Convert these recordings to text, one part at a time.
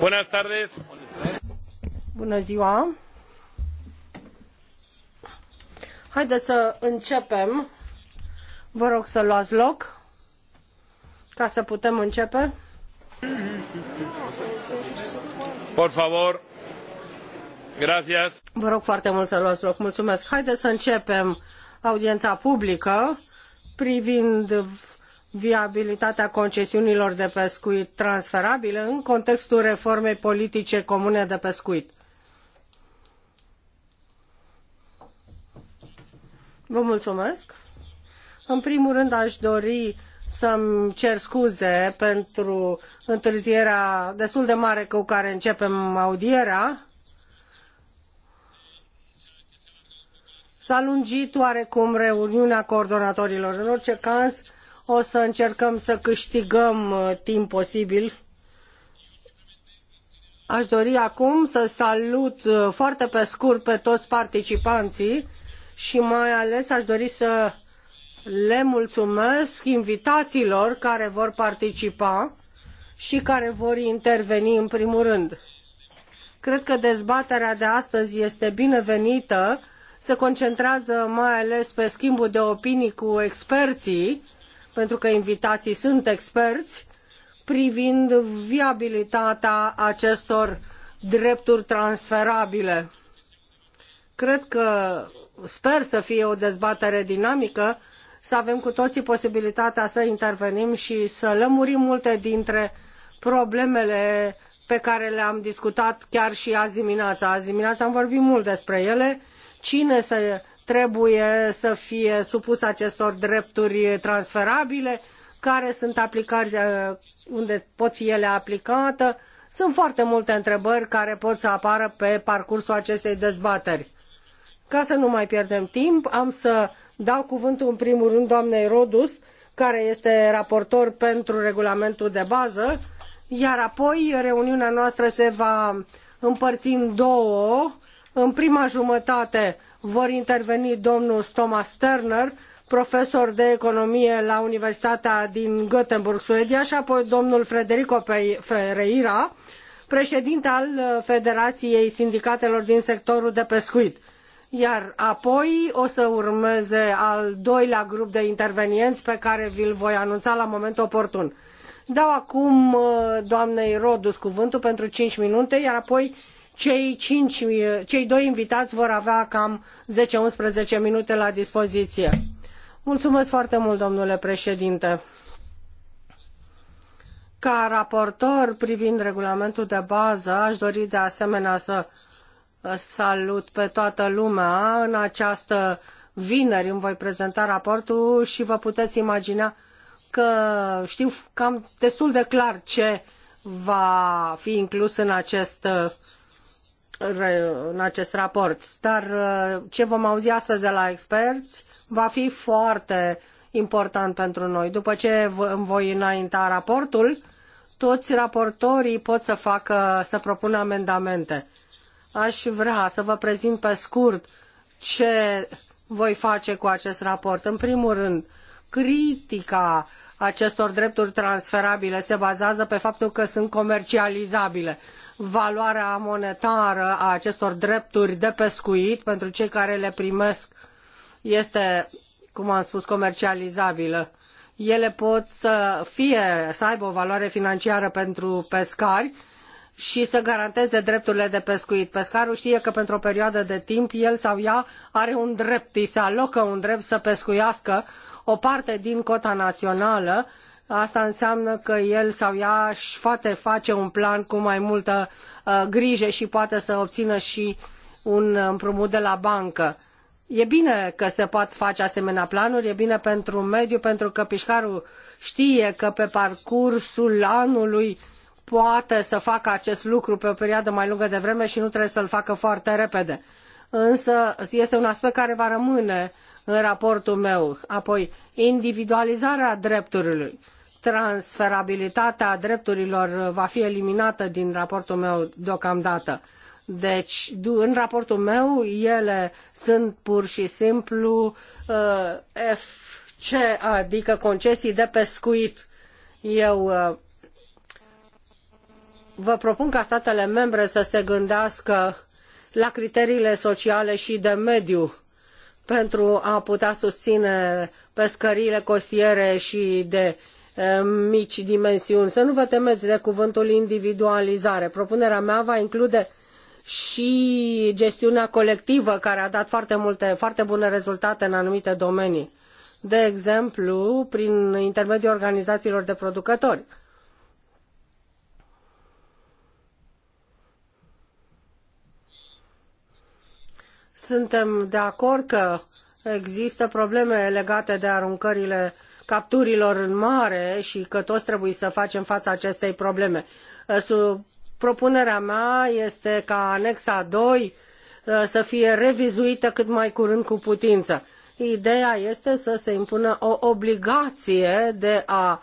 Buenas tardes. Bună ziua. Haideți să începem. Vă rog să luați loc ca să putem începe. Por favor. Gracias. Vă rog foarte mult să luați loc. Mulțumesc. Haideți să începem audiența publică privind viabilitatea concesiunilor de pescuit transferabile în contextul reformei politice comune de pescuit. Vă mulțumesc. În primul rând aș dori să-mi cer scuze pentru întârzierea destul de mare cu care începem audierea. S-a lungit oarecum reuniunea coordonatorilor. În orice caz, o să încercăm să câștigăm uh, timp posibil. Aș dori acum să salut uh, foarte pe scurt pe toți participanții și mai ales aș dori să le mulțumesc invitațiilor care vor participa și care vor interveni în primul rând. Cred că dezbaterea de astăzi este binevenită, se concentrează mai ales pe schimbul de opinii cu experții pentru că invitații sunt experți, privind viabilitatea acestor drepturi transferabile. Cred că sper să fie o dezbatere dinamică, să avem cu toții posibilitatea să intervenim și să lămurim multe dintre problemele pe care le-am discutat chiar și azi dimineața. Azi dimineața am vorbit mult despre ele. Cine să trebuie să fie supus acestor drepturi transferabile, care sunt aplicate, unde pot fi ele aplicate. Sunt foarte multe întrebări care pot să apară pe parcursul acestei dezbateri. Ca să nu mai pierdem timp, am să dau cuvântul în primul rând doamnei Rodus, care este raportor pentru regulamentul de bază, iar apoi reuniunea noastră se va împărți în două, în prima jumătate vor interveni domnul Thomas Sterner, profesor de economie la Universitatea din Göteborg, Suedia, și apoi domnul Frederico Ferreira, președinte al Federației Sindicatelor din sectorul de pescuit. Iar apoi o să urmeze al doilea grup de intervenienți pe care vi-l voi anunța la momentul oportun. Dau acum uh, doamnei Rodus cuvântul pentru cinci minute, iar apoi cei, cinci, cei doi invitați vor avea cam 10-11 minute la dispoziție. Mulțumesc foarte mult, domnule președinte. Ca raportor privind regulamentul de bază, aș dori de asemenea să salut pe toată lumea. În această vineri îmi voi prezenta raportul și vă puteți imagina că știu cam destul de clar ce va fi inclus în acest în acest raport. Dar uh, ce vom auzi astăzi de la experți va fi foarte important pentru noi. După ce îmi voi înainta raportul, toți raportorii pot să facă, să propună amendamente. Aș vrea să vă prezint pe scurt ce voi face cu acest raport. În primul rând, critica acestor drepturi transferabile se bazează pe faptul că sunt comercializabile. Valoarea monetară a acestor drepturi de pescuit pentru cei care le primesc este, cum am spus, comercializabilă. Ele pot să fie, să aibă o valoare financiară pentru pescari, și să garanteze drepturile de pescuit. Pescarul știe că pentru o perioadă de timp el sau ea are un drept, îi se alocă un drept să pescuiască o parte din cota națională, asta înseamnă că el sau ea își poate face un plan cu mai multă uh, grijă și poate să obțină și un împrumut de la bancă. E bine că se pot face asemenea planuri, e bine pentru mediu, pentru că pișcarul știe că pe parcursul anului poate să facă acest lucru pe o perioadă mai lungă de vreme și nu trebuie să-l facă foarte repede. Însă este un aspect care va rămâne în raportul meu. Apoi, individualizarea drepturilor. Transferabilitatea drepturilor va fi eliminată din raportul meu deocamdată. Deci, în raportul meu, ele sunt pur și simplu uh, FC, adică concesii de pescuit. Eu uh, vă propun ca statele membre să se gândească la criteriile sociale și de mediu pentru a putea susține pescăriile costiere și de mici dimensiuni. Să nu vă temeți de cuvântul individualizare. Propunerea mea va include și gestiunea colectivă, care a dat foarte, multe, foarte bune rezultate în anumite domenii. De exemplu, prin intermediul organizațiilor de producători Suntem de acord că există probleme legate de aruncările capturilor în mare și că toți trebuie să facem față acestei probleme. Ă, propunerea mea este ca anexa 2 ă, să fie revizuită cât mai curând cu putință. Ideea este să se impună o obligație de a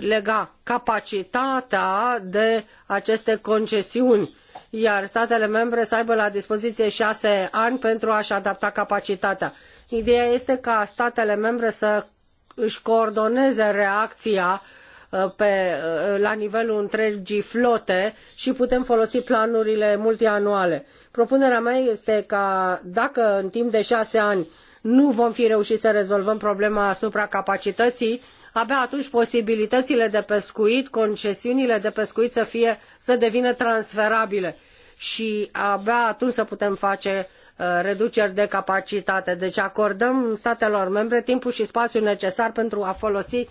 lega capacitatea de aceste concesiuni, iar statele membre să aibă la dispoziție șase ani pentru a-și adapta capacitatea. Ideea este ca statele membre să își coordoneze reacția uh, pe, uh, la nivelul întregii flote și putem folosi planurile multianuale. Propunerea mea este ca dacă în timp de șase ani nu vom fi reușit să rezolvăm problema asupra capacității, abia atunci posibilitățile de pescuit, concesiunile de pescuit să, fie, să devină transferabile și abia atunci să putem face uh, reduceri de capacitate. Deci acordăm statelor membre timpul și spațiul necesar pentru a folosi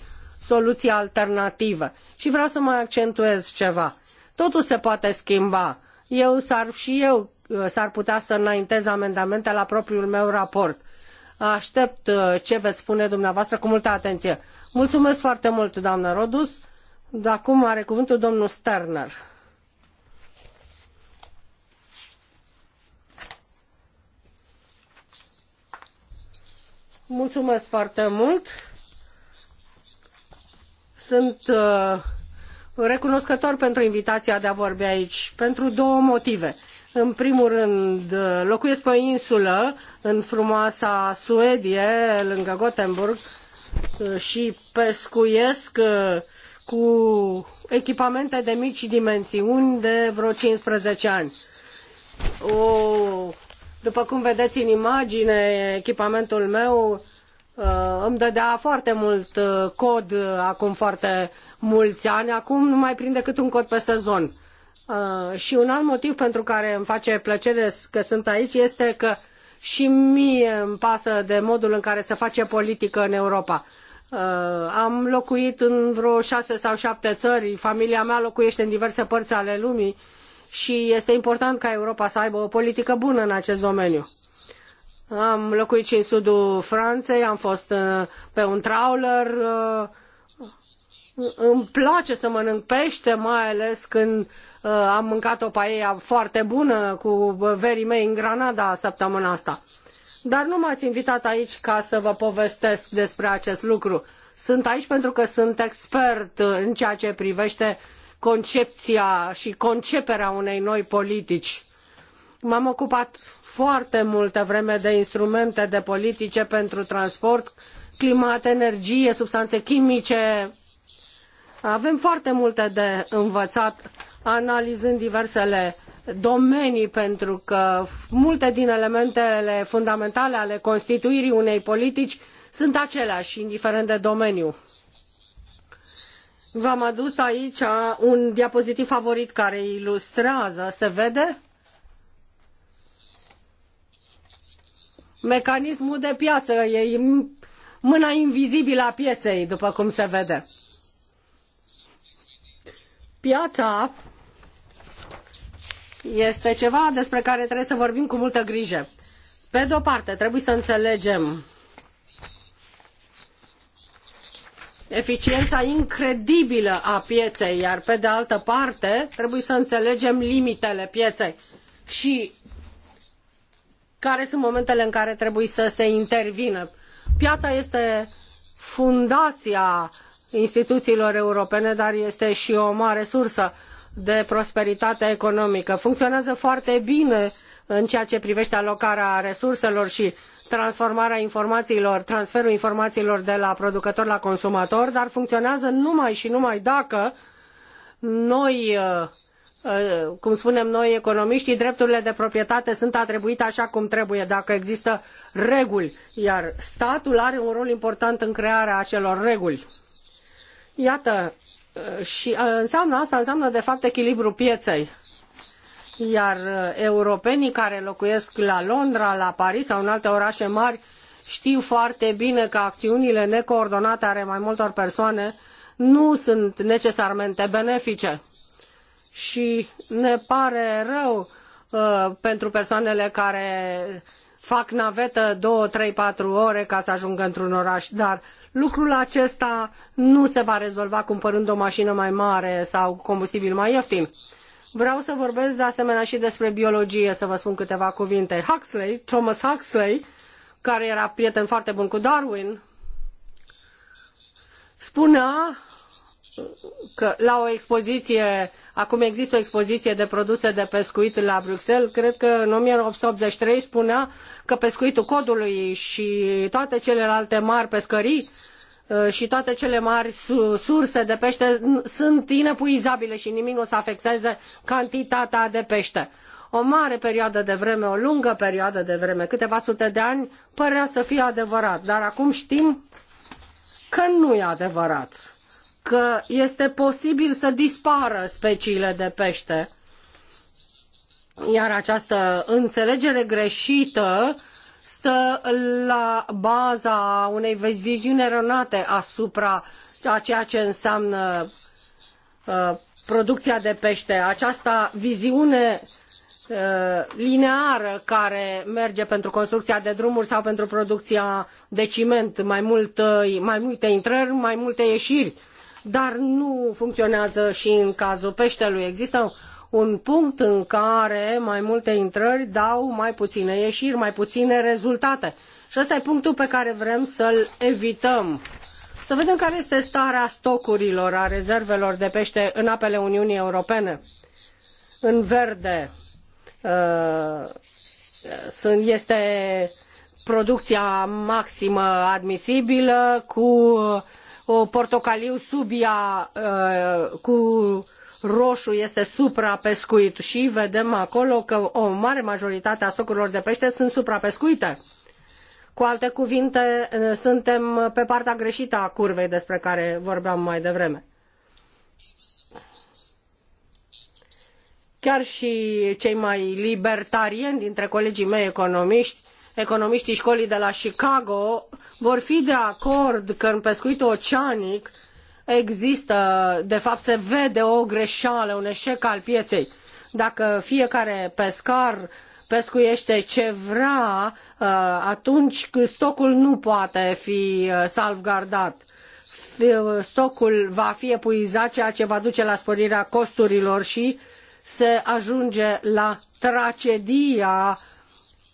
soluții alternative. Și vreau să mai accentuez ceva. Totul se poate schimba. Eu s-ar și eu uh, s-ar putea să înaintez amendamente la propriul meu raport. Aștept uh, ce veți spune dumneavoastră cu multă atenție. Mulțumesc foarte mult, doamnă Rodus. De acum are cuvântul domnul Sterner. Mulțumesc foarte mult. Sunt uh, recunoscător pentru invitația de a vorbi aici, pentru două motive. În primul rând, uh, locuiesc pe o insulă în frumoasa Suedie, lângă Gothenburg, Uh, și pescuiesc uh, cu echipamente de mici dimensiuni de vreo 15 ani. O, după cum vedeți în imagine, echipamentul meu uh, îmi dădea foarte mult cod acum foarte mulți ani, acum nu mai prind decât un cod pe sezon. Și un alt motiv pentru care îmi face plăcere că sunt aici este că și mie îmi pasă de modul în care se face politică în Europa. Uh, am locuit în vreo șase sau șapte țări, familia mea locuiește în diverse părți ale lumii și este important ca Europa să aibă o politică bună în acest domeniu. Am locuit și în sudul Franței, am fost uh, pe un trawler. Uh, îmi place să mănânc pește, mai ales când Uh, am mâncat o paella foarte bună cu verii mei în Granada săptămâna asta. Dar nu m-ați invitat aici ca să vă povestesc despre acest lucru. Sunt aici pentru că sunt expert în ceea ce privește concepția și conceperea unei noi politici. M-am ocupat foarte multă vreme de instrumente de politice pentru transport, climat, energie, substanțe chimice. Avem foarte multe de învățat analizând diversele domenii, pentru că multe din elementele fundamentale ale constituirii unei politici sunt aceleași, indiferent de domeniu. V-am adus aici un diapozitiv favorit care ilustrează, se vede? Mecanismul de piață e mâna invizibilă a pieței, după cum se vede. Piața este ceva despre care trebuie să vorbim cu multă grijă. Pe de-o parte, trebuie să înțelegem eficiența incredibilă a pieței, iar pe de altă parte, trebuie să înțelegem limitele pieței și care sunt momentele în care trebuie să se intervină. Piața este fundația instituțiilor europene, dar este și o mare sursă de prosperitate economică. Funcționează foarte bine în ceea ce privește alocarea resurselor și transformarea informațiilor, transferul informațiilor de la producător la consumator, dar funcționează numai și numai dacă noi uh, uh, cum spunem noi economiștii, drepturile de proprietate sunt atribuite așa cum trebuie, dacă există reguli, iar statul are un rol important în crearea acelor reguli. Iată, Uh, și uh, înseamnă asta înseamnă de fapt echilibru pieței. Iar uh, europenii care locuiesc la Londra, la Paris sau în alte orașe mari știu foarte bine că acțiunile necoordonate ale mai multor persoane nu sunt necesarmente benefice. Și ne pare rău uh, pentru persoanele care fac navetă două, trei, patru ore ca să ajungă într-un oraș, dar Lucrul acesta nu se va rezolva cumpărând o mașină mai mare sau combustibil mai ieftin. Vreau să vorbesc de asemenea și despre biologie, să vă spun câteva cuvinte. Huxley, Thomas Huxley, care era prieten foarte bun cu Darwin, spunea că la o expoziție, acum există o expoziție de produse de pescuit la Bruxelles, cred că în 1883 spunea că pescuitul codului și toate celelalte mari pescării uh, și toate cele mari surse de pește sunt inepuizabile și nimic nu o să afecteze cantitatea de pește. O mare perioadă de vreme, o lungă perioadă de vreme, câteva sute de ani, părea să fie adevărat, dar acum știm că nu e adevărat că este posibil să dispară speciile de pește. Iar această înțelegere greșită stă la baza unei viziuni eronate asupra a ceea ce înseamnă uh, producția de pește. Această viziune uh, lineară care merge pentru construcția de drumuri sau pentru producția de ciment, mai, mult, uh, mai multe intrări, mai multe ieșiri dar nu funcționează și în cazul peștelui. Există un punct în care mai multe intrări dau mai puține ieșiri, mai puține rezultate. Și ăsta e punctul pe care vrem să-l evităm. Să vedem care este starea stocurilor, a rezervelor de pește în apele Uniunii Europene. În verde uh, este producția maximă admisibilă cu o portocaliu subia ă, cu roșu este suprapescuit și vedem acolo că o mare majoritate a stocurilor de pește sunt suprapescuite. Cu alte cuvinte, ă, suntem pe partea greșită a curvei despre care vorbeam mai devreme. Chiar și cei mai libertarieni dintre colegii mei economiști economiștii școlii de la Chicago vor fi de acord că în pescuitul oceanic există, de fapt se vede o greșeală, un eșec al pieței. Dacă fiecare pescar pescuiește ce vrea, uh, atunci stocul nu poate fi uh, salvgardat uh, stocul va fi epuizat, ceea ce va duce la sporirea costurilor și se ajunge la tragedia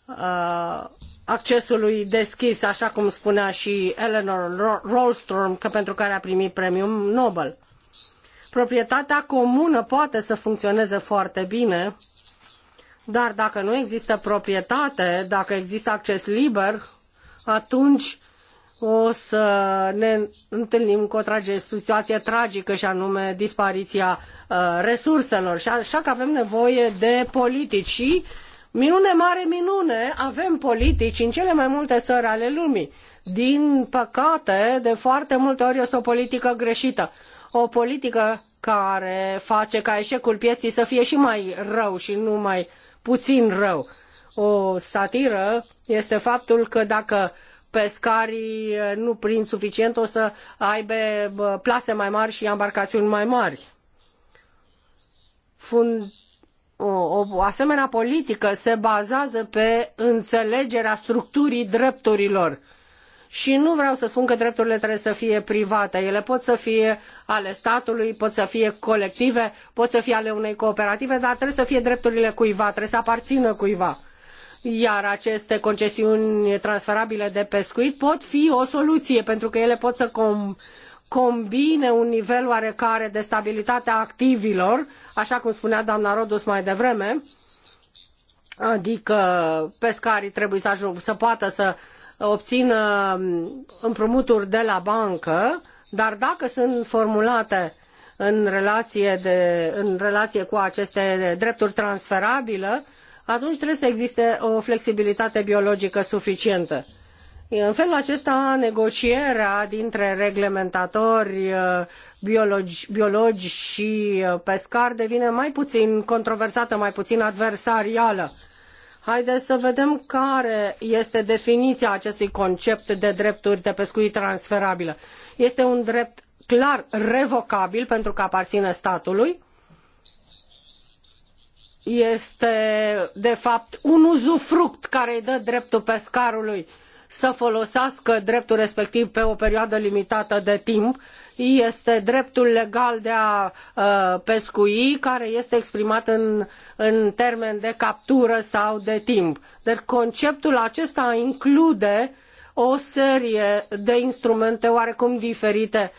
Uh, accesului deschis, așa cum spunea și Eleanor Rolstrom, că pentru care a primit premiul Nobel. Proprietatea comună poate să funcționeze foarte bine, dar dacă nu există proprietate, dacă există acces liber, atunci o să ne întâlnim cu o trage, situație tragică și anume dispariția uh, resurselor. Și așa că avem nevoie de politici și Minune mare minune, avem politici în cele mai multe țări ale lumii. Din păcate, de foarte multe ori este o politică greșită. O politică care face ca eșecul pieții să fie și mai rău și nu mai puțin rău. O satiră este faptul că dacă pescarii nu prind suficient o să aibă plase mai mari și embarcațiuni mai mari. Fund o, o asemenea politică se bazează pe înțelegerea structurii drepturilor. Și nu vreau să spun că drepturile trebuie să fie private. Ele pot să fie ale statului, pot să fie colective, pot să fie ale unei cooperative, dar trebuie să fie drepturile cuiva, trebuie să aparțină cuiva. Iar aceste concesiuni transferabile de pescuit pot fi o soluție, pentru că ele pot să com- combine un nivel oarecare de stabilitate a activilor, așa cum spunea doamna Rodus mai devreme, adică pescarii trebuie să, ajung, să poată să obțină împrumuturi de la bancă, dar dacă sunt formulate în relație, de, în relație cu aceste drepturi transferabile, atunci trebuie să existe o flexibilitate biologică suficientă. În felul acesta, negocierea dintre reglementatori, uh, biologi, biologi și uh, pescari devine mai puțin controversată, mai puțin adversarială. Haideți să vedem care este definiția acestui concept de drepturi de pescuit transferabilă. Este un drept clar revocabil pentru că aparține statului. Este, de fapt, un uzufruct care îi dă dreptul pescarului uh, să folosească dreptul respectiv pe o perioadă limitată de timp este dreptul legal de a uh, pescui care este exprimat în, în termen de captură sau de timp. Deci conceptul acesta include o serie de instrumente oarecum diferite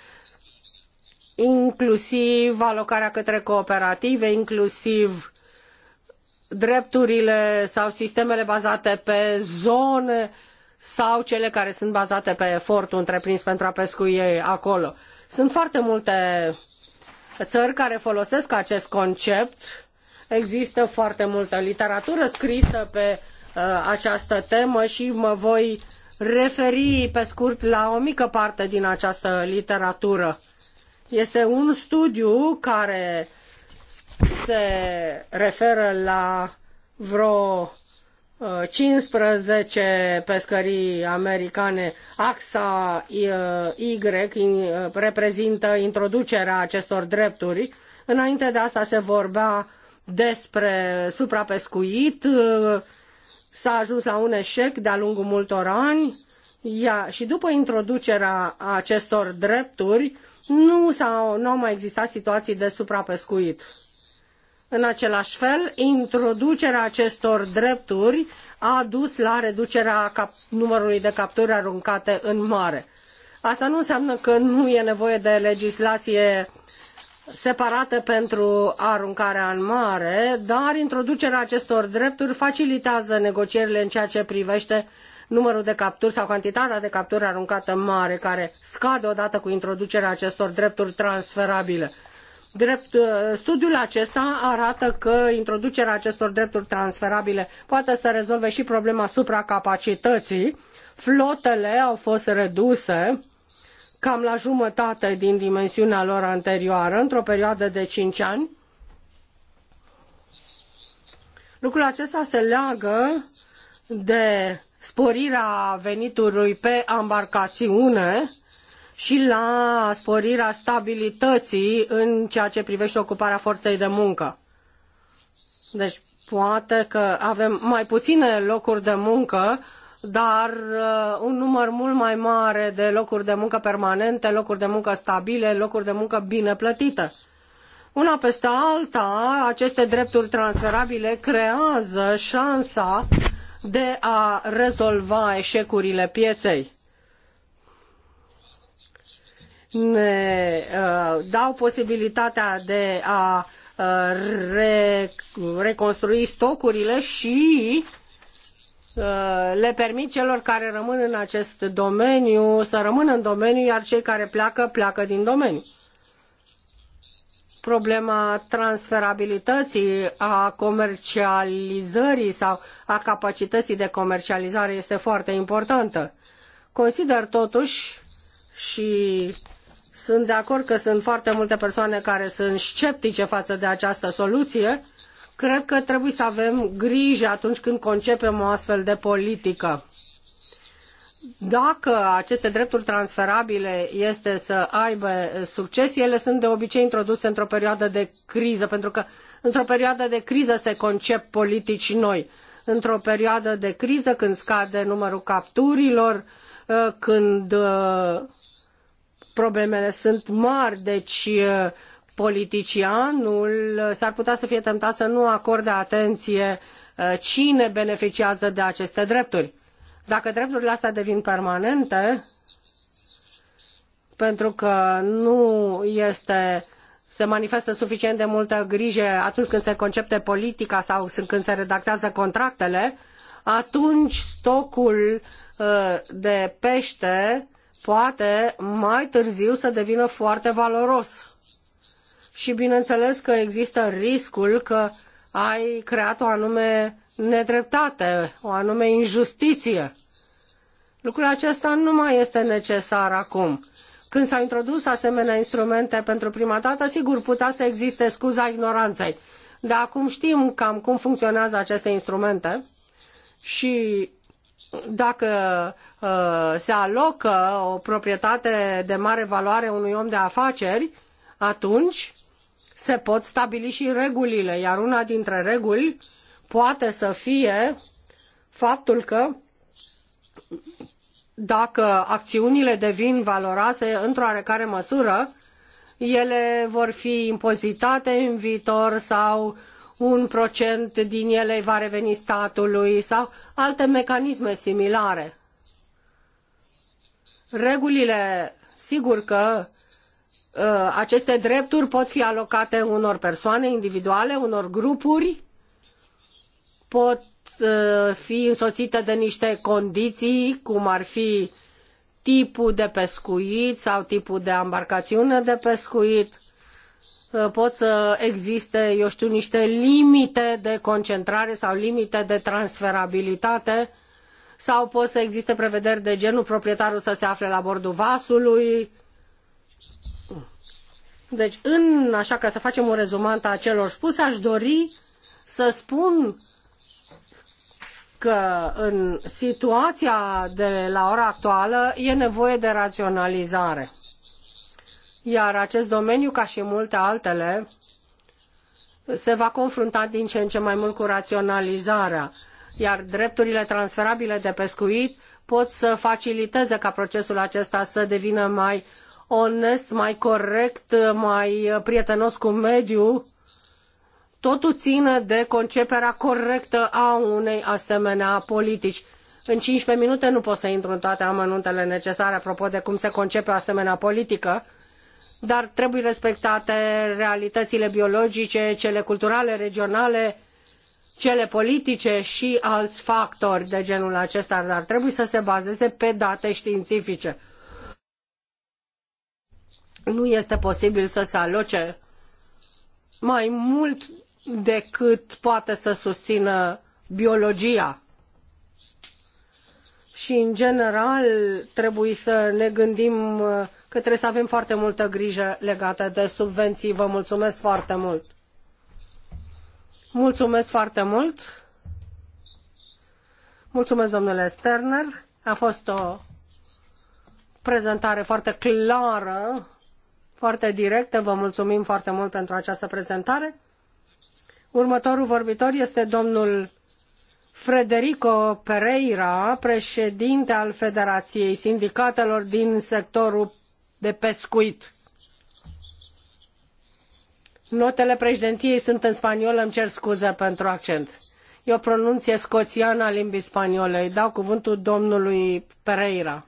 inclusiv alocarea către cooperative, inclusiv drepturile sau sistemele bazate pe zone, uh, sau cele care sunt bazate pe efortul întreprins pentru a pescui acolo. Sunt foarte multe țări care folosesc acest concept. Există foarte multă literatură scrisă pe uh, această temă și mă voi referi pe scurt la o mică parte din această literatură. Este un studiu care se referă la vreo 15 pescării americane, axa Y reprezintă introducerea acestor drepturi. Înainte de asta se vorbea despre suprapescuit, s-a ajuns la un eșec de-a lungul multor ani ia, și după introducerea acestor drepturi nu, s-au, nu au mai existat situații de suprapescuit în același fel, introducerea acestor drepturi a dus la reducerea numărului de capturi aruncate în mare. Asta nu înseamnă că nu e nevoie de legislație separată pentru aruncarea în mare, dar introducerea acestor drepturi facilitează negocierile în ceea ce privește numărul de capturi sau cantitatea de capturi aruncată în mare, care scade odată cu introducerea acestor drepturi transferabile. Drept, uh, studiul acesta arată că introducerea acestor drepturi transferabile poate să rezolve și problema supracapacității. Flotele au fost reduse cam la jumătate din dimensiunea lor anterioară, într-o perioadă de cinci ani. Lucrul acesta se leagă de sporirea venitului pe ambarcațiune, și la sporirea stabilității în ceea ce privește ocuparea forței de muncă. Deci poate că avem mai puține locuri de muncă, dar uh, un număr mult mai mare de locuri de muncă permanente, locuri de muncă stabile, locuri de muncă bine plătite. Una peste alta, aceste drepturi transferabile creează șansa de a rezolva eșecurile pieței ne uh, dau posibilitatea de a uh, re, reconstrui stocurile și uh, le permit celor care rămân în acest domeniu să rămână în domeniu, iar cei care pleacă, pleacă din domeniu. Problema transferabilității, a comercializării sau a capacității de comercializare este foarte importantă. Consider totuși și sunt de acord că sunt foarte multe persoane care sunt sceptice față de această soluție. Cred că trebuie să avem grijă atunci când concepem o astfel de politică. Dacă aceste drepturi transferabile este să aibă succes, ele sunt de obicei introduse într-o perioadă de criză, pentru că într-o perioadă de criză se concep politici noi. Într-o perioadă de criză, când scade numărul capturilor, ă, când ă, problemele sunt mari, deci politicianul s-ar putea să fie tentat să nu acorde atenție cine beneficiază de aceste drepturi. Dacă drepturile astea devin permanente, pentru că nu este se manifestă suficient de multă grijă atunci când se concepe politica sau când se redactează contractele, atunci stocul de pește poate mai târziu să devină foarte valoros. Și bineînțeles că există riscul că ai creat o anume nedreptate, o anume injustiție. Lucrul acesta nu mai este necesar acum. Când s-au introdus asemenea instrumente pentru prima dată, sigur putea să existe scuza ignoranței. Dar acum știm cam cum funcționează aceste instrumente și dacă uh, se alocă o proprietate de mare valoare unui om de afaceri, atunci se pot stabili și regulile, iar una dintre reguli poate să fie faptul că dacă acțiunile devin valoroase într-o oarecare măsură, ele vor fi impozitate în viitor sau un procent din ele va reveni statului sau alte mecanisme similare. Regulile, sigur că uh, aceste drepturi pot fi alocate unor persoane individuale, unor grupuri, pot uh, fi însoțite de niște condiții, cum ar fi tipul de pescuit sau tipul de embarcațiune de pescuit, Uh, pot să existe, eu știu, niște limite de concentrare sau limite de transferabilitate sau pot să existe prevederi de genul proprietarul să se afle la bordul vasului. Deci, în, așa că să facem un rezumant a celor spuse, aș dori să spun că în situația de la ora actuală e nevoie de raționalizare iar acest domeniu, ca și multe altele, se va confrunta din ce în ce mai mult cu raționalizarea, iar drepturile transferabile de pescuit pot să faciliteze ca procesul acesta să devină mai onest, mai corect, mai prietenos cu mediul. Totul ține de conceperea corectă a unei asemenea politici. În 15 minute nu pot să intru în toate amănuntele necesare apropo de cum se concepe o asemenea politică, dar trebuie respectate realitățile biologice, cele culturale, regionale, cele politice și alți factori de genul acesta, dar trebuie să se bazeze pe date științifice. Nu este posibil să se aloce mai mult decât poate să susțină biologia. Și, în general, trebuie să ne gândim că trebuie să avem foarte multă grijă legată de subvenții. Vă mulțumesc foarte mult! Mulțumesc foarte mult! Mulțumesc, domnule Sterner! A fost o prezentare foarte clară, foarte directă. Vă mulțumim foarte mult pentru această prezentare. Următorul vorbitor este domnul Frederico Pereira, președinte al Federației Sindicatelor din sectorul de pescuit. Notele președinției sunt în spaniolă, îmi cer scuze pentru accent. E o pronunție scoțiană a limbii spaniole. Îi dau cuvântul domnului Pereira.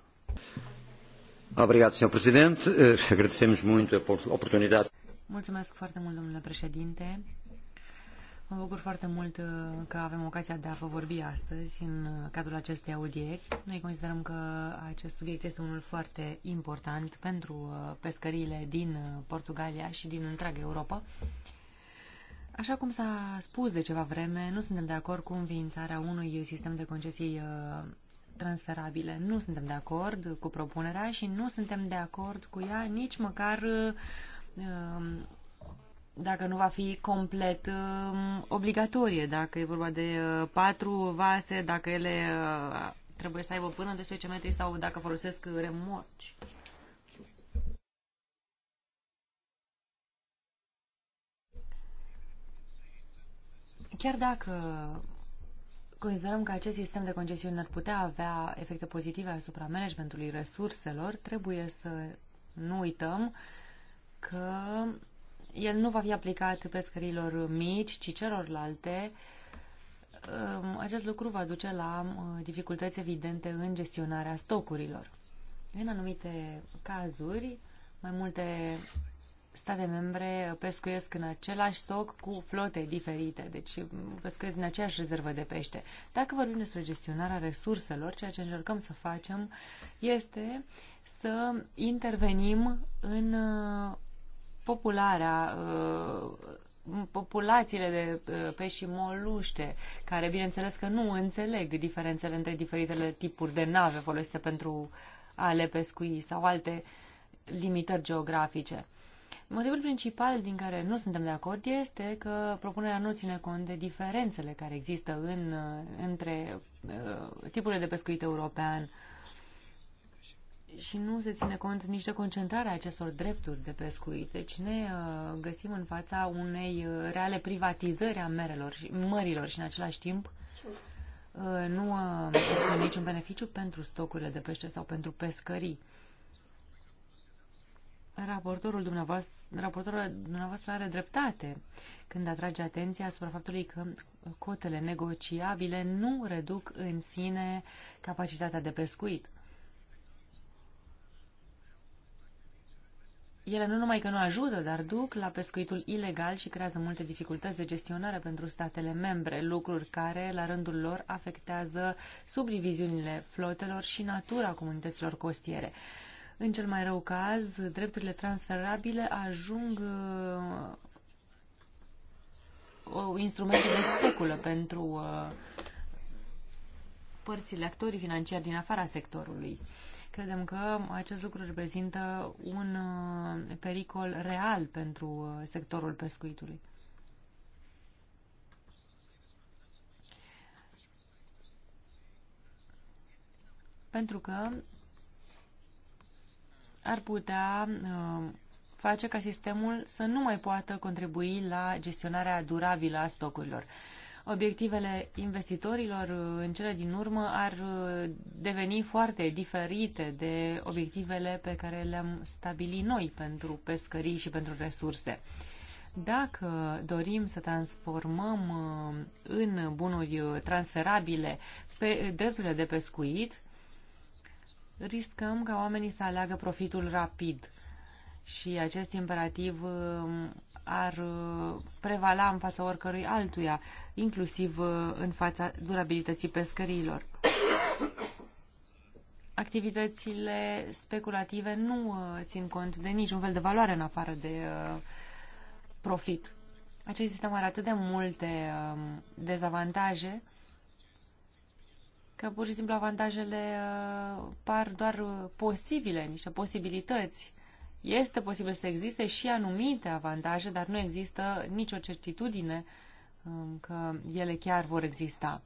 Obrigado, Presidente. Eh, agradecemos muito a oportunidade. Mulțumesc foarte mult, domnule președinte. Mă bucur foarte mult uh, că avem ocazia de a vă vorbi astăzi în uh, cadrul acestei audieri. Noi considerăm că acest subiect este unul foarte important pentru uh, pescăriile din Portugalia și din întreaga Europa. Așa cum s-a spus de ceva vreme, nu suntem de acord cu înființarea unui sistem de concesii transferabile. Nu suntem de acord cu propunerea și nu suntem de acord cu ea nici măcar dacă nu va fi complet um, obligatorie, dacă e vorba de uh, patru vase, dacă ele uh, trebuie să aibă până 12 metri sau dacă folosesc remorci. Chiar dacă considerăm că acest sistem de concesiuni ar putea avea efecte pozitive asupra managementului resurselor, trebuie să nu uităm că el nu va fi aplicat pescărilor mici, ci celorlalte. Um, acest lucru va duce la uh, dificultăți evidente în gestionarea stocurilor. În anumite cazuri, mai multe state membre pescuiesc în același stoc cu flote diferite, deci um, pescuiesc din aceeași rezervă de pește. Dacă vorbim despre gestionarea resurselor, ceea ce încercăm să facem este să intervenim în uh, popularea uh, populațiile de uh, pești și moluște, care bineînțeles că nu înțeleg diferențele între diferitele tipuri de nave folosite pentru a le pescui sau alte limitări geografice. Motivul principal din care nu suntem de acord este că propunerea nu ține cont de diferențele care există în, uh, între tipurile de pescuit european și nu se ține cont nici de concentrarea acestor drepturi de pescuit. Deci ne uh, găsim în fața unei uh, reale privatizări a merelor și mărilor și în același timp uh, nu există niciun beneficiu pentru stocurile de pește sau pentru pescării. Raportorul dumneavoastră, raportorul dumneavoastră are dreptate când atrage atenția asupra faptului că cotele negociabile nu reduc în sine capacitatea de pescuit. ele nu numai că nu ajută, dar duc la pescuitul ilegal și creează multe dificultăți de gestionare pentru statele membre, lucruri care, la rândul lor, afectează subdiviziunile flotelor și natura comunităților costiere. În cel mai rău caz, drepturile transferabile ajung uh, instrument de speculă pentru uh, părțile, actorii financiari din afara sectorului. Uh, Credem că acest lucru reprezintă un uh, pericol real pentru uh, sectorul pescuitului. Pentru că ar putea uh, face ca sistemul să nu mai poată contribui la gestionarea durabilă a stocurilor obiectivele investitorilor uh, în cele din urmă ar uh, deveni foarte diferite de obiectivele pe care le-am stabilit noi pentru pescării și pentru resurse. Dacă dorim să transformăm uh, în bunuri transferabile pe drepturile de pescuit, riscăm ca oamenii să aleagă profitul rapid. Și acest imperativ ar uh, prevala în fața oricărui altuia, inclusiv uh, în fața durabilității pescărilor. Activitățile speculative nu uh, țin cont de niciun fel de valoare în afară de profit. Acest sistem are atât de multe um, dezavantaje că pur și simplu avantajele par doar posibile, niște posibilități este posibil să existe și anumite avantaje, dar nu există nicio certitudine um, că ele chiar vor exista.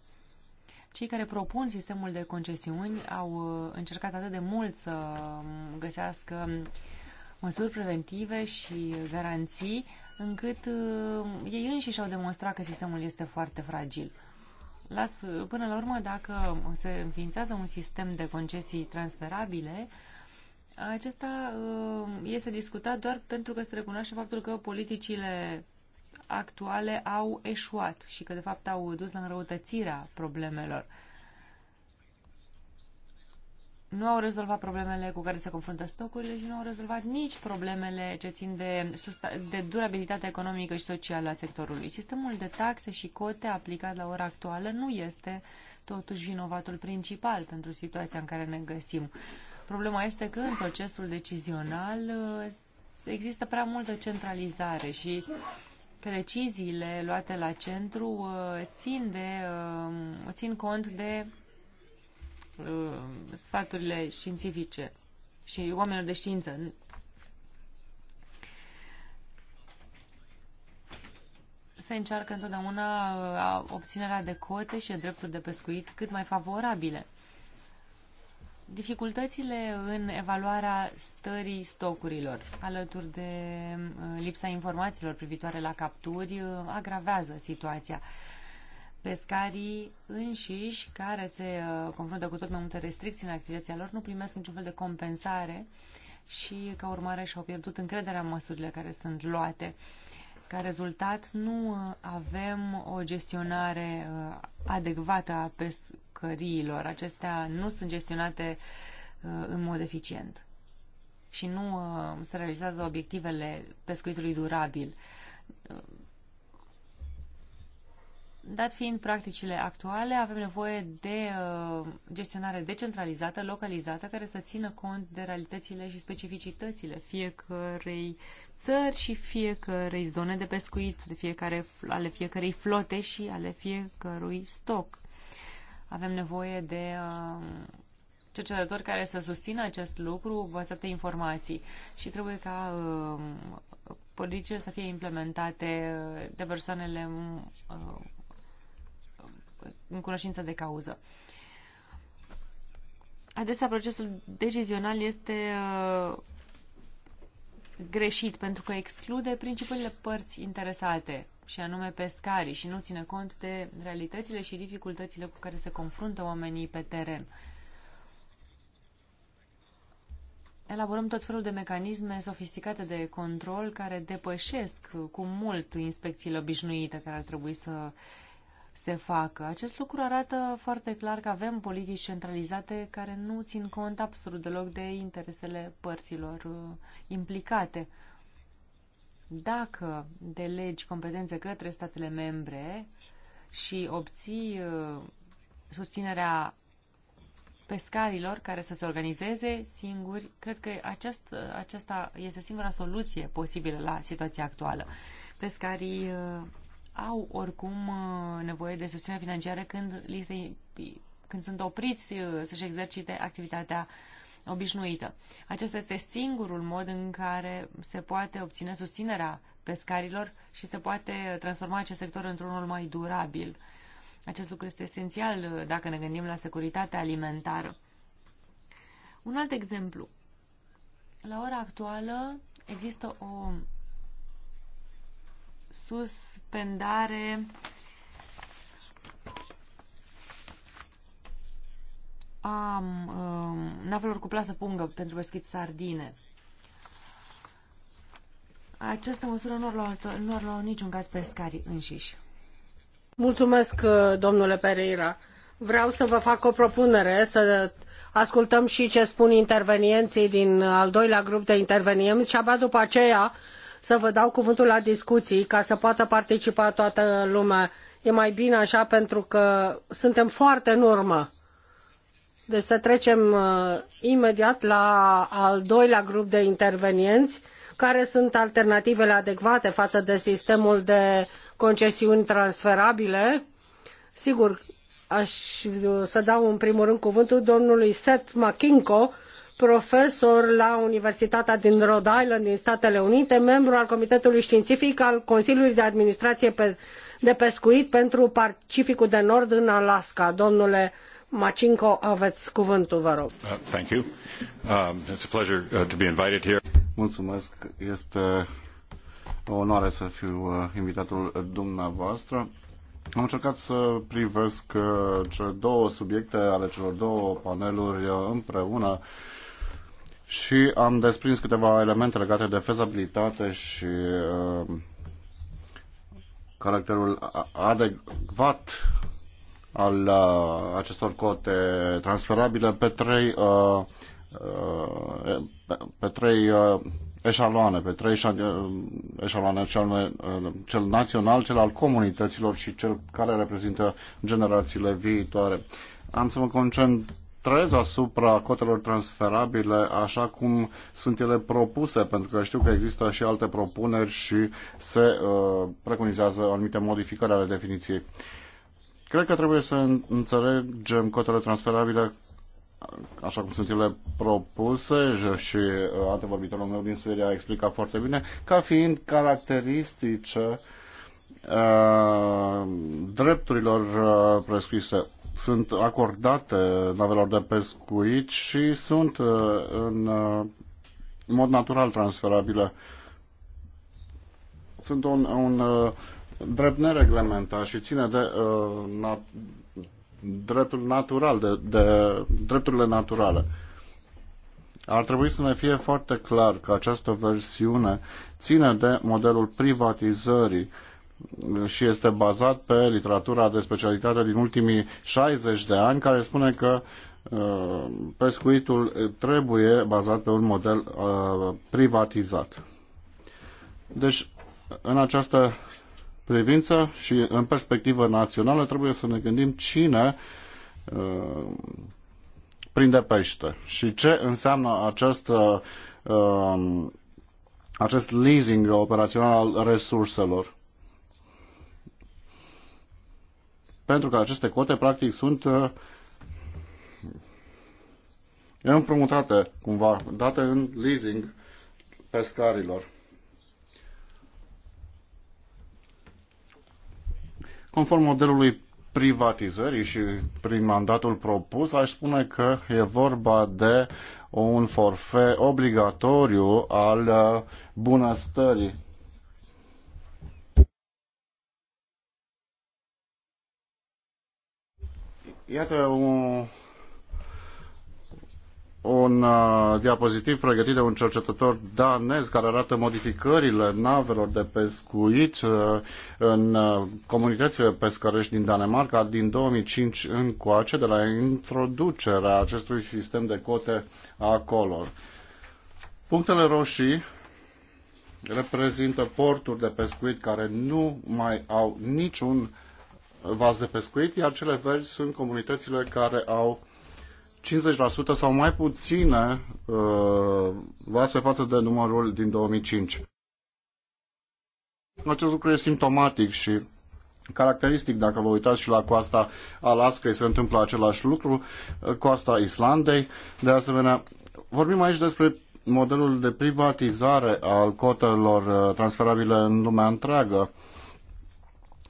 Cei care propun sistemul de concesiuni au uh, încercat atât de mult să um, găsească măsuri preventive și garanții, încât uh, ei înșiși au demonstrat că sistemul este foarte fragil. până la urmă, dacă se înființează un sistem de concesii transferabile, acesta um, este discutat doar pentru că se recunoaște faptul că politicile actuale au eșuat și că, de fapt, au dus la înrăutățirea problemelor. Nu au rezolvat problemele cu care se confruntă stocurile și nu au rezolvat nici problemele ce țin de, de durabilitatea economică și socială a sectorului. Sistemul de taxe și cote aplicat la ora actuală nu este totuși vinovatul principal pentru situația în care ne găsim. Uh, Problema este că în procesul decizional uh, există prea multă centralizare și că deciziile luate la centru uh, țin, de, uh, țin cont de sfaturile științifice și oamenilor de știință. Se încearcă întotdeauna obținerea de cote și de drepturi de pescuit cât mai favorabile dificultățile în evaluarea stării stocurilor, alături de uh, lipsa informațiilor privitoare la capturi, uh, agravează situația. Pescarii înșiși, care se uh, confruntă cu tot mai multe restricții în activitatea lor, nu primesc niciun fel de compensare și, ca urmare, și-au pierdut încrederea în măsurile care sunt luate. Ca rezultat, nu avem o gestionare adecvată a jucăriilor. Acestea nu sunt gestionate uh, în mod eficient și nu uh, se realizează obiectivele pescuitului durabil. Uh, dat fiind practicile actuale, avem nevoie de gestionare decentralizată, localizată, care să țină cont de realitățile și specificitățile fiecărei țări și fiecărei zone de pescuit, de fiecare, ale fiecărei flote și ale fiecărui stoc. Avem nevoie de um, cercetători care să susțină acest lucru bazat pe informații și trebuie ca um, politicile să fie implementate de persoanele um, în cunoștință de cauză. Adesea procesul decizional este uh, greșit pentru că exclude principalele părți interesate și anume pescarii, și nu ține cont de realitățile și dificultățile cu care se confruntă oamenii pe teren. Elaborăm tot felul de mecanisme sofisticate de control care depășesc cu mult inspecțiile obișnuite care ar trebui să se facă. Acest lucru arată foarte clar că avem politici centralizate care nu țin cont absolut deloc de interesele părților uh, implicate. Dacă delegi competențe către statele membre și obții uh, susținerea pescarilor care să se organizeze singuri, cred că aceast, aceasta este singura soluție posibilă la situația actuală. Pescarii uh, au oricum uh, nevoie de susținere financiară când, li se, când sunt opriți să-și exercite activitatea uh, obișnuită. Acesta este singurul mod în care se poate obține susținerea pescarilor și se poate transforma acest sector într-unul mai durabil. Acest lucru este esențial uh, dacă ne gândim la securitatea alimentară. Un alt exemplu. La ora actuală există o suspendare uh, a um, navelor cu plasă pungă pentru pescuit sardine. Această măsură nu ar lua, nu ar lua niciun caz pescari înșiși. Mulțumesc, uh, domnule Pereira. Vreau să vă fac o propunere, să ascultăm și ce spun intervenienții din al doilea grup de intervenienți și abia după aceea să vă dau cuvântul la discuții ca să poată participa toată lumea. E mai bine așa pentru că suntem foarte în urmă deci să trecem uh, imediat la al doilea grup de intervenienți, care sunt alternativele adecvate față de sistemul de concesiuni transferabile. Sigur, aș să dau în primul rând cuvântul domnului Seth Makinko, profesor la Universitatea din Rhode Island din Statele Unite, membru al Comitetului Științific al Consiliului de Administrație de Pescuit pentru Pacificul de Nord în Alaska. Domnule Macinco, aveți cuvântul, vă rog. Uh, thank you. Um, it's a pleasure uh, to be invited here. Mulțumesc. Este o onoare să fiu uh, invitatul dumneavoastră. Am încercat să privesc uh, cele două subiecte ale celor două paneluri uh, împreună și am desprins câteva elemente legate de fezabilitate și uh, caracterul adecvat al uh, acestor cote transferabile pe trei, uh, uh, pe trei eșaloane, pe trei eșaloane, cel, cel național, cel al comunităților și cel care reprezintă generațiile viitoare. Am să mă concentrez asupra cotelor transferabile așa cum sunt ele propuse, pentru că știu că există și alte propuneri și se uh, preconizează anumite modificări ale definiției. Uh, Cred că trebuie să înțelegem cotele transferabile așa cum sunt ele propuse și uh, alte vorbitorul meu din Suedia a explicat foarte bine, ca fiind caracteristice uh, drepturilor uh, prescrise. Sunt acordate navelor de pescuit și sunt în mod natural transferabile. Sunt un, un uh, drept nereglementat și ține de uh, na, dreptul natural, de, de drepturile naturale. Ar trebui să ne fie foarte clar că această versiune ține de modelul privatizării și este bazat pe literatura de specialitate din ultimii 60 de ani, care spune că uh, pescuitul trebuie bazat pe un model uh, privatizat. Deci, în această privință și în perspectivă națională trebuie să ne gândim cine uh, prinde pește și ce înseamnă acest uh, acest leasing operațional al resurselor. Pentru că aceste cote practic sunt uh, împrumutate cumva, date în leasing pescarilor. Conform modelului privatizării și prin mandatul propus, aș spune că e vorba de un forfet obligatoriu al uh, bunăstării. Iată un un uh, diapozitiv pregătit de un cercetător danez care arată modificările navelor de pescuit uh, în uh, comunitățile pescărești din Danemarca din 2005 încoace de la introducerea acestui sistem de cote acolo. Punctele roșii reprezintă porturi de pescuit care nu mai au niciun vas de pescuit, iar cele verzi sunt comunitățile care au 50% sau mai puține uh, vase față de numărul din 2005. Acest lucru e simptomatic și caracteristic, dacă vă uitați și la coasta Alaskei se întâmplă același lucru, uh, coasta Islandei, de asemenea, vorbim aici despre modelul de privatizare al cotelor uh, transferabile în lumea întreagă,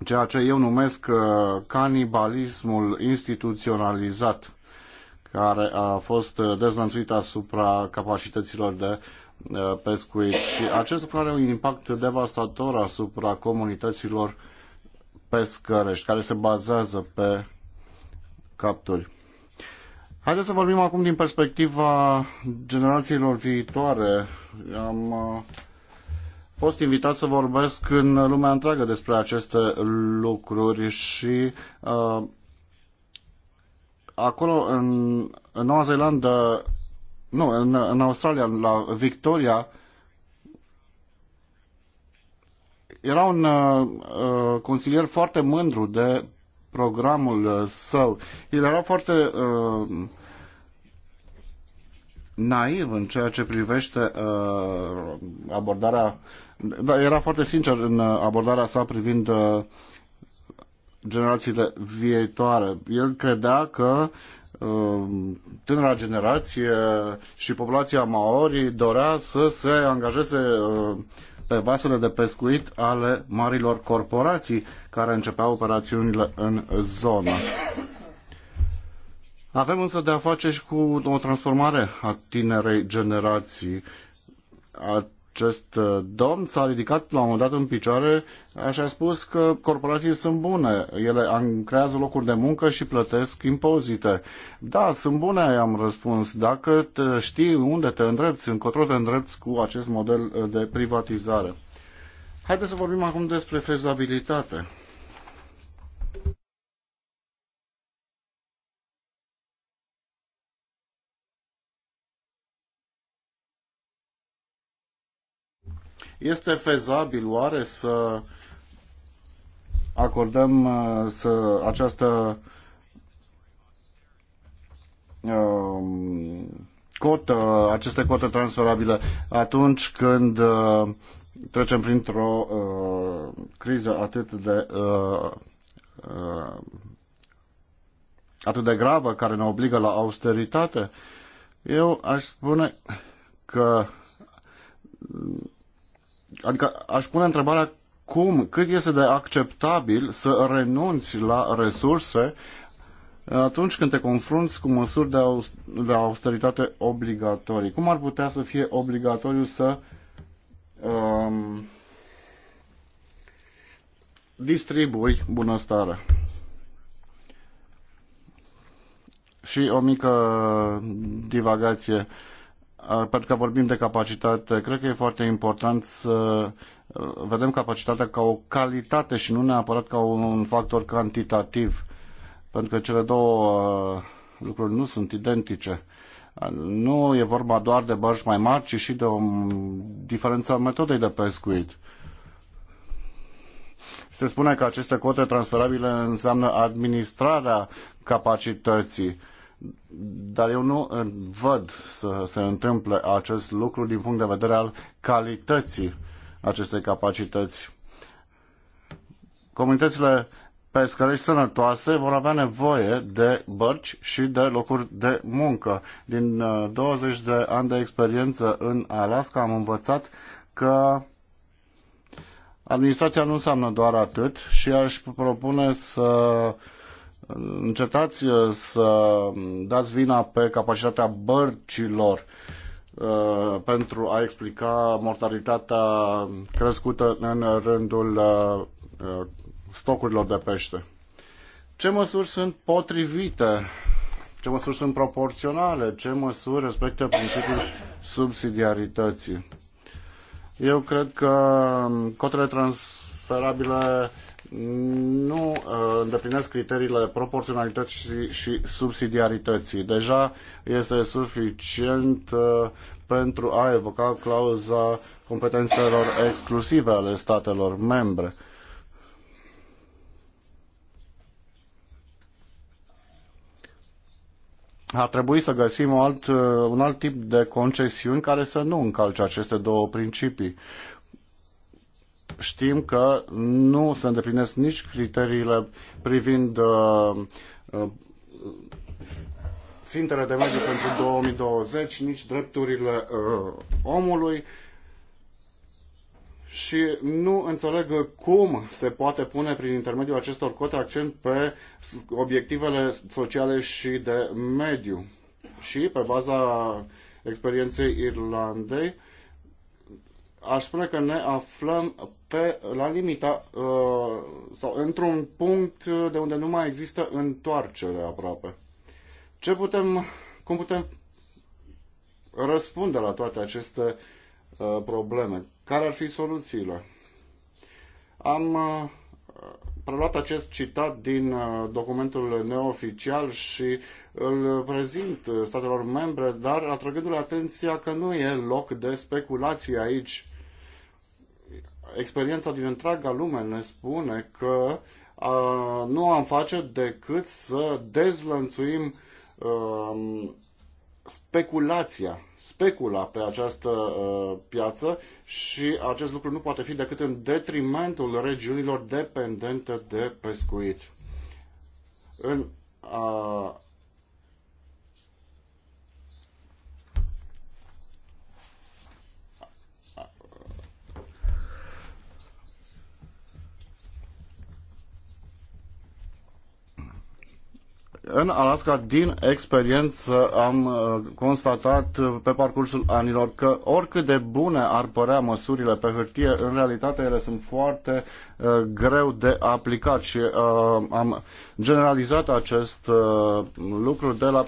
ceea ce eu numesc canibalismul instituționalizat care a fost uh, dezlănțuit asupra capacităților de uh, pescuit. Și acest lucru are un impact devastator asupra comunităților pescărești, care se bazează pe capturi. Haideți să vorbim acum din perspectiva generațiilor viitoare. Am uh, fost invitat să vorbesc în lumea întreagă despre aceste lucruri și uh, acolo în, în Noua Zeelandă, nu, în, în Australia, la Victoria, era un uh, uh, consilier foarte mândru de programul uh, său. El era foarte uh, naiv în ceea ce privește uh, abordarea, da, era foarte sincer în uh, abordarea sa privind uh, generațiile viitoare. El credea că uh, tânăra generație și populația maori dorea să se angajeze uh, pe vasele de pescuit ale marilor corporații care începeau operațiunile în zonă. Avem însă de a face și cu o transformare a tinerei generații acest uh, domn s-a ridicat la un moment dat în picioare și a spus că corporații sunt bune, ele creează locuri de muncă și plătesc impozite. Da, sunt bune, i-am răspuns, dacă te știi unde te îndrepți, încotro te îndrepți cu acest model uh, de privatizare. Haideți să vorbim acum despre fezabilitate. Este fezabil oare să acordăm uh, să această um, cotă, aceste cote transferabile atunci când uh, trecem printr-o uh, criză atât de uh, uh, atât de gravă care ne obligă la austeritate, eu aș spune că Adică aș pune întrebarea cum, cât este de acceptabil să renunți la resurse atunci când te confrunți cu măsuri de austeritate obligatorii. Cum ar putea să fie obligatoriu să um, distribui bunăstare? Și o mică divagație uh, pentru că vorbim de capacitate, cred că e foarte important să uh, vedem capacitatea ca o calitate și nu neapărat ca un factor cantitativ, pentru că cele două uh, lucruri nu sunt identice. Uh, nu e vorba doar de bărci mai mari, ci și de o diferență a metodei de pescuit. Se spune că aceste cote transferabile înseamnă administrarea capacității dar eu nu eh, văd să se întâmple acest lucru din punct de vedere al calității acestei capacități. Comunitățile pescărești sănătoase vor avea nevoie de bărci și de locuri de muncă. Din 20 eh, de ani de experiență în Alaska am învățat că administrația nu înseamnă doar atât și aș propune să încercați uh, să dați vina pe capacitatea bărcilor uh, pentru a explica mortalitatea crescută în rândul uh, stocurilor de pește. Ce măsuri sunt potrivite? Ce măsuri sunt proporționale? Ce măsuri respectă principiul subsidiarității? Eu cred că cotele transferabile nu uh, îndeplinesc criteriile proporționalității și, și subsidiarității. Deja este suficient uh, pentru a evoca clauza competențelor exclusive ale statelor membre. ar trebui să găsim un alt, uh, un alt tip de concesiuni care să nu încalce aceste două principii știm că nu se îndeplinesc nici criteriile privind uh, uh, țintele de mediu pentru 2020, nici drepturile uh, omului și nu înțeleg cum se poate pune prin intermediul acestor cote accent pe obiectivele sociale și de mediu. Și pe baza experienței Irlandei, aș spune că ne aflăm pe, la limita uh, sau într-un punct de unde nu mai există întoarcere aproape. Ce putem, cum putem răspunde la toate aceste uh, probleme? Care ar fi soluțiile? Am uh, preluat acest citat din documentul neoficial și îl prezint statelor membre, dar atrăgându-le atenția că nu e loc de speculație aici experiența din întreaga lume ne spune că uh, nu am face decât să dezlănțuim uh, speculația, specula pe această uh, piață și acest lucru nu poate fi decât în detrimentul regiunilor dependente de pescuit. În uh, în Alaska, din experiență, am uh, constatat uh, pe parcursul anilor că oricât de bune ar părea măsurile pe hârtie, în realitate ele sunt foarte uh, greu de aplicat și uh, am generalizat acest uh, lucru de la,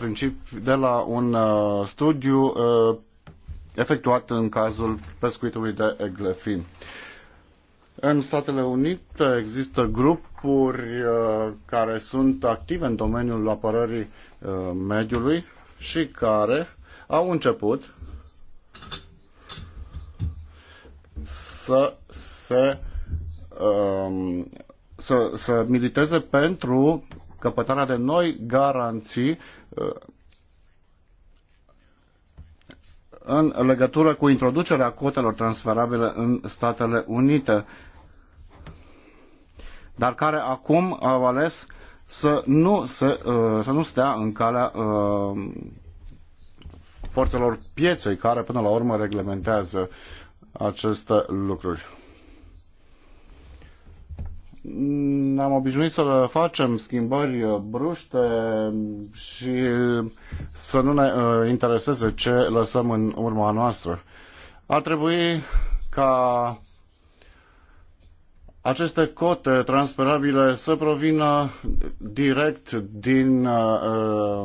de la un studiu efectuat în cazul pescuitului de eglefin. Uh, în Statele Unite există grupuri uh, care sunt active în domeniul apărării uh, mediului și care au început să se um, să, să militeze pentru căpătarea de noi garanții uh, în legătură cu introducerea cotelor transferabile în Statele Unite dar care acum au ales să nu, se, uh, să nu stea în calea uh, forțelor pieței care până la urmă reglementează aceste lucruri. Ne-am obișnuit să facem schimbări uh, bruște și să nu ne intereseze ce lăsăm în urma noastră. Ar trebui ca aceste cote transferabile să provină direct din uh,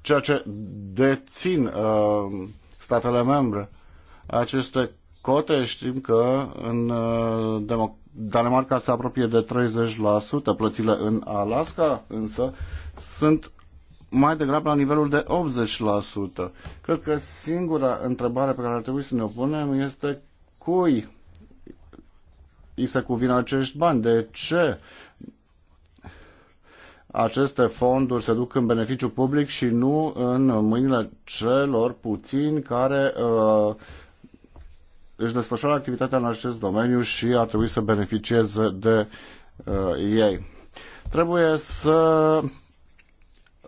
ceea ce dețin uh, statele membre. Aceste cote știm că în uh, Danemarca se apropie de 30%, plățile în Alaska însă sunt mai degrabă la nivelul de 80%. Cred că singura întrebare pe care ar trebui să ne o punem este cui îi se cuvin acești bani. De ce aceste fonduri se duc în beneficiu public și nu în mâinile celor puțini care uh, își desfășoară activitatea în acest domeniu și ar trebui să beneficieze de uh, ei. Trebuie să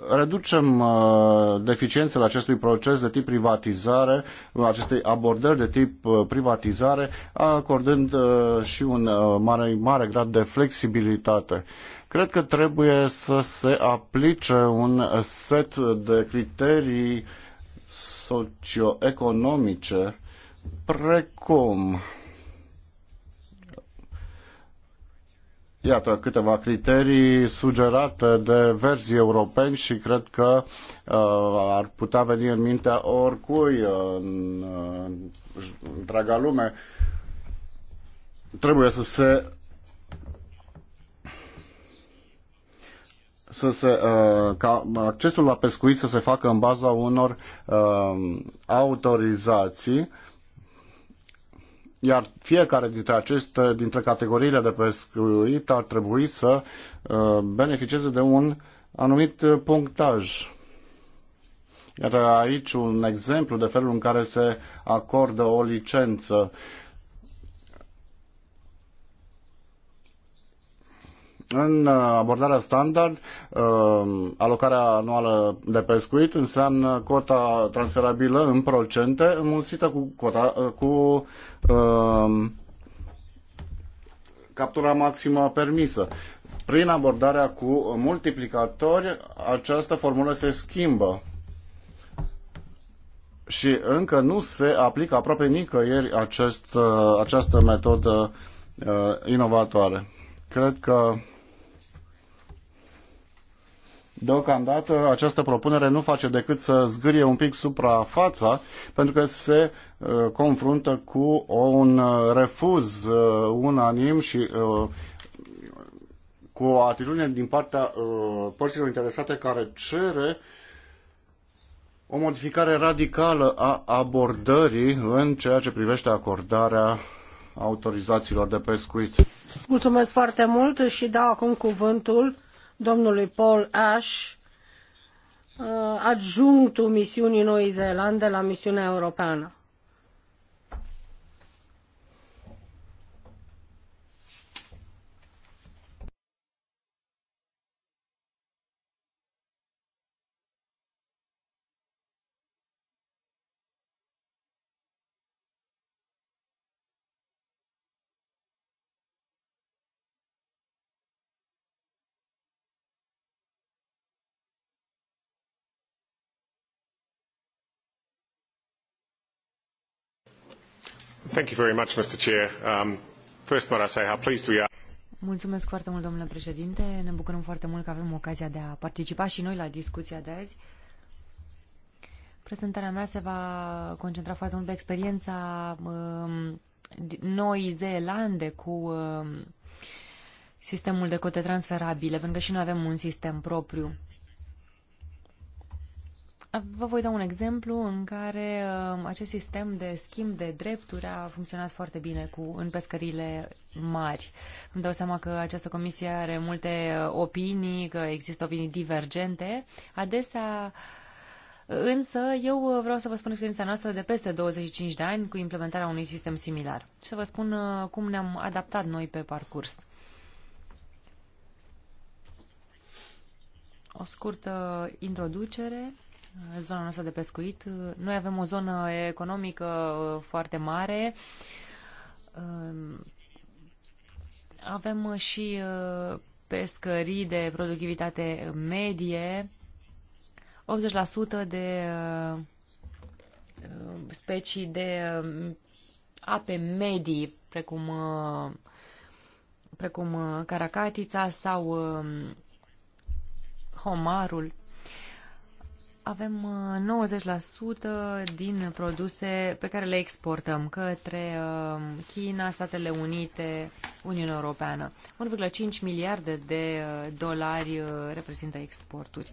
reducem uh, deficiențele acestui proces de tip privatizare, acestei abordări de tip uh, privatizare, acordând uh, și un mare, mare grad de flexibilitate. Cred că trebuie să se aplice un set de criterii socioeconomice precum Iată câteva criterii sugerate de verzi europeni și cred că uh, ar putea veni în mintea oricui uh, în uh, întreaga lume. Trebuie să se să se, uh, ca accesul la pescuit să se facă în baza unor uh, autorizații iar fiecare dintre aceste, dintre categoriile de pescuit ar trebui să uh, beneficieze de un anumit punctaj. Iar aici un exemplu de felul în care se acordă o licență uh, În uh, abordarea standard, uh, alocarea anuală de pescuit înseamnă cota transferabilă în procente înmulțită cu, cota, uh, cu captura maximă permisă. Prin abordarea cu multiplicatori, această formulă se schimbă și încă nu se aplică aproape nicăieri acest, această metodă inovatoare. Cred că Deocamdată această propunere nu face decât să zgârie un pic suprafața pentru că se uh, confruntă cu un uh, refuz uh, unanim și uh, cu o atitudine din partea uh, părților interesate care cere o modificare radicală a abordării în ceea ce privește acordarea autorizațiilor de pescuit. Mulțumesc foarte mult și dau acum cuvântul domnului Paul Ash, uh, adjunctul misiunii Noii Zeelande la misiunea europeană. Thank you very much, Mr. Chair. Um, first, might I say how pleased we are. Mulțumesc foarte mult, domnule președinte. Ne bucurăm foarte mult că avem ocazia de a participa și noi la discuția de azi. Prezentarea mea se va concentra foarte mult pe experiența um, Noi Zeelande cu um, sistemul de cote transferabile, pentru că și noi avem un sistem propriu. Vă voi da un exemplu în care uh, acest sistem de schimb de drepturi a funcționat foarte bine cu, în pescările mari. Îmi dau seama că această comisie are multe uh, opinii, că există opinii divergente. Adesea Însă eu uh, vreau să vă spun experiența noastră de peste 25 de ani cu implementarea unui sistem similar. Să vă spun cum ne-am adaptat noi pe parcurs. O scurtă introducere zona noastră de pescuit. Noi avem o zonă economică uh, foarte mare. Um, avem și uh, pescării de productivitate medie. 80% de uh, um, specii de ape medii, precum, precum caracatița sau um, homarul avem 90% uh, din produse pe care le exportăm către uh, China, Statele Unite, Uniunea Europeană. 1,5 miliarde de uh, dolari reprezintă exporturi.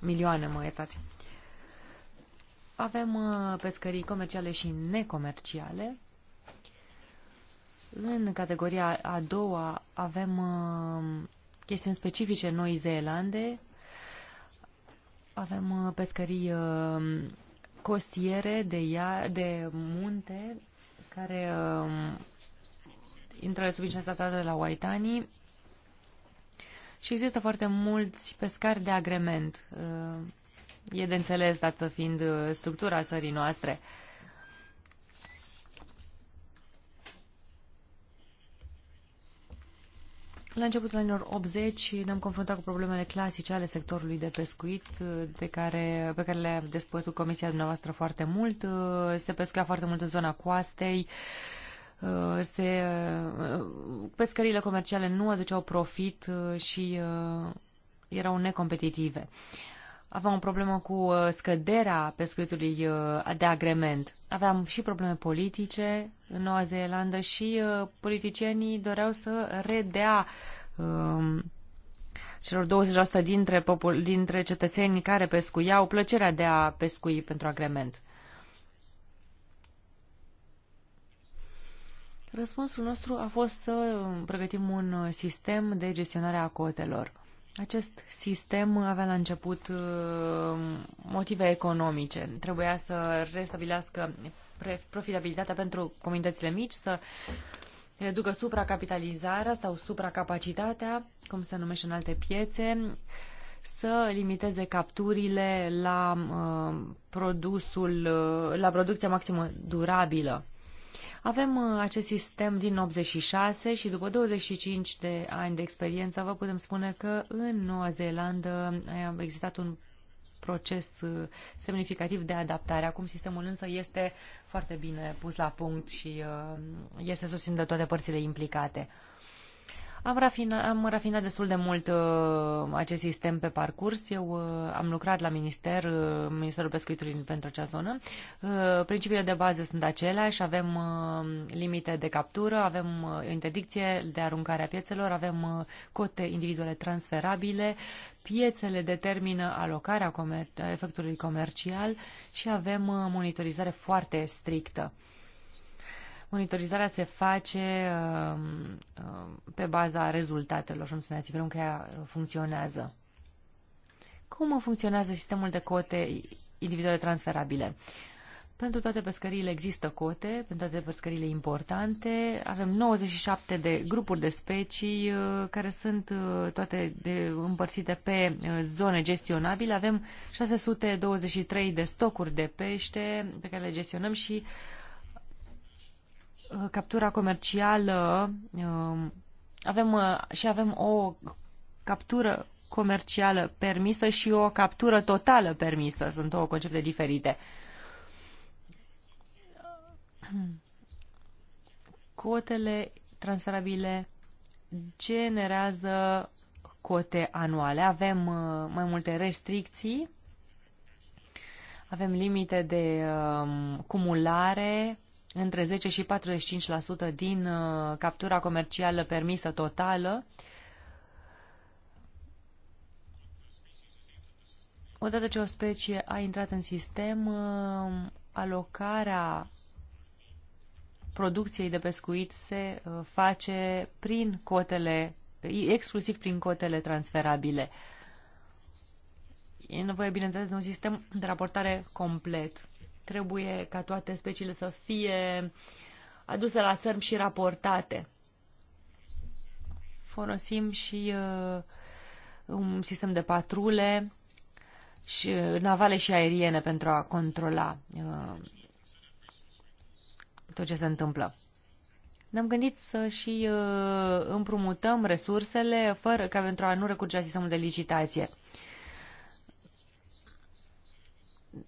Milioane, mă iertați. Avem pescării comerciale și necomerciale. În categoria a doua avem chestiuni specifice Noi Zeelande, avem uh, pescării uh, costiere de, ia, de munte care uh, intră sub incendiul de la Waitani și există foarte mulți pescari de agrement. E de înțeles, dată fiind structura țării noastre. La începutul anilor 80 ne-am confruntat cu problemele clasice ale sectorului de pescuit, de care, pe care le-a despătut comisia dumneavoastră foarte mult. Se pescuia foarte mult în zona coastei. Se, pescările comerciale nu aduceau profit și erau necompetitive aveam o problemă cu uh, scăderea pescuitului uh, de agrement. Aveam și probleme politice în Noua Zeelandă și uh, politicienii doreau să redea um, celor 20% dintre, popul, dintre cetățenii care pescuiau plăcerea de a pescui pentru agrement. Răspunsul nostru a fost să pregătim un sistem de gestionare a cotelor. Acest sistem avea la început uh, motive economice. Trebuia să restabilească profitabilitatea pentru comunitățile mici, să reducă supracapitalizarea sau supracapacitatea, cum se numește în alte piețe, să limiteze capturile la uh, produsul, uh, la producția maximă durabilă. Avem uh, acest sistem din 86 și după 25 de ani de experiență vă putem spune că în Noua Zeelandă uh, a existat un proces uh, semnificativ de adaptare. Acum sistemul însă este foarte bine pus la punct și este susținut de toate părțile implicate. Am rafinat, am rafinat destul de mult uh, acest sistem pe parcurs. Eu uh, am lucrat la minister, uh, Ministerul Pescuitului pentru acea zonă. Uh, principiile de bază sunt aceleași. Avem uh, limite de captură, avem uh, interdicție de aruncare a piețelor, avem uh, cote individuale transferabile, piețele determină alocarea comer- efectului comercial și avem uh, monitorizare foarte strictă. Monitorizarea se face um, um, pe baza rezultatelor și să ne asigurăm că ea funcționează. Cum funcționează sistemul de cote individuale transferabile? Pentru toate pescăriile există cote, pentru toate pescăriile importante. Avem 97 de grupuri de specii uh, care sunt uh, toate de, împărțite pe uh, zone gestionabile. Avem 623 de stocuri de pește pe care le gestionăm și Uh, captura comercială um, avem, uh, și avem o captură comercială permisă și o captură totală permisă. Sunt două concepte diferite. Cotele transferabile generează cote anuale. Avem uh, mai multe restricții, avem limite de um, cumulare între 10 și 45% din uh, captura comercială permisă totală. Odată ce o specie a intrat în sistem, uh, alocarea producției de pescuit se uh, face prin cotele, exclusiv prin cotele transferabile. E nevoie, bineînțeles, de un sistem de raportare complet. Trebuie ca toate speciile să fie aduse la țărm și raportate. Folosim și uh, un sistem de patrule și uh, navale și aeriene pentru a controla uh, tot ce se întâmplă. Ne-am gândit să și uh, împrumutăm resursele fără ca pentru a nu recurge la sistemul de licitație.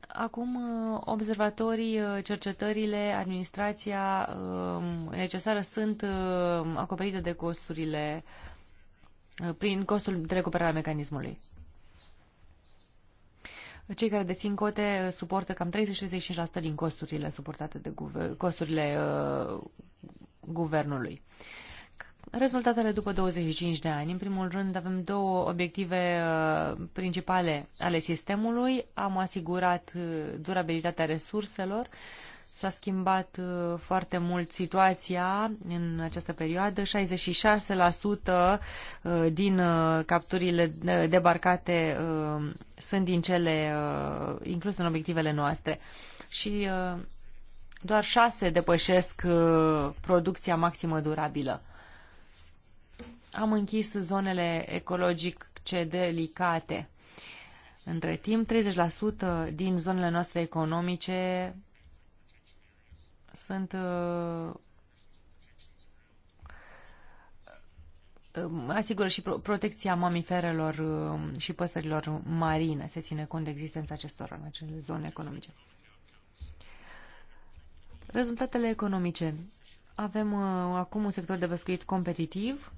Acum, uh, observatorii, uh, cercetările, administrația um, necesară sunt uh, acoperite de costurile prin costul de recuperare a mecanismului. Cei care dețin cote suportă cam 30-35% din costurile suportate de guver- costurile uh, guvernului. Uh, Rezultatele după 25 de ani. În primul rând avem două obiective uh, principale ale sistemului. Am asigurat uh, durabilitatea resurselor. S-a schimbat uh, foarte mult situația în această perioadă. 66% din capturile debarcate sunt din cele incluse în obiectivele noastre. Și doar șase depășesc producția maximă durabilă. Am închis zonele ecologice delicate. Între timp, 30% din zonele noastre economice sunt uh, uh, asigură și protecția mamiferelor uh, și păsărilor marine. Se ține cont de existența acestor în acele zone economice. Rezultatele economice. Avem acum un sector de pescuit competitiv,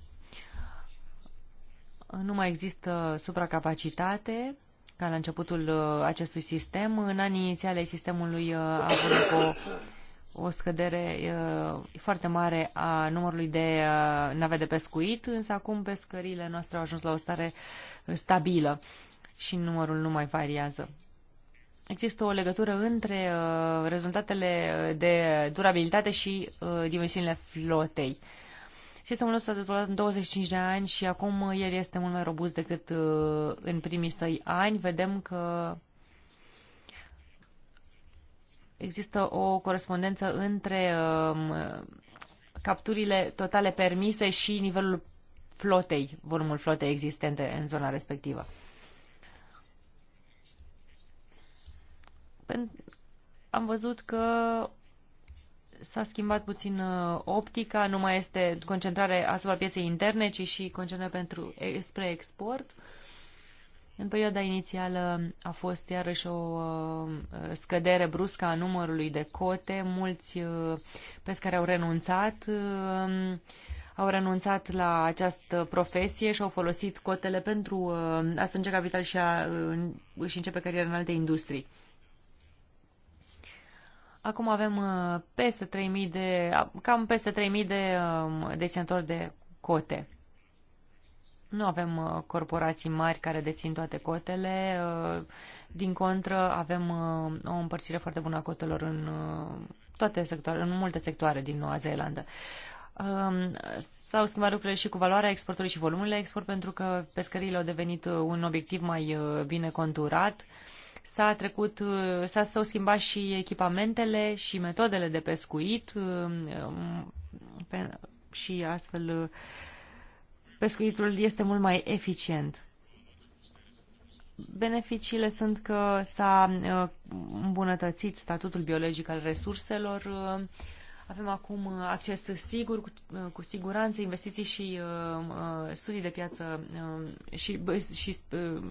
nu mai există supracapacitate ca la începutul uh, acestui sistem. În anii inițiale sistemului uh, a avut o, o scădere uh, foarte mare a numărului de nave de pescuit, însă acum pescările noastre au ajuns la o stare stabilă și numărul nu mai variază. Există o legătură între rezultatele de durabilitate și dimensiunile flotei. Sistemul nostru s-a dezvoltat în 25 de ani și acum el este mult mai robust decât uh, în primii săi ani. Vedem că există o corespondență între um, capturile totale permise și nivelul flotei, volumul flotei existente în zona respectivă. Am văzut că s-a schimbat puțin uh, optica, nu mai este concentrare asupra pieței interne, ci și concentrare pentru, spre export. În perioada inițială a fost iarăși o uh, scădere bruscă a numărului de cote. Mulți uh, pescari au renunțat, um, au renunțat la această profesie și au folosit cotele pentru a strânge capital și a își începe cariera în alte industrii. Acum avem uh, peste 3000 de, cam peste 3000 de um, deținători de cote. Nu avem uh, corporații mari care dețin toate cotele. Uh, din contră, avem o împărțire foarte bună a cotelor în toate sectoare, în multe sectoare din Noua Zeelandă. Um, s-au schimbat lucrurile și cu valoarea exportului și volumul export pentru că pescăriile au devenit un obiectiv mai bine conturat. Uh, S-a trecut, uh, s-a, s-au schimbat și echipamentele și metodele de pescuit um, um, și astfel uh, pescuitul este mult mai eficient. Beneficiile sunt că s-a uh, îmbunătățit statutul biologic al resurselor, avem acum acces sigur, cu, cu siguranță, investiții și uh, studii de piață uh, și, și uh,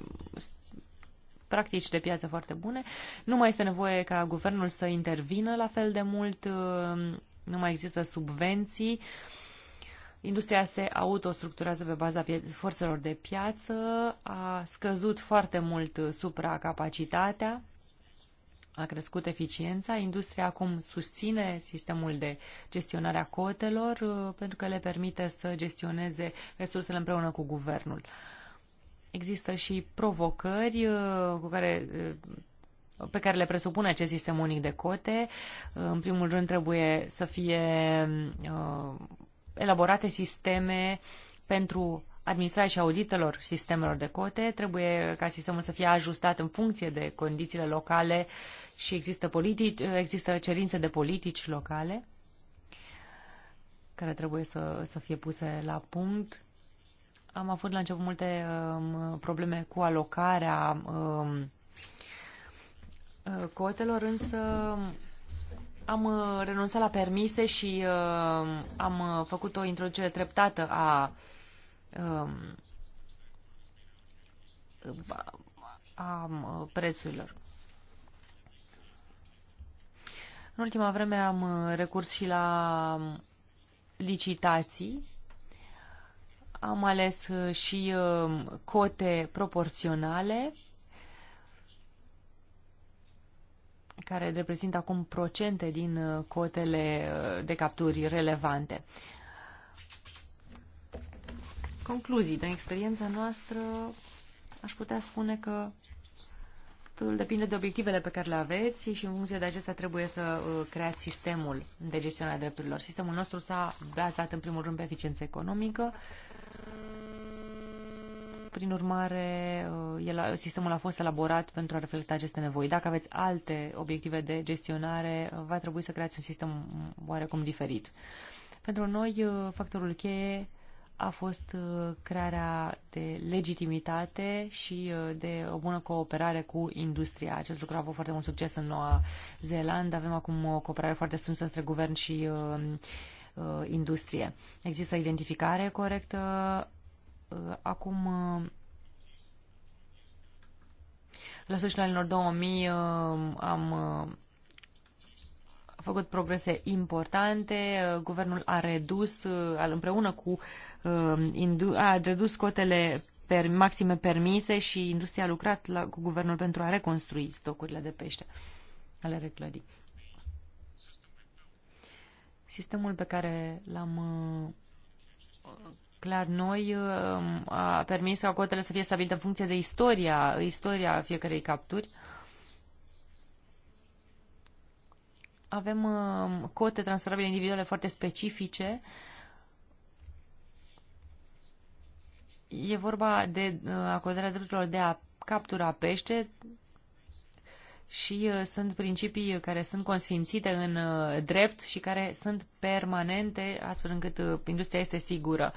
practici de piață foarte bune. Nu mai este nevoie ca guvernul să intervină la fel de mult, uh, nu mai există subvenții. Industria se autostructurează pe baza forțelor de piață, a scăzut foarte mult supracapacitatea, a crescut eficiența, industria acum susține sistemul de gestionare a cotelor uh, pentru că le permite să gestioneze resursele împreună cu guvernul. Există și provocări uh, cu care uh, pe care le presupune acest sistem unic de cote. Uh, în primul rând trebuie să fie elaborate sisteme pentru administrarea și auditelor sistemelor de cote. Trebuie ca sistemul să fie ajustat în funcție de condițiile locale și există, politici, există cerințe de politici locale care trebuie să, să fie puse la punct. Am avut la început multe um, probleme cu alocarea um, uh, cotelor, însă am uh, renunțat la permise și um, am uh, făcut o introducere treptată a, um, a um, prețurilor. În ultima vreme am recurs și la um, licitații am ales uh, și um, cote proporționale care reprezintă acum procente din uh, cotele uh, de capturi relevante. Concluzii din experiența noastră aș putea spune că totul depinde de obiectivele pe care le aveți și în funcție de acestea trebuie să creați sistemul de gestionare a drepturilor. Sistemul nostru s-a bazat în primul rând pe eficiență economică, prin urmare, uh, el, sistemul a fost elaborat pentru a reflecta aceste nevoi. Dacă aveți alte obiective de gestionare, uh, va trebui să creați un sistem oarecum diferit. Pentru noi, uh, factorul cheie a fost crearea de legitimitate și de o bună cooperare cu industria. Acest lucru a avut foarte mult succes în Noua Zeelandă. Avem acum o cooperare foarte strânsă între guvern și uh, uh, industrie. Există identificare corectă uh, acum uh, la sfârșitul anilor 2000 uh, am uh, făcut progrese importante, uh, guvernul a redus, uh, împreună cu, uh, a redus cotele per, maxime permise și industria a lucrat la, cu guvernul pentru a reconstrui stocurile de pește ale reclădii. Sistemul pe care l-am uh, clar noi uh, a permis ca cotele să fie stabilite în funcție de istoria, istoria fiecarei capturi. Avem uh, cote transferabile individuale foarte specifice E vorba de acordarea drepturilor de a captura pește și uh, sunt principii care sunt consfințite în uh, drept și care sunt permanente, astfel încât uh, industria este sigură.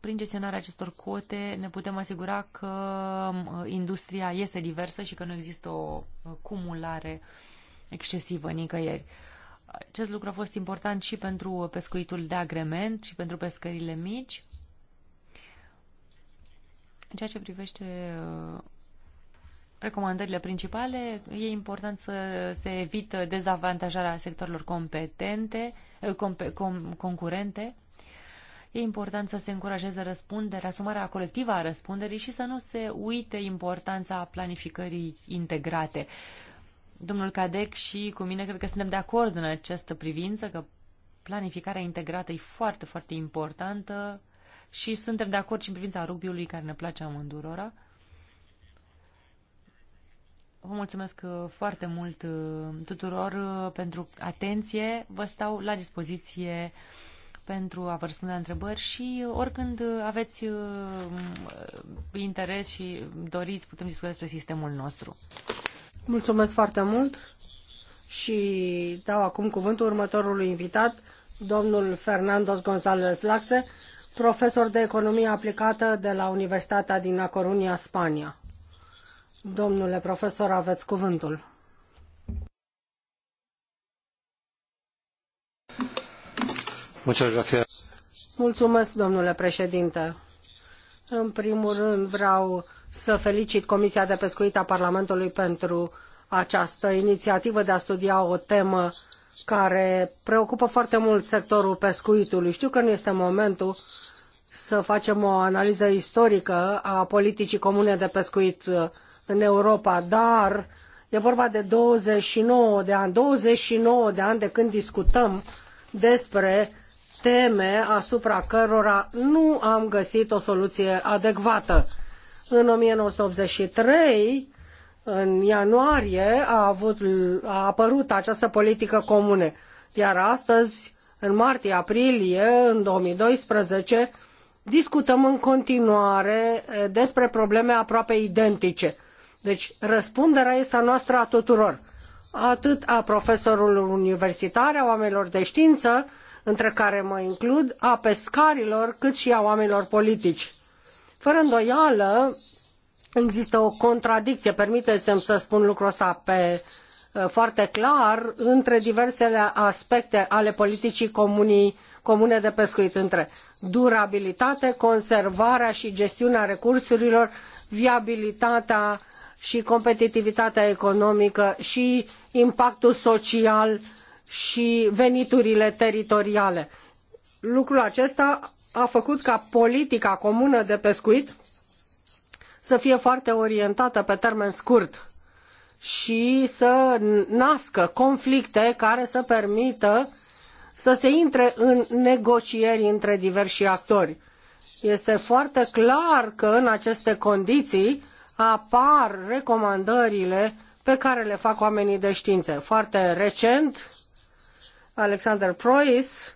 Prin gestionarea acestor cote ne putem asigura că um, industria este diversă și că nu există o cumulare excesivă nicăieri. Acest lucru a fost important și pentru pescuitul de agrement și pentru pescările mici. În ceea ce privește recomandările principale, e important să se evită dezavantajarea sectorilor competente, eh, com, com, concurente. E important să se încurajeze răspunderea, asumarea colectivă a răspunderii și să nu se uite importanța planificării integrate. Domnul Cadec și cu mine cred că suntem de acord în această privință că planificarea integrată e foarte, foarte importantă și suntem de acord și în privința rugbiului care ne place amândurora. Vă mulțumesc uh, foarte mult uh, tuturor uh, pentru atenție. Vă stau la dispoziție pentru a vă răspunde la întrebări și oricând aveți interes și doriți, putem discuta despre sistemul nostru. Mulțumesc foarte mult și dau acum cuvântul următorului invitat, domnul Fernando González Laxe, profesor de economie aplicată de la Universitatea din La Coruña, Spania. Domnule profesor, aveți cuvântul. Mulțumesc, domnule președinte. În primul rând vreau să felicit Comisia de Pescuit a Parlamentului pentru această inițiativă de a studia o temă care preocupă foarte mult sectorul pescuitului. Știu că nu este momentul să facem o analiză istorică a politicii comune de pescuit în Europa, dar e vorba de 29 de ani, 29 de ani de când discutăm despre teme asupra cărora nu am găsit o soluție adecvată. În 1983, în ianuarie, a, avut, a apărut această politică comune, iar astăzi, în martie-aprilie, în 2012, discutăm în continuare despre probleme aproape identice. Deci răspunderea este a noastră a tuturor, atât a profesorilor universitari, a oamenilor de știință, între care mă includ, a pescarilor, cât și a oamenilor politici. Fără îndoială, există o contradicție, permiteți-mi să spun lucrul ăsta pe, ă, foarte clar, între diversele aspecte ale politicii comunii, comune de pescuit, între durabilitate, conservarea și gestiunea recursurilor, viabilitatea și competitivitatea economică și impactul social și veniturile teritoriale. Lucrul acesta a făcut ca politica comună de pescuit să fie foarte orientată pe termen scurt și să nască conflicte care să permită să se intre în negocieri între diversi actori. Este foarte clar că în aceste condiții apar recomandările pe care le fac oamenii de știință. Foarte recent, Alexander Preuss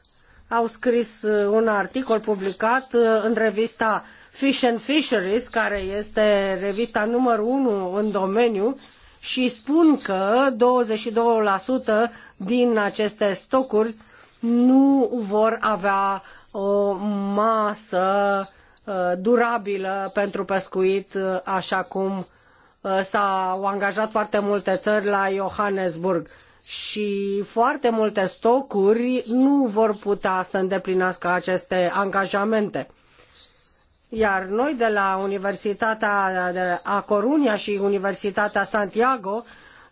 au scris uh, un articol publicat uh, în revista Fish and Fisheries, care este revista numărul unu în domeniu, și spun că 22% din aceste stocuri nu vor avea o masă Uh, durabilă pentru pescuit, uh, așa cum uh, s-au angajat foarte multe țări la Johannesburg și foarte multe stocuri nu vor putea să îndeplinească aceste angajamente. Iar noi de la Universitatea de A Coruña și Universitatea Santiago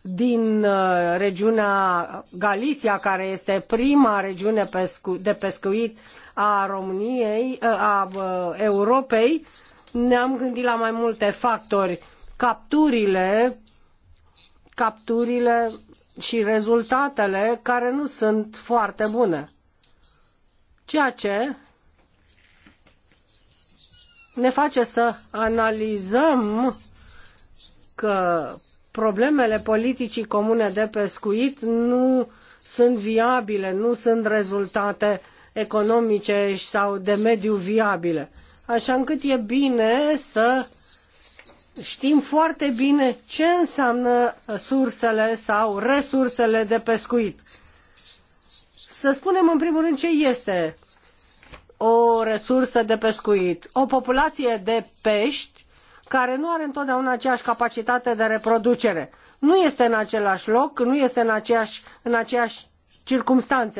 din uh, regiunea Galicia, care este prima regiune de pescuit a României, uh, a uh, Europei, ne-am gândit la mai multe factori. Capturile, capturile și rezultatele care nu sunt foarte bune. Ceea ce ne face să analizăm că problemele politicii comune de pescuit nu sunt viabile, nu sunt rezultate economice sau de mediu viabile. Așa încât e bine să știm foarte bine ce înseamnă sursele sau resursele de pescuit. Să spunem în primul rând ce este o resursă de pescuit. O populație de pești care nu are întotdeauna aceeași capacitate de reproducere. Nu este în același loc, nu este în aceeași, în aceeași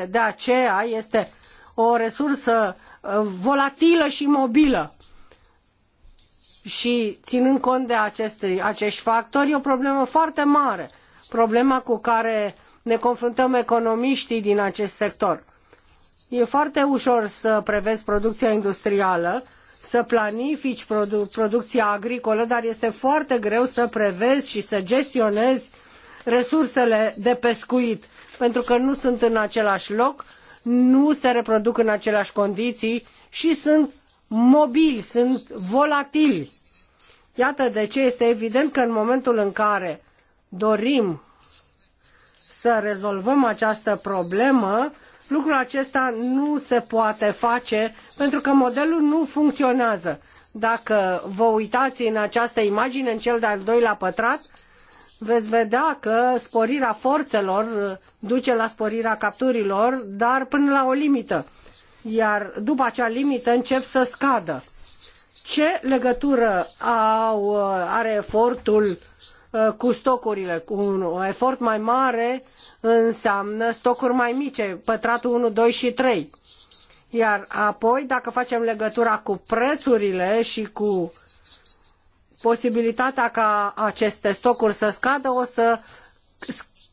De aceea este o resursă uh, volatilă și mobilă. Și ținând cont de aceste acești factori, e o problemă foarte mare, problema cu care ne confruntăm economiștii din acest sector. E foarte ușor să prevezi producția industrială, să planifici produ- producția agricolă, dar este foarte greu să prevezi și să gestionezi resursele de pescuit, pentru că nu sunt în același loc, nu se reproduc în aceleași condiții și sunt mobili, sunt volatili. Iată de ce este evident că în momentul în care dorim să rezolvăm această problemă, Lucrul acesta nu se poate face pentru că modelul nu funcționează. Dacă vă uitați în această imagine, în cel de-al doilea pătrat, veți vedea că sporirea forțelor duce la sporirea capturilor, dar până la o limită. Iar după acea limită încep să scadă. Ce legătură au, are efortul cu stocurile. un efort mai mare înseamnă stocuri mai mici, pătratul 1, 2 și 3. Iar apoi, dacă facem legătura cu prețurile și cu posibilitatea ca aceste stocuri să scadă, o să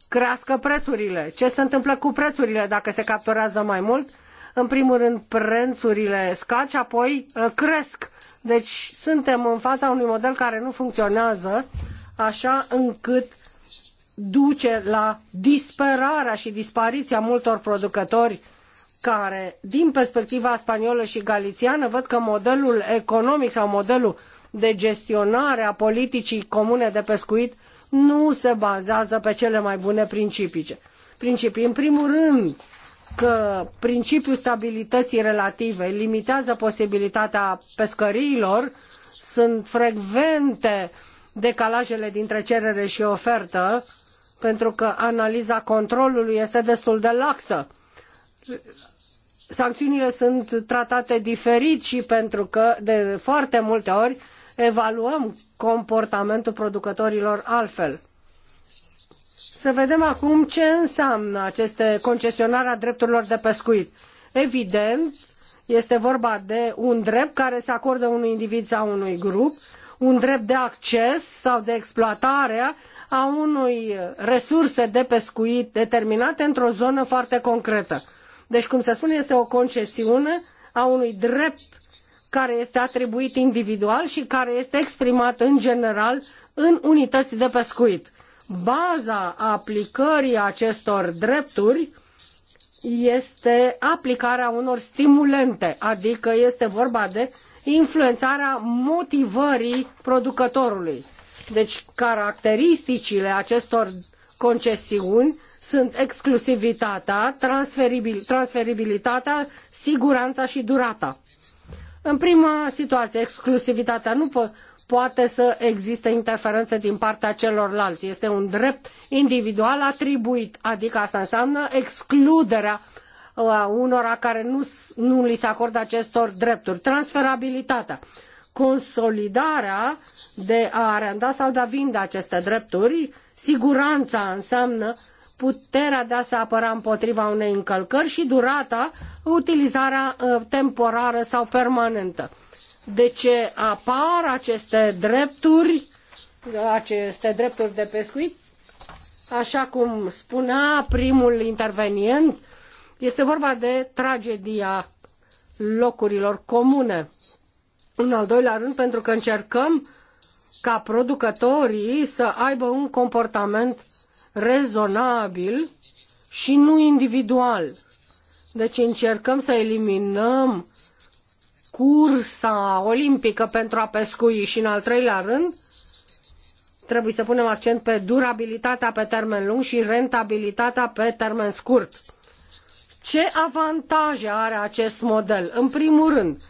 crească prețurile. Ce se întâmplă cu prețurile dacă se capturează mai mult? În primul rând, prețurile scad și apoi uh, cresc. Deci suntem în fața unui model care nu funcționează așa încât duce la disperarea și dispariția multor producători care, din perspectiva spaniolă și galițiană, văd că modelul economic sau modelul de gestionare a politicii comune de pescuit nu se bazează pe cele mai bune principii. principii. În primul rând, că principiul stabilității relative limitează posibilitatea pescăriilor, sunt frecvente uh, decalajele dintre cerere și ofertă, pentru că analiza controlului este destul de laxă. Sancțiunile sunt tratate diferit și pentru că de foarte multe ori evaluăm comportamentul producătorilor altfel. Să vedem acum ce înseamnă aceste concesionare a drepturilor de pescuit. Evident, este vorba de un drept care se acordă unui individ sau unui grup un drept de acces sau de exploatare a unui resurse de pescuit determinate într-o zonă foarte concretă. Deci, cum se spune, este o concesiune a unui drept care este atribuit individual și care este exprimat în general în unități de pescuit. Baza aplicării acestor drepturi este aplicarea unor stimulente, adică este vorba de influențarea motivării producătorului. Deci caracteristicile acestor concesiuni sunt exclusivitatea, transferibil, transferibilitatea, siguranța și durata. În prima situație, exclusivitatea nu po poate să existe interferențe din partea celorlalți. Este un drept individual atribuit, adică asta înseamnă excluderea a unora care nu, nu li se acordă acestor drepturi. Transferabilitatea consolidarea de a arenda sau de a vinde aceste drepturi, siguranța înseamnă puterea de a se apăra împotriva unei încălcări și durata, utilizarea ă, temporară sau permanentă. De ce apar aceste drepturi, aceste drepturi de pescuit? Așa cum spunea primul intervenient, este vorba de tragedia locurilor comune. În al doilea rând, pentru că încercăm ca producătorii să aibă un comportament rezonabil și nu individual. Deci încercăm să eliminăm cursa olimpică pentru a pescui și în al treilea rând trebuie să punem accent pe durabilitatea pe termen lung și rentabilitatea pe termen scurt. Ce avantaje are acest model? În primul rând,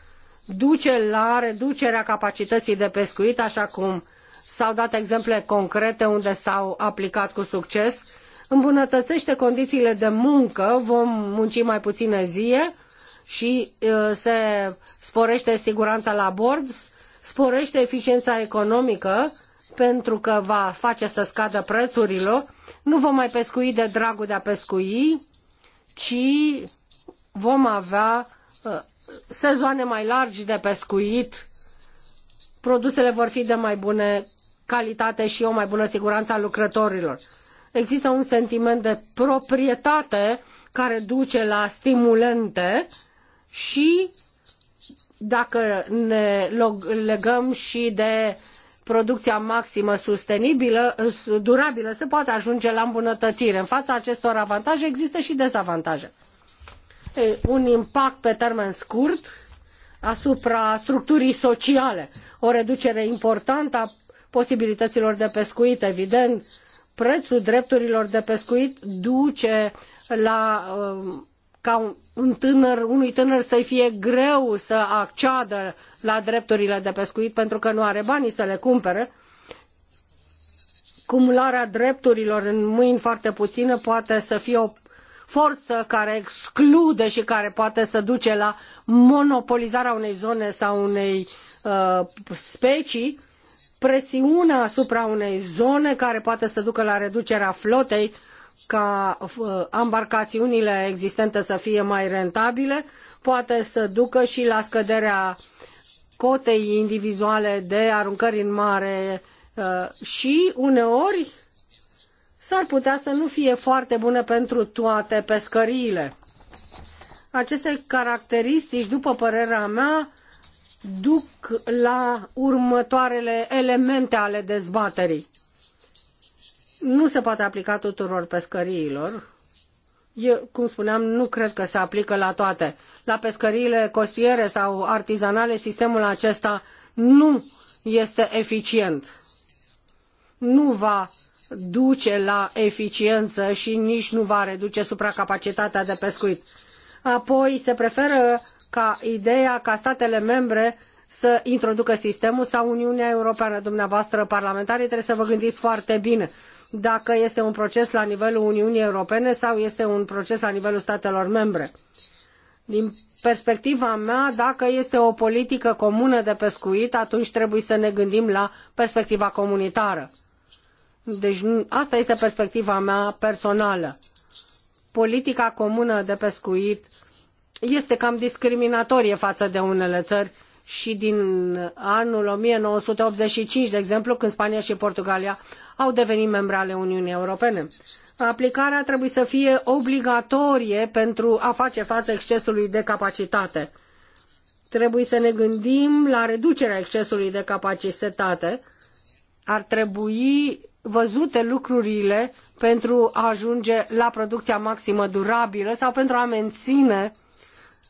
duce la reducerea capacității de pescuit, așa cum s-au dat exemple concrete unde s-au aplicat cu succes, îmbunătățește condițiile de muncă, vom munci mai puține zile și uh, se sporește siguranța la bord, sporește eficiența economică pentru că va face să scadă prețurile, nu vom mai pescui de dragul de a pescui, ci vom avea uh, sezoane mai largi de pescuit, produsele vor fi de mai bună calitate și o mai bună siguranță a lucrătorilor. Există un sentiment de proprietate care duce la stimulente și dacă ne legăm și de producția maximă sustenibilă, durabilă, se poate ajunge la îmbunătățire. În fața acestor avantaje există și dezavantaje. Un impact pe termen scurt asupra structurii sociale, o reducere importantă a posibilităților de pescuit, evident, prețul drepturilor de pescuit duce la um, ca un, tânăr, unui tânăr să-i fie greu să acceadă la drepturile de pescuit pentru că nu are banii să le cumpere. Cumularea drepturilor în mâini foarte puține poate să fie o forță care exclude și care poate să duce la monopolizarea unei zone sau unei uh, specii, presiunea asupra unei zone care poate să ducă la reducerea flotei, uh, ca ambarcațiunile existente să fie mai rentabile, poate să ducă și la scăderea cotei individuale de aruncări în mare uh, și uneori s-ar putea să nu fie foarte bune pentru toate pescăriile. Aceste caracteristici, după părerea mea, duc la următoarele elemente ale dezbaterii nu se poate aplica tuturor pescăriilor. Eu, cum spuneam, nu cred că se aplică la toate. La pescăriile costiere sau artizanale, sistemul acesta nu este eficient. Nu va duce la eficiență și nici nu va reduce supracapacitatea de pescuit. Apoi se preferă ca ideea ca statele membre să introducă sistemul sau Uniunea Europeană. Dumneavoastră, parlamentarii, trebuie să vă gândiți foarte bine dacă este un proces la nivelul Uniunii Europene sau este un proces la nivelul statelor membre. Din perspectiva mea, dacă este o politică comună de pescuit, atunci trebuie să ne gândim la perspectiva comunitară. Deci asta este perspectiva mea personală. Politica comună de pescuit este cam discriminatorie față de unele țări și din anul 1985, de exemplu, când Spania și Portugalia au devenit membre ale Uniunii Europene. Aplicarea trebuie să fie obligatorie pentru a face față excesului de capacitate. Trebuie să ne gândim la reducerea excesului de capacitate. Ar trebui văzute lucrurile pentru a ajunge la producția maximă durabilă sau pentru a menține,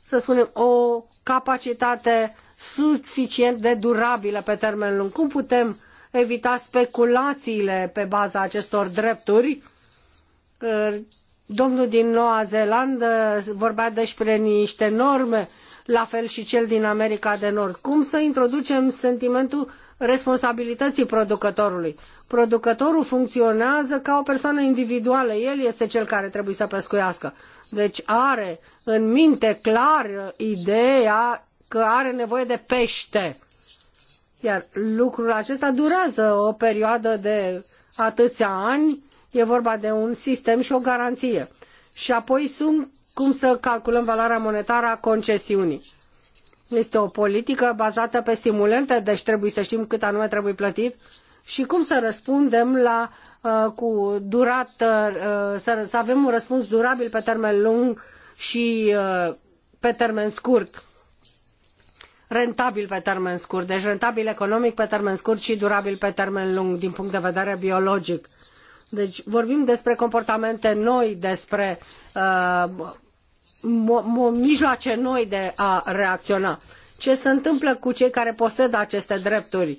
să spunem, o capacitate suficient de durabilă pe termen lung. Cum putem evita speculațiile pe baza acestor drepturi? Uh, domnul din Noua Zeelandă vorbea despre niște norme, la fel și cel din America de Nord. Cum să introducem sentimentul responsabilității producătorului? Producătorul funcționează ca o persoană individuală, el este cel care trebuie să pescuiască. Deci are în minte clar ideea că are nevoie de pește. Iar lucrul acesta durează o perioadă de atâția ani, e vorba de un sistem și o garanție. Și apoi sunt cum să calculăm valoarea monetară a concesiunii. Este o politică bazată pe stimulente, deci trebuie să știm cât anume trebuie plătit și cum să răspundem la uh, cu durată, uh, să, avem un răspuns durabil pe termen lung și uh, pe termen scurt rentabil pe termen scurt, deci rentabil economic pe termen scurt și durabil pe termen lung din punct de vedere biologic. Deci vorbim despre comportamente noi, despre uh, mijloace noi de a reacționa. Ce se întâmplă cu cei care posedă aceste drepturi?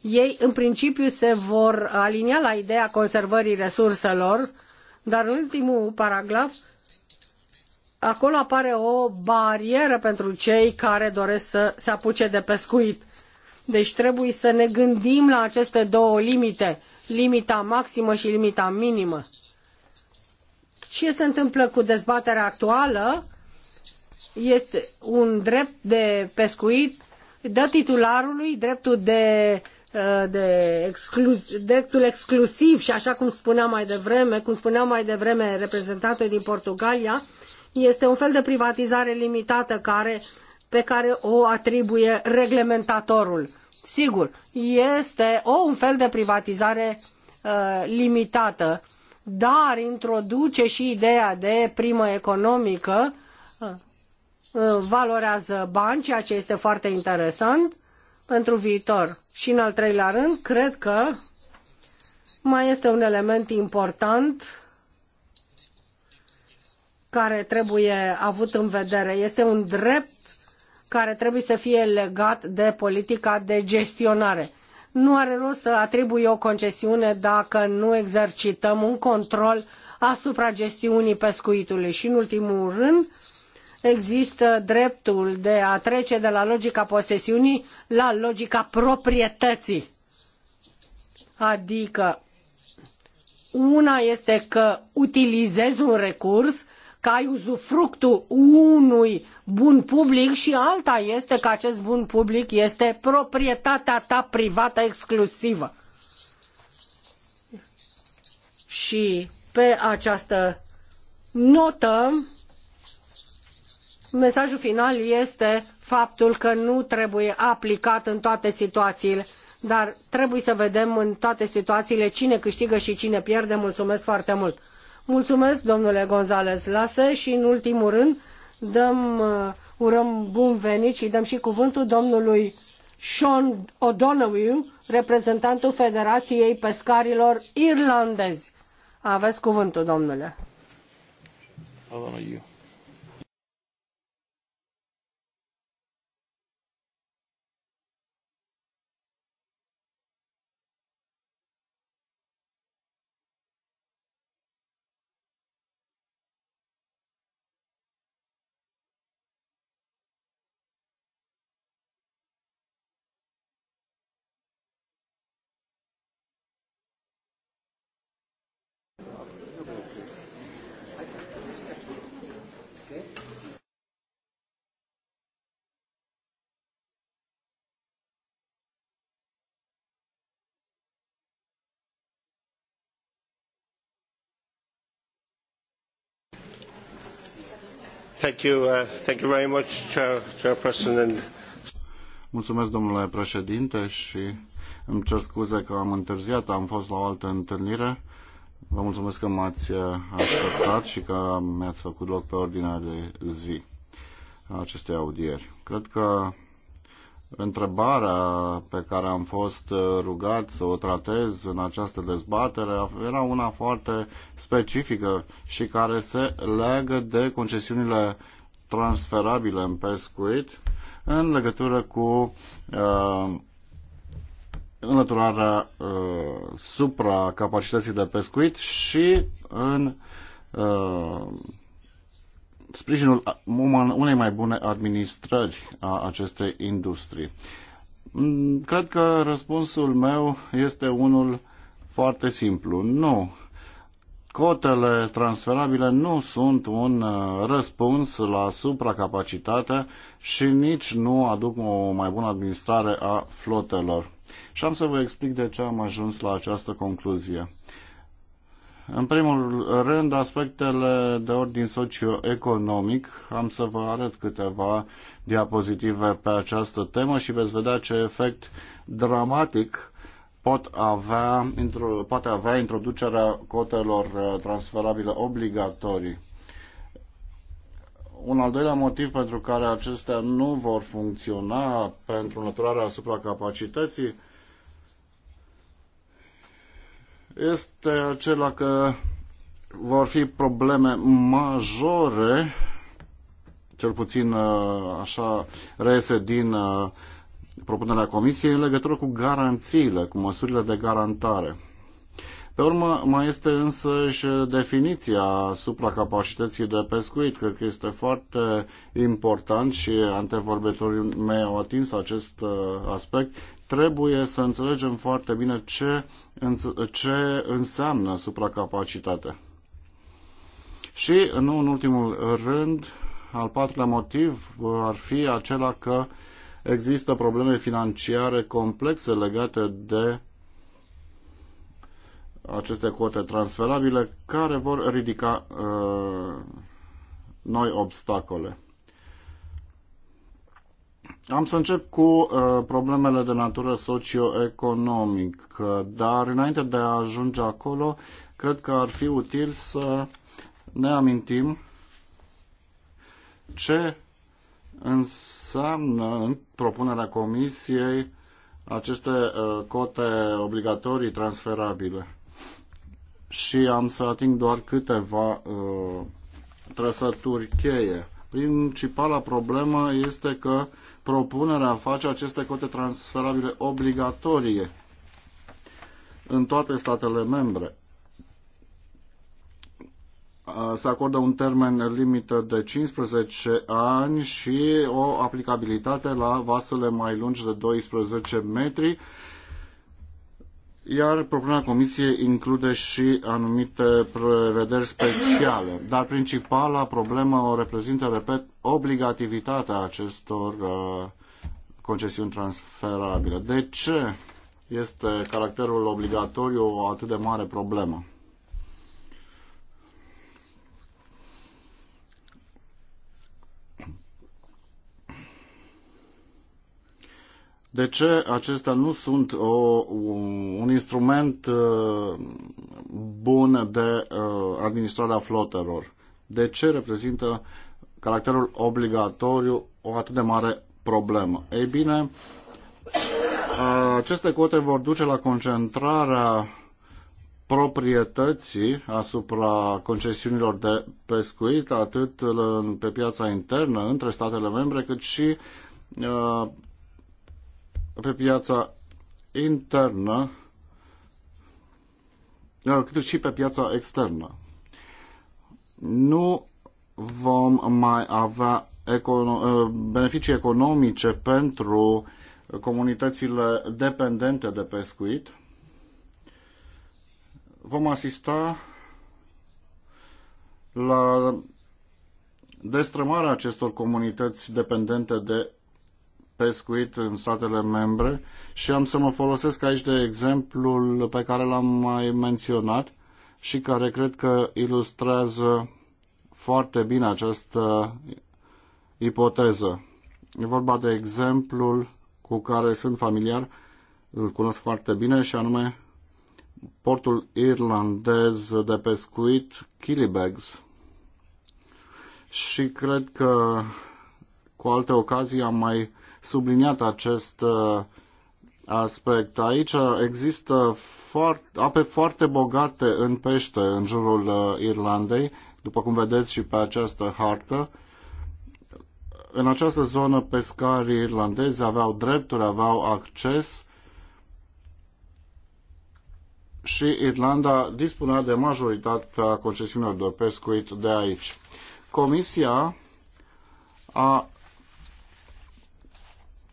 Ei, în principiu, se vor alinia la ideea conservării resurselor, dar în ultimul paragraf acolo apare o barieră pentru cei care doresc să se apuce de pescuit. Deci trebuie să ne gândim la aceste două limite, limita maximă și limita minimă. Ce se întâmplă cu dezbaterea actuală? Este un drept de pescuit, dă titularului dreptul de uh, de exclus, dreptul exclusiv și așa cum spuneam mai devreme, cum spuneam mai devreme reprezentantul din Portugalia, este un fel de privatizare limitată care, pe care o atribuie reglementatorul. Sigur, este o, un fel de privatizare uh, limitată, dar introduce și ideea de primă economică, uh, uh valorează bani, ceea ce este foarte interesant pentru viitor. Și în al treilea rând, cred că mai este un element important care trebuie avut în vedere. Este un drept care trebuie să fie legat de politica de gestionare. Nu are rost să atribui o concesiune dacă nu exercităm un control asupra gestiunii pescuitului. Și în ultimul rând, există dreptul de a trece de la logica posesiunii la logica proprietății. Adică una este că utilizezi un recurs, că ai uzufructul unui bun public și alta este că acest bun public este proprietatea ta privată exclusivă. Și pe această notă, mesajul final este faptul că nu trebuie aplicat în toate situațiile dar trebuie să vedem în toate situațiile cine câștigă și cine pierde. Mulțumesc foarte mult! Mulțumesc, domnule González Lase, și în ultimul rând dăm, uh, urăm bun venit și dăm și cuvântul domnului Sean O'Donoghue, reprezentantul Federației Pescarilor Irlandezi. Aveți cuvântul, domnule. O'Donoghue. Mulțumesc, domnule președinte, și îmi cer scuze că am întârziat, am fost la o altă întâlnire. Vă mulțumesc că m-ați uh, așteptat și că mi-ați făcut loc pe ordinea de zi a acestei audieri. Cred că Întrebarea pe care am fost uh, rugat să o tratez în această dezbatere era una foarte specifică și care se leagă de concesiunile transferabile în pescuit în legătură cu uh, înlăturarea uh, supracapacității de pescuit și în uh, sprijinul unei mai bune administrări a acestei industrii. Mm, cred că răspunsul meu este unul foarte simplu. Nu. Cotele transferabile nu sunt un uh, răspuns la supracapacitate și nici nu aduc o mai bună administrare a flotelor. Și am să vă explic de ce am ajuns la această concluzie. În primul rând, aspectele de ordin socioeconomic. Am să vă arăt câteva diapozitive pe această temă și veți vedea ce efect dramatic pot avea, poate avea introducerea cotelor uh, transferabile obligatorii. Un al doilea motiv pentru care acestea nu vor funcționa pentru înlăturarea asupra capacității este acela că vor fi probleme majore, cel puțin uh, așa reiese din uh, propunerea Comisiei, în legătură cu garanțiile, cu măsurile de garantare. Pe urmă, mai este însă și definiția asupra capacității de pescuit. Cred că este foarte important și antevorbitorii mei au atins acest uh, aspect trebuie să înțelegem foarte bine ce, ce înseamnă supracapacitate. Și, nu în ultimul rând, al patrulea motiv uh, ar fi acela că există probleme financiare complexe legate de aceste cote transferabile care vor ridica uh, noi obstacole. Am să încep cu uh, problemele de natură socioeconomică, dar înainte de a ajunge acolo, cred că ar fi util să ne amintim ce înseamnă în propunerea Comisiei aceste uh, cote obligatorii transferabile. Și am să ating doar câteva uh, trăsături cheie. Principala problemă este că uh, propunerea face aceste cote transferabile obligatorie în toate statele membre. Se acordă un termen limită de 15 ani și o aplicabilitate la vasele mai lungi de 12 metri iar propunerea Comisiei include și anumite prevederi speciale. Dar principala problemă o reprezintă, repet, obligativitatea acestor uh, concesiuni transferabile. De ce este caracterul obligatoriu o atât de mare problemă? de ce acestea nu sunt o, un instrument uh, bun de uh, administrare a flotelor? De ce reprezintă caracterul obligatoriu o atât de mare problemă? Ei bine, aceste cote vor duce la concentrarea proprietății asupra concesiunilor de pescuit, atât pe piața internă între statele membre, cât și uh, pe piața internă, cât și pe piața externă. Nu vom mai avea econo- beneficii economice pentru comunitățile dependente de pescuit. Vom asista la destrămarea acestor comunități dependente de pescuit în statele membre și am să mă folosesc aici de exemplul pe care l-am mai menționat și care cred că ilustrează foarte bine această ipoteză. E vorba de exemplul cu care sunt familiar, îl cunosc foarte bine și anume portul irlandez de pescuit Killybegs. Și cred că cu alte ocazii am mai subliniat acest uh, aspect. Aici există foarte, ape foarte bogate în pește în jurul uh, Irlandei, după cum vedeți și pe această hartă. În această zonă pescarii irlandezi aveau drepturi, aveau acces și Irlanda dispunea de majoritatea concesiunilor de pescuit de aici. Comisia a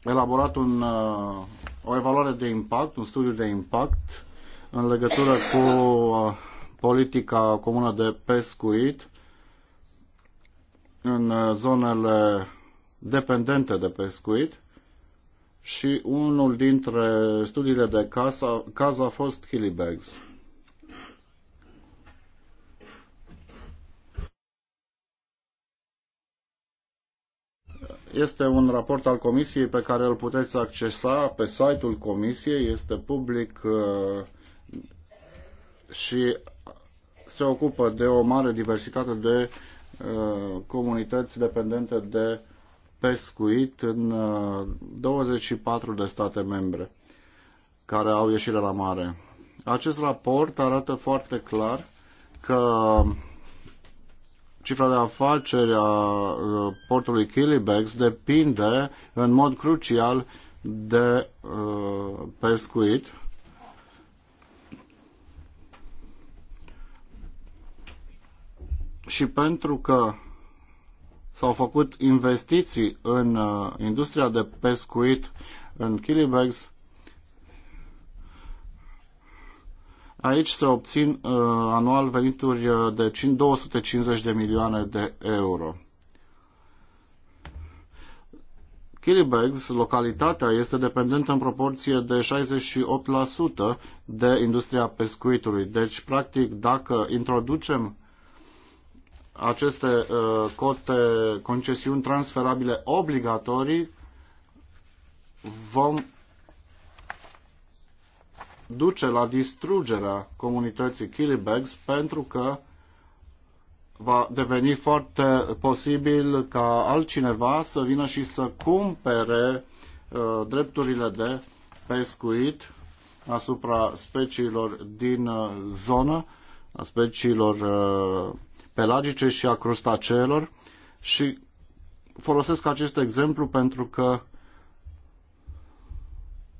elaborat un, uh, o evaluare de impact, un studiu de impact în legătură cu uh, politica comună de pescuit în uh, zonele dependente de pescuit și unul dintre studiile de caz a, caz a fost Hillibags. Este un raport al Comisiei pe care îl puteți accesa pe site-ul Comisiei, este public uh, și se ocupă de o mare diversitate de uh, comunități dependente de pescuit în 24 uh, de state membre care au ieșire la mare. Acest raport arată foarte clar că Cifra de afaceri a uh, portului Kilibex depinde în mod crucial de uh, pescuit. Și pentru că s-au făcut investiții în uh, industria de pescuit în Kilibex, Aici se obțin uh, anual venituri uh, de 250 de milioane de euro. Kiribegs, localitatea, este dependentă în proporție de 68% de industria pescuitului. Deci, practic, dacă introducem aceste uh, cote, concesiuni transferabile obligatorii, vom duce la distrugerea comunității Kilibags pentru că va deveni foarte posibil ca altcineva să vină și să cumpere uh, drepturile de pescuit asupra speciilor din uh, zonă, a speciilor uh, pelagice și a crustaceelor și folosesc acest exemplu pentru că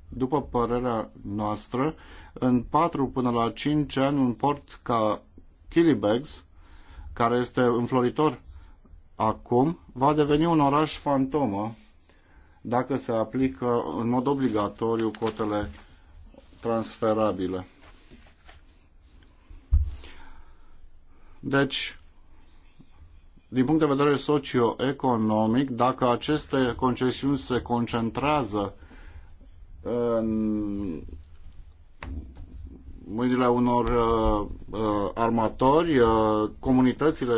după părerea noastră, în 4 până la 5 ani, un port ca Kilibegs, care este înfloritor acum, va deveni un oraș fantomă dacă se aplică în mod obligatoriu cotele transferabile. Deci, din punct de vedere socioeconomic, dacă aceste concesiuni se concentrează în mâinile unor uh, uh, armatori, uh, comunitățile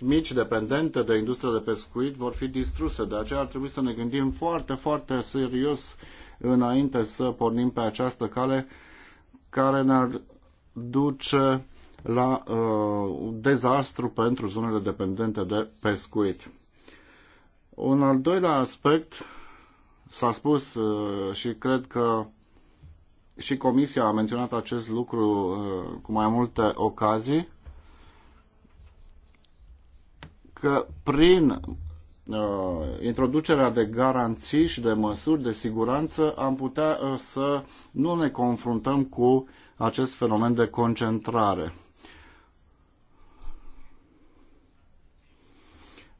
mici dependente de industria de pescuit vor fi distruse. De aceea ar trebui să ne gândim foarte, foarte serios înainte să pornim pe această cale care ne-ar duce la uh, un dezastru pentru zonele dependente de pescuit. Un al doilea aspect S-a spus uh, și cred că și Comisia a menționat acest lucru uh, cu mai multe ocazii, că prin uh, introducerea de garanții și de măsuri de siguranță am putea să nu ne confruntăm cu acest fenomen de concentrare.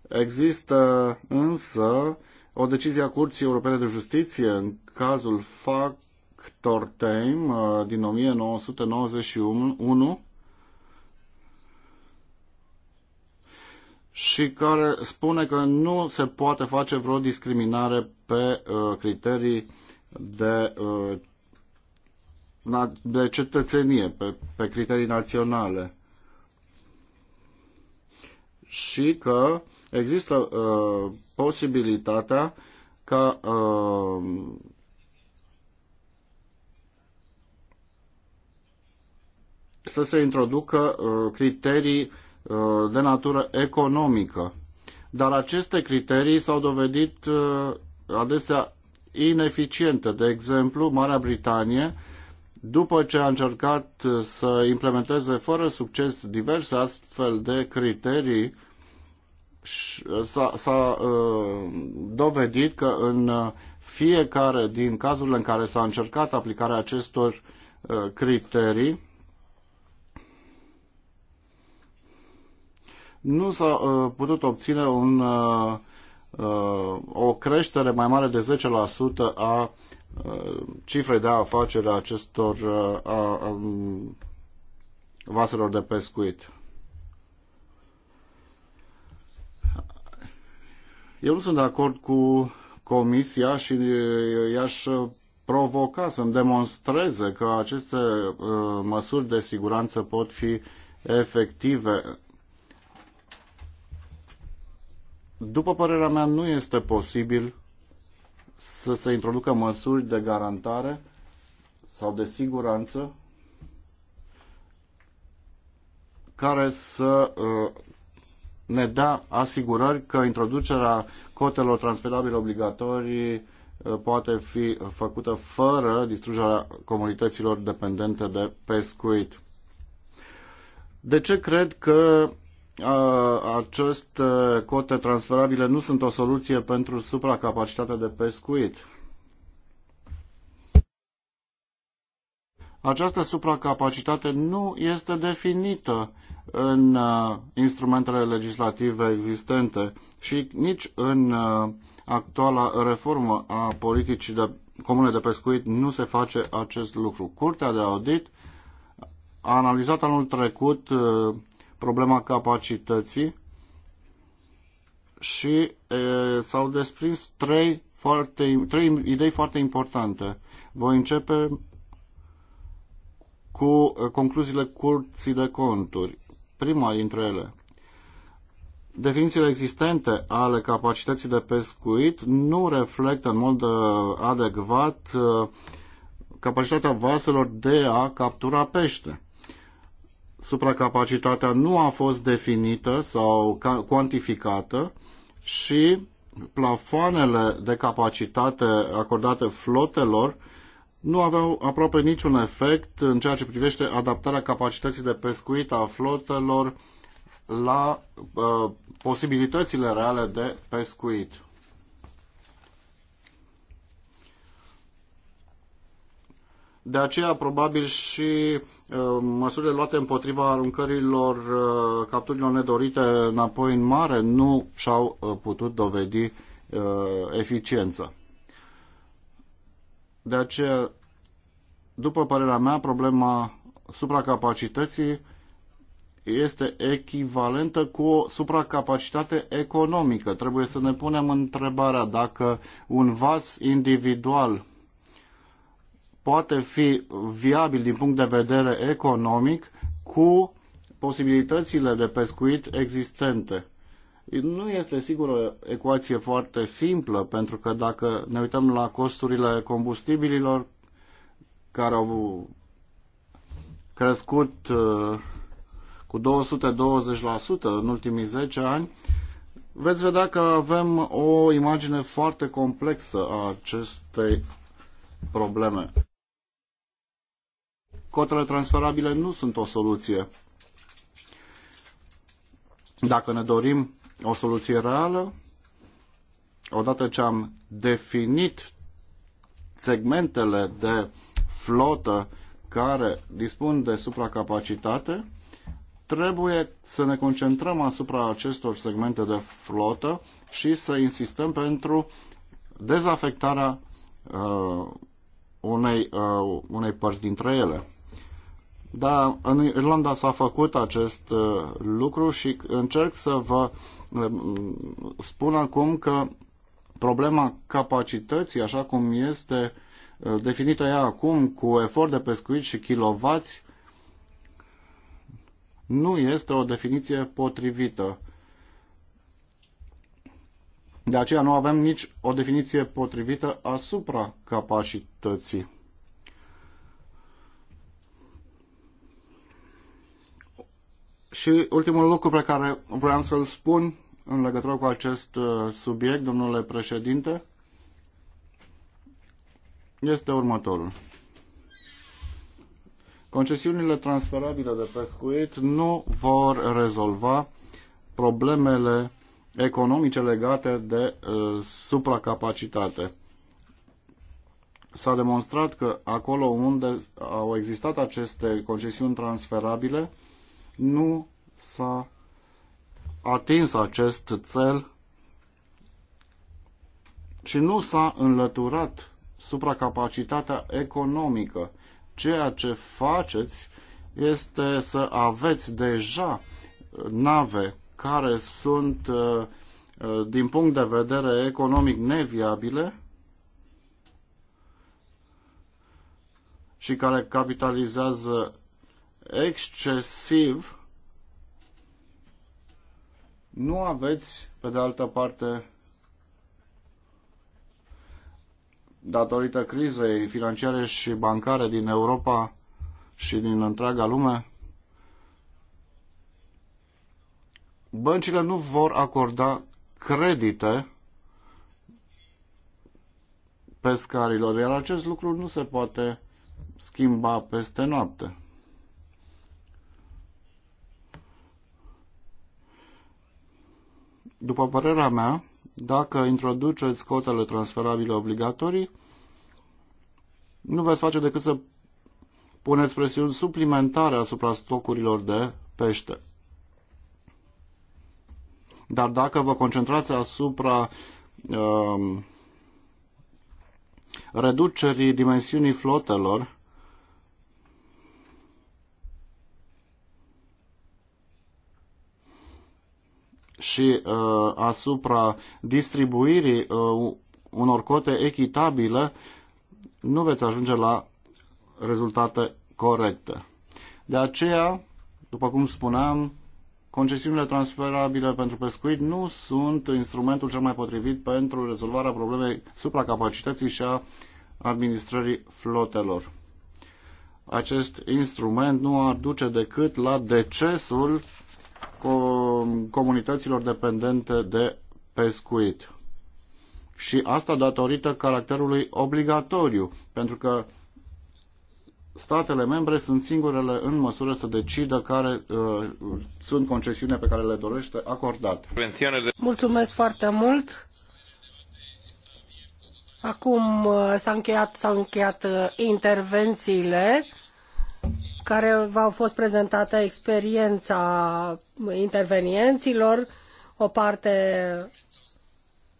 Există însă o decizie a Curții Europene de Justiție în cazul Factor Time uh, din 1991 și care spune că nu se poate face vreo discriminare pe uh, criterii de, uh, de cetățenie, pe, pe criterii naționale. Și că există uh, posibilitatea ca uh, să se introducă uh, criterii uh, de natură economică. Dar aceste criterii s-au dovedit uh, adesea ineficiente. De exemplu, Marea Britanie, după ce a încercat uh, să implementeze fără succes diverse astfel de criterii, Uh, s-a, uh, dovedit că în uh, fiecare din cazurile în care s-a încercat aplicarea acestor criterii, nu s-a putut obține un, o creștere mai mare de 10% a cifrei de afacere a acestor a, a, um, vaselor de pescuit. Eu nu sunt de acord cu Comisia și i-aș provoca să-mi demonstreze că aceste uh, măsuri de siguranță pot fi efective. După părerea mea, nu este posibil să se introducă măsuri de garantare sau de siguranță care să uh, ne da asigurări că introducerea cotelor transferabile obligatorii uh, poate fi făcută fără distrugerea comunităților dependente de pescuit. De ce cred că uh, aceste cote transferabile nu sunt o soluție pentru supracapacitatea de pescuit? Această supracapacitate nu este definită în uh, instrumentele legislative existente și nici în uh, actuala reformă a politicii de comune de pescuit nu se face acest lucru. Curtea de audit a analizat anul trecut uh, problema capacității și s-au desprins trei, foarte, trei idei foarte importante. Voi începe cu uh, concluziile curții de conturi. Prima dintre ele, definițiile existente ale capacității de pescuit nu reflectă în mod uh, adecvat uh, capacitatea vaselor de a captura pește. Supracapacitatea nu a fost definită sau cuantificată și plafoanele de capacitate acordate flotelor nu aveau aproape niciun efect în ceea ce privește adaptarea capacității de pescuit a flotelor la uh, posibilitățile reale de pescuit. De aceea, probabil și uh, măsurile luate împotriva aruncărilor uh, capturilor nedorite înapoi în mare nu și-au uh, putut dovedi uh, eficiență. De aceea, după părerea mea, problema supracapacității este echivalentă cu o supracapacitate economică. Trebuie să ne punem întrebarea dacă un vas individual poate fi viabil din punct de vedere economic cu posibilitățile de pescuit existente. Nu este sigur o ecuație foarte simplă, pentru că dacă ne uităm la costurile combustibililor care au crescut uh, cu 220% în ultimii 10 ani, veți vedea că avem o imagine foarte complexă a acestei probleme. Cotele transferabile nu sunt o soluție. Dacă ne dorim o soluție reală. Odată ce am definit segmentele de flotă care dispun de supracapacitate, trebuie să ne concentrăm asupra acestor segmente de flotă și să insistăm pentru dezafectarea uh, unei, uh, unei părți dintre ele. Da, în Irlanda s-a făcut acest uh, lucru și încerc să vă Spun acum că problema capacității, așa cum este uh, definită ea acum, cu efort de pescuit și kilovați, nu este o definiție potrivită. De aceea nu avem nici o definiție potrivită asupra capacității. Și ultimul lucru pe care vreau să-l spun în legătură cu acest uh, subiect, domnule președinte, este următorul. Concesiunile transferabile de pescuit nu vor rezolva problemele economice legate de uh, supracapacitate. S-a demonstrat că acolo unde au existat aceste concesiuni transferabile, uh, nu s-a atins acest cel și nu s-a înlăturat supracapacitatea economică. Ceea ce faceți este să aveți deja nave care sunt, uh, uh, din punct de vedere economic, neviabile și care capitalizează excesiv, nu aveți, pe de altă parte, datorită crizei financiare și bancare din Europa și din întreaga lume, băncile nu vor acorda credite pescarilor, iar acest lucru nu se poate schimba peste noapte. După părerea mea, dacă introduceți cotele transferabile obligatorii, nu veți face decât să puneți presiuni suplimentare asupra stocurilor de pește. Dar dacă vă concentrați asupra uh, reducerii dimensiunii flotelor, și uh, asupra distribuirii uh, unor cote echitabile, nu veți ajunge la rezultate corecte. De aceea, după cum spuneam, concesiunile transferabile pentru pescuit nu sunt instrumentul cel mai potrivit pentru rezolvarea problemei supracapacității și a administrării flotelor. Acest instrument nu ar duce decât la decesul comunităților dependente de pescuit. Și asta datorită caracterului obligatoriu, pentru că statele membre sunt singurele în măsură să decidă care uh, sunt concesiunile pe care le dorește acordate. Mulțumesc foarte mult! Acum uh, s-au încheiat, s-au încheiat uh, intervențiile care v-au fost prezentată experiența intervenienților, o parte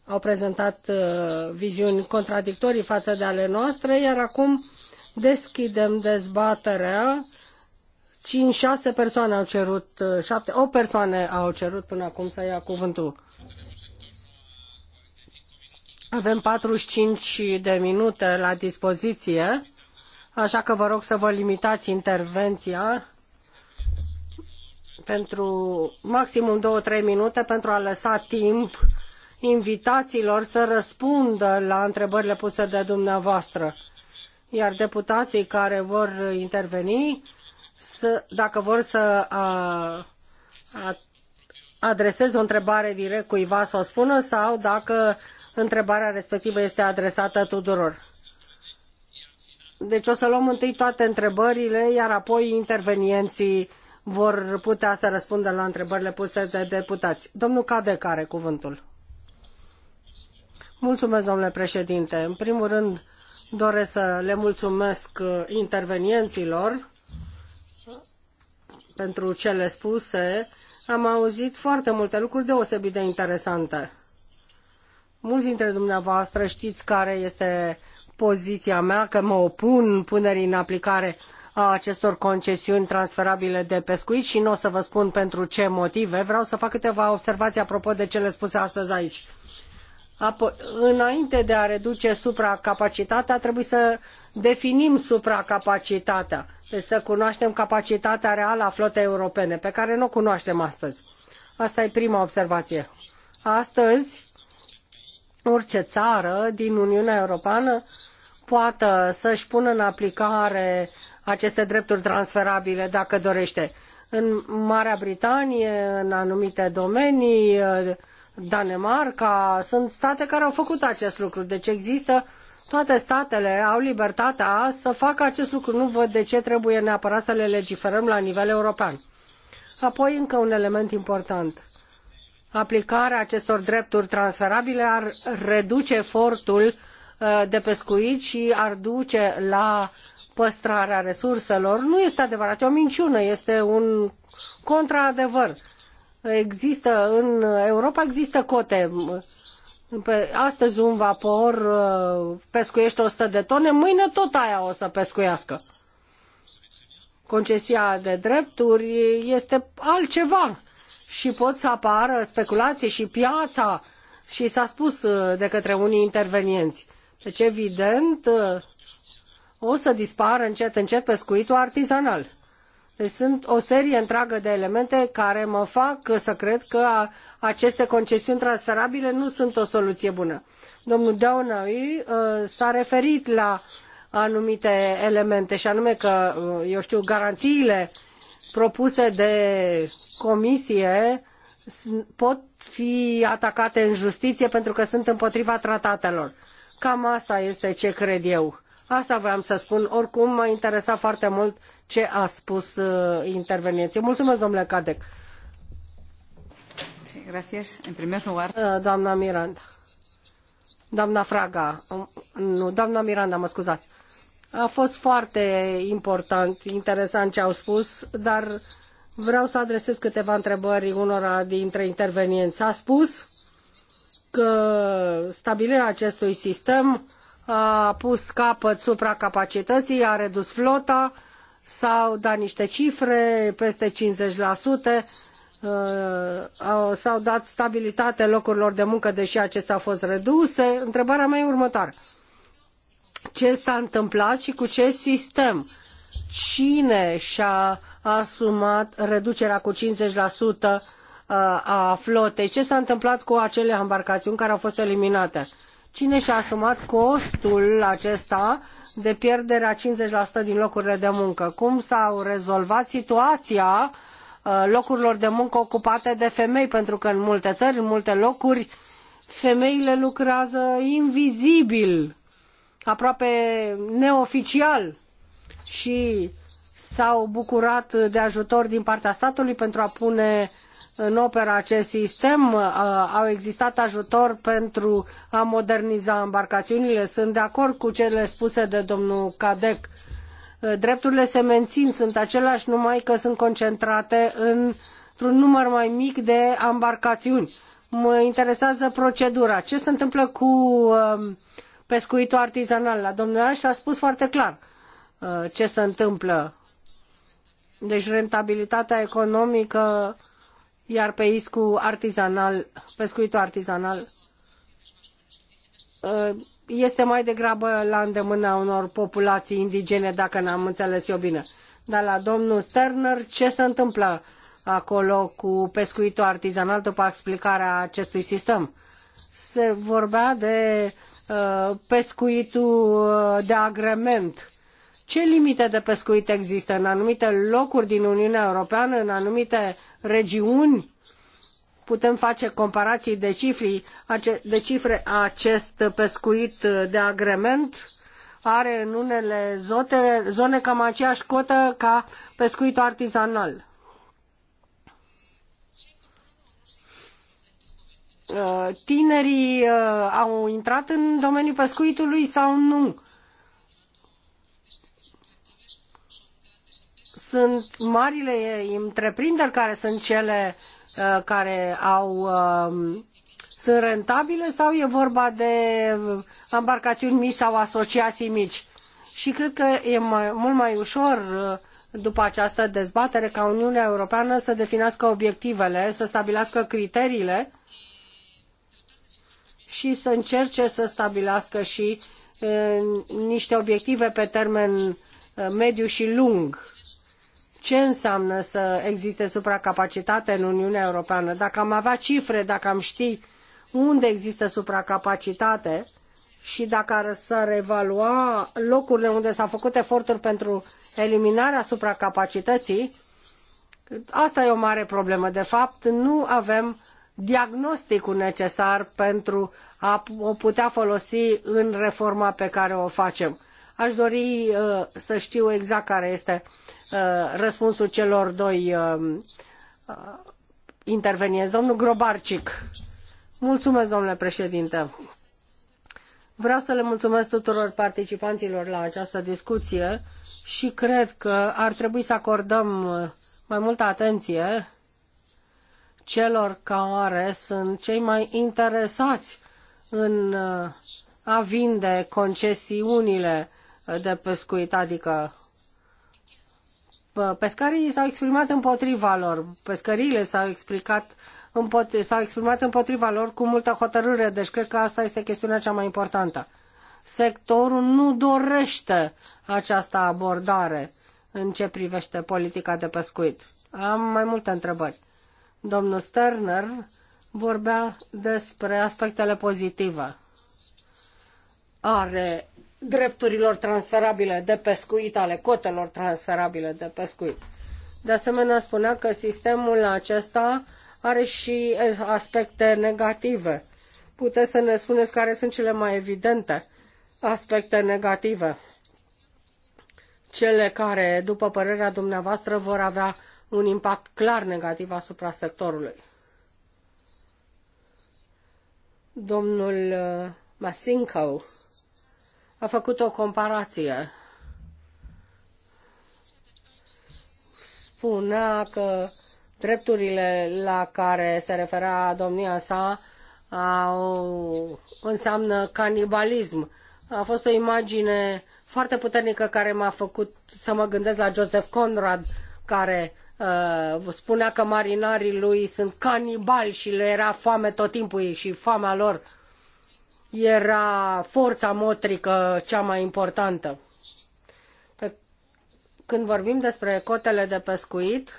au prezentat uh, viziuni contradictorii față de ale noastre, iar acum deschidem dezbaterea. 5-6 persoane au cerut, 7, uh, 8 persoane au cerut până acum să ia cuvântul. Avem 45 de minute la dispoziție așa că vă rog să vă limitați intervenția pentru maximum două-trei minute pentru a lăsa timp invitațiilor să răspundă la întrebările puse de dumneavoastră. Iar deputații care vor interveni, să, dacă vor să a, a, adreseze o întrebare direct cuiva să o spună sau dacă întrebarea respectivă este adresată tuturor. Deci o să luăm întâi toate întrebările, iar apoi intervenienții vor putea să răspundă la întrebările puse de deputați. Domnul cade are cuvântul. Mulțumesc, domnule președinte. În primul rând, doresc să le mulțumesc uh, intervenienților pentru cele spuse. Am auzit foarte multe lucruri deosebit de interesante. Mulți dintre dumneavoastră știți care este poziția mea că mă opun punerii în aplicare a acestor concesiuni transferabile de pescuit și nu o să vă spun pentru ce motive. Vreau să fac câteva observații apropo de cele spuse astăzi aici. Apo înainte de a reduce supracapacitatea, trebuie să definim supracapacitatea, deci să cunoaștem capacitatea reală a flotei europene, pe care nu o cunoaștem astăzi. Asta e prima observație. Astăzi, orice țară din Uniunea Europeană poată să-și pună în aplicare aceste drepturi transferabile dacă dorește. În Marea Britanie, în anumite domenii, Danemarca, sunt state care au făcut acest lucru. Deci există toate statele au libertatea să facă acest lucru. Nu văd de ce trebuie neapărat să le legiferăm la nivel european. Apoi încă un element important. Aplicarea acestor drepturi transferabile ar reduce efortul Uh, de pescuit și ar duce la păstrarea resurselor. Nu este adevărat, e o minciună, este un contraadevăr. Există în Europa există cote. astăzi un vapor uh, pescuiește 100 de tone, mâine tot aia o să pescuiască. Concesia de drepturi este altceva și pot să apară speculații și piața și s-a spus uh, de către unii intervenienți deci, evident, o să dispară încet, încet pescuitul artizanal. Deci sunt o serie întreagă de elemente care mă fac să cred că aceste concesiuni transferabile nu sunt o soluție bună. Domnul Deonăi uh, s-a referit la anumite elemente și anume că, uh, eu știu, garanțiile propuse de comisie pot fi atacate în justiție pentru că sunt împotriva tratatelor. Cam asta este ce cred eu. Asta vreau să spun. Oricum, m-a interesat foarte mult ce a spus uh, intervenienții. Mulțumesc, domnule Cadec. Gracias. În primul lugar... Uh, doamna Miranda. Doamna Fraga. Um, nu, doamna Miranda, mă scuzați. A fost foarte important, interesant ce au spus, dar vreau să adresez câteva întrebări unora dintre intervenienți. A spus că stabilirea acestui sistem a pus capăt supracapacității, a redus flota, s-au dat niște cifre, peste 50%, uh, s-au dat stabilitate locurilor de muncă, deși acestea au fost reduse. Întrebarea mea e următoare. Ce s-a întâmplat și cu ce sistem? Cine și-a asumat reducerea cu 50% a flotei. Ce s-a întâmplat cu acele embarcațiuni care au fost eliminate? Cine și-a asumat costul acesta de pierderea 50% din locurile de muncă? Cum s-au rezolvat situația uh, locurilor de muncă ocupate de femei? Pentru că în multe țări, în multe locuri, femeile lucrează invizibil, aproape neoficial și s-au bucurat de ajutor din partea statului pentru a pune în opera acest sistem, uh, au existat ajutor pentru a moderniza embarcațiunile. Sunt de acord cu cele spuse de domnul Cadec. Uh, drepturile se mențin, sunt aceleași, numai că sunt concentrate într-un număr mai mic de embarcațiuni. Mă interesează procedura. Ce se întâmplă cu uh, pescuitul artizanal? La domnul Aș s-a spus foarte clar ce se întâmplă. Deci rentabilitatea economică iar pescuitul artizanal, pescuitul artizanal ă, este mai degrabă la îndemâna unor populații indigene, dacă n-am înțeles eu bine. Dar la domnul Sterner, ce se întâmplă acolo cu pescuitul artizanal după explicarea acestui sistem? Se vorbea de ă, pescuitul ă, de agrement ce limite de pescuit există în anumite locuri din Uniunea Europeană, în anumite regiuni. Putem face comparații de, cifri, de cifre. Acest pescuit de agrement are în unele zote, zone cam aceeași cotă ca pescuitul artizanal. Uh, tinerii uh, au intrat în domeniul pescuitului sau nu? sunt marile întreprinderi care sunt cele uh, care au um, sunt rentabile sau e vorba de embarcațiuni mici sau asociații mici. Și cred că e mai, mult mai ușor uh, după această dezbatere ca Uniunea Europeană să definească obiectivele, să stabilească criteriile și să încerce să stabilească și e, uh, niște obiective pe termen mediu și lung ce înseamnă să existe supracapacitate în Uniunea Europeană. Dacă am avea cifre, dacă am ști unde există supracapacitate și dacă s-ar evalua locurile unde s-au făcut eforturi pentru eliminarea supracapacității, asta e o mare problemă. De fapt, nu avem diagnosticul necesar pentru a o putea folosi în reforma pe care o facem. Aș dori uh, să știu exact care este Uh, răspunsul celor doi uh, uh, intervenienți. Domnul Grobarcic. Mulțumesc, domnule președinte. Vreau să le mulțumesc tuturor participanților la această discuție și cred că ar trebui să acordăm mai multă atenție celor care sunt cei mai interesați în a vinde concesiunile de pescuit, adică pescarii s-au exprimat împotriva lor. Pescăriile s-au explicat s-au exprimat împotriva lor cu multă hotărâre, deci cred că asta este chestiunea cea mai importantă. Sectorul nu dorește această abordare în ce privește politica de pescuit. Am mai multe întrebări. Domnul Sterner vorbea despre aspectele pozitive. Are drepturilor transferabile de pescuit, ale cotelor transferabile de pescuit. De asemenea, spunea că sistemul acesta are și aspecte negative. Puteți să ne spuneți care sunt cele mai evidente aspecte negative? Cele care, după părerea dumneavoastră, vor avea un impact clar negativ asupra sectorului. Domnul uh, Masinkau a făcut o comparație. Spunea că drepturile la care se refera domnia sa au, înseamnă canibalism. A fost o imagine foarte puternică care m-a făcut să mă gândesc la Joseph Conrad, care uh, spunea că marinarii lui sunt canibali și le era foame tot timpul și foamea lor era forța motrică cea mai importantă. când vorbim despre cotele de pescuit,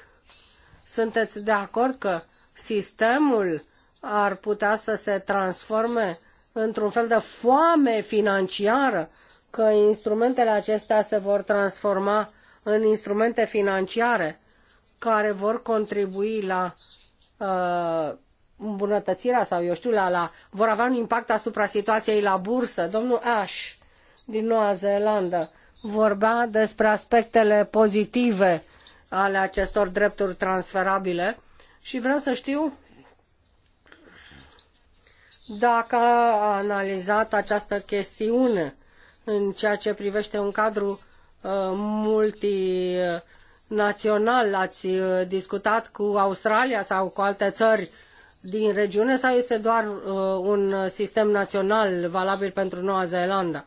sunteți de acord că sistemul ar putea să se transforme într-un fel de foame financiară, că instrumentele acestea se vor transforma în instrumente financiare care vor contribui la uh, îmbunătățirea sau eu știu la, la vor avea un impact asupra situației la bursă. Domnul Ash din Noua Zeelandă vorbea despre aspectele pozitive ale acestor drepturi transferabile și vreau să știu dacă a analizat această chestiune în ceea ce privește un cadru uh, multinațional. Ați uh, discutat cu Australia sau cu alte țări din regiune sau este doar uh, un sistem național valabil pentru Noua Zeelandă?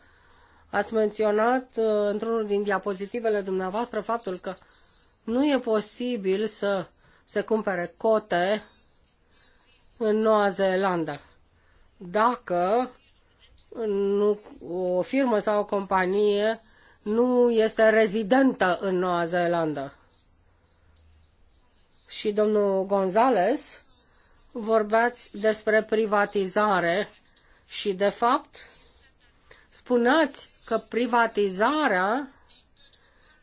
Ați menționat uh, într-unul din diapozitivele dumneavoastră faptul că nu e posibil să se cumpere cote în Noua Zeelandă. Dacă nu, o firmă sau o companie nu este rezidentă în Noua Zeelandă. Și domnul Gonzales vorbeați despre privatizare și, de fapt, spuneați că privatizarea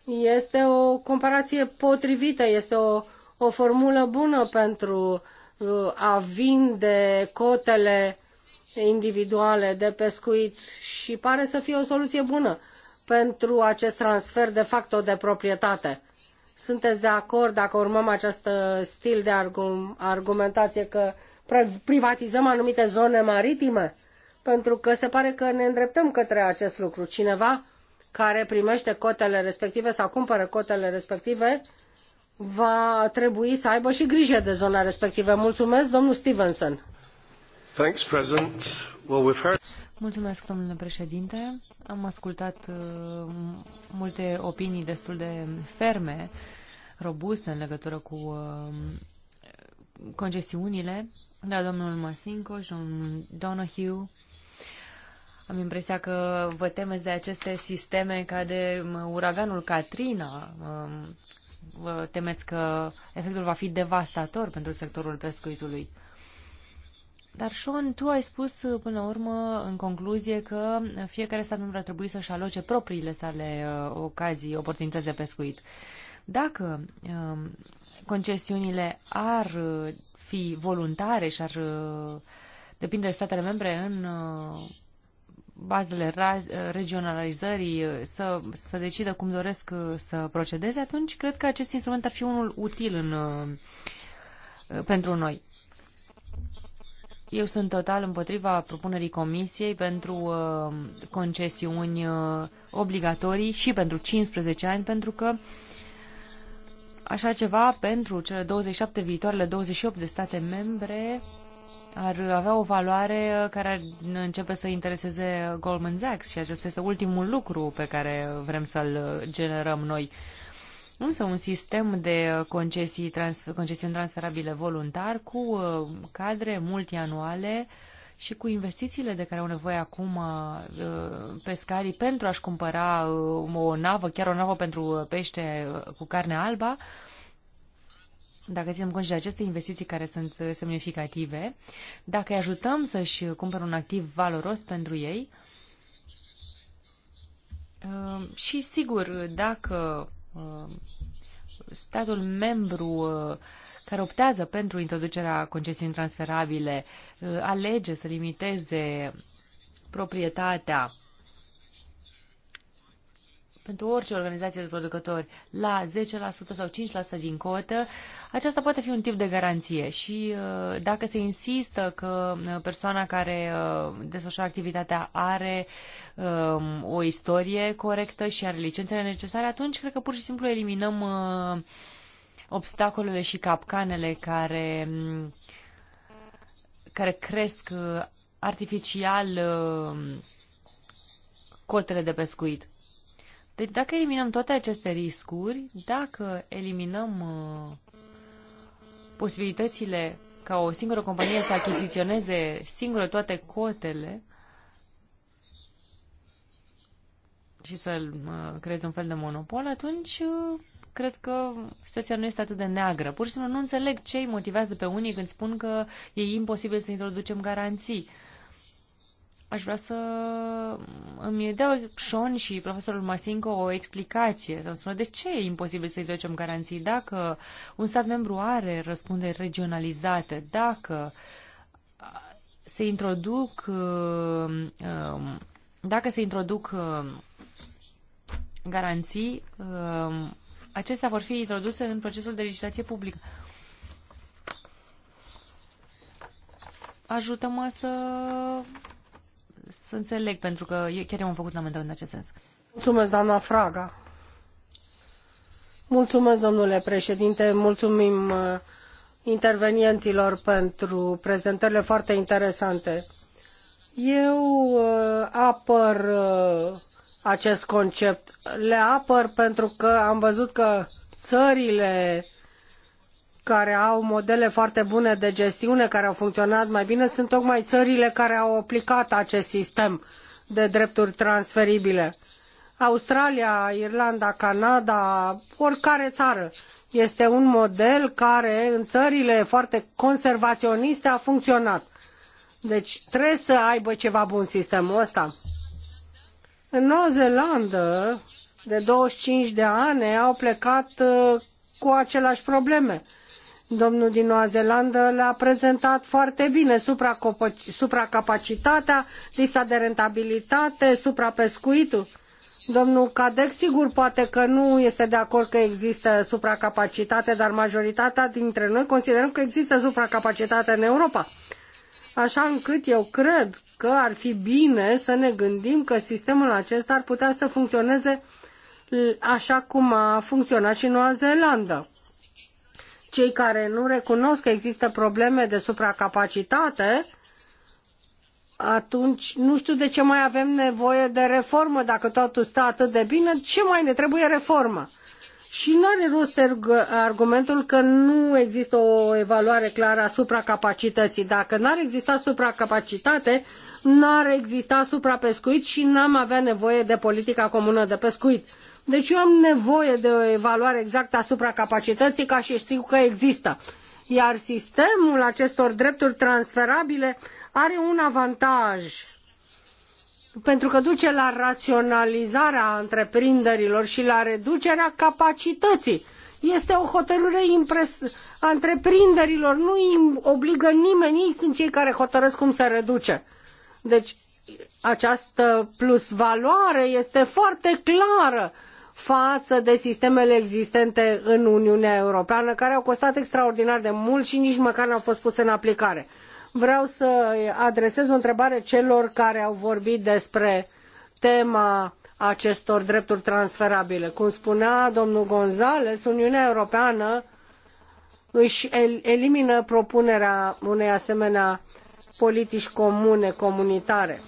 este o comparație potrivită, este o, o formulă bună pentru uh, a vinde cotele individuale de pescuit și pare să fie o soluție bună pentru acest transfer de facto de proprietate. Sunteți de acord dacă urmăm acest stil de argumentație că privatizăm anumite zone maritime? Pentru că se pare că ne îndreptăm către acest lucru. Cineva care primește cotele respective sau cumpără cotele respective va trebui să aibă și grijă de zona respectivă. Mulțumesc, domnul Stevenson. Mulțumesc, domnule președinte. Am ascultat uh, multe opinii destul de ferme, robuste în legătură cu uh, concesiunile de la domnul Masinco și domnul Donahue. Am impresia că vă temeți de aceste sisteme ca de uraganul Katrina. Um, vă temeți că efectul va fi devastator pentru sectorul pescuitului. Dar, Sean, tu ai spus uh, până la urmă, în concluzie, că fiecare stat membru ar trebui să-și aloce propriile sale uh, ocazii, oportunități de pescuit. Dacă um, concesiunile ar uh, fi voluntare și ar depinde de statele membre în bazele regionalizării să, să decidă cum doresc să procedeze, atunci cred că acest instrument ar fi unul util în, pentru noi. Eu sunt total împotriva propunerii Comisiei pentru uh, concesiuni uh, obligatorii și pentru 15 ani, pentru că așa ceva pentru cele 27 viitoarele 28 de state membre ar avea o valoare uh, care ar începe să intereseze Goldman Sachs și acesta este ultimul lucru pe care vrem să-l uh, generăm noi. Însă un sistem de concesii, trans, concesiuni transferabile voluntar cu uh, cadre multianuale și cu investițiile de care au nevoie acum uh, pescarii pentru a-și cumpăra uh, o navă, chiar o navă pentru pește cu carne alba, dacă ținem cont și de aceste investiții care sunt semnificative, dacă îi ajutăm să-și cumpere un activ valoros pentru ei, și sigur, dacă Uh, statul membru uh, care optează pentru introducerea concesiunii transferabile uh, alege să limiteze proprietatea pentru orice organizație de producători la 10% sau 5% din cotă, aceasta poate fi un tip de garanție și uh, dacă se insistă că uh, persoana care uh, desfășoară activitatea are um, o istorie corectă și are licențele necesare, atunci cred că pur și simplu eliminăm obstacolele și capcanele care, um, care cresc artificial um, cotele de pescuit. Deci dacă eliminăm toate aceste riscuri, dacă eliminăm uh, posibilitățile ca o singură companie să achiziționeze singură toate cotele și să uh, creeze un fel de monopol, atunci uh, cred că situația nu este atât de neagră. Pur și simplu nu înțeleg ce îi motivează pe unii când spun că e imposibil să introducem garanții. Uh, Aș vrea să îmi dea Sean și profesorul Masinco o explicație, să-mi spună de ce e imposibil să i ducem garanții dacă un stat membru are răspunderi regionalizate, dacă se introduc um, dacă se introduc um, garanții, um, acestea vor fi introduse în procesul de legislație publică. Ajută-mă să să înțeleg, pentru că eu chiar eu am făcut un amendament în acest sens. Mulțumesc, doamna Fraga. Mulțumesc, domnule președinte, mulțumim uh, intervenienților pentru prezentările foarte interesante. Eu uh, apăr uh, acest concept. Le apăr pentru că am văzut că țările care au modele foarte bune de gestiune, care au funcționat mai bine, sunt tocmai țările care au aplicat acest sistem de drepturi transferibile. Australia, Irlanda, Canada, oricare țară. Este un model care în țările foarte conservaționiste a funcționat. Deci trebuie să aibă ceva bun sistemul ăsta. În Noua Zeelandă, de 25 de ani, au plecat uh, cu aceleași probleme. Domnul din Noua Zeelandă le-a prezentat foarte bine supracapacitatea, lipsa de rentabilitate, suprapescuitul. Domnul Cadec sigur poate că nu este de acord că există supracapacitate, dar majoritatea dintre noi considerăm că există supracapacitate în Europa. Așa încât eu cred că ar fi bine să ne gândim că sistemul acesta ar putea să funcționeze așa cum a funcționat și Noua Zeelandă cei care nu recunosc că există probleme de supracapacitate, atunci nu știu de ce mai avem nevoie de reformă. Dacă totul stă atât de bine, ce mai ne trebuie reformă? Și nu are rost argumentul că nu există o evaluare clară a supracapacității. Dacă n-ar exista supracapacitate, n-ar exista suprapescuit și n-am avea nevoie de politica comună de pescuit. Deci eu am nevoie de o evaluare exactă asupra capacității ca și știu că există. Iar sistemul acestor drepturi transferabile are un avantaj pentru că duce la raționalizarea întreprinderilor și la reducerea capacității. Este o hotărâre impres a întreprinderilor, nu îi obligă nimeni, ei sunt cei care hotărăsc cum se reduce. Deci această plusvaloare este foarte clară față de sistemele existente în Uniunea Europeană, care au costat extraordinar de mult și nici măcar nu au fost puse în aplicare. Vreau să adresez o întrebare celor care au vorbit despre tema acestor drepturi transferabile. Cum spunea domnul Gonzales, Uniunea Europeană își elimină propunerea unei asemenea politici comune, comunitare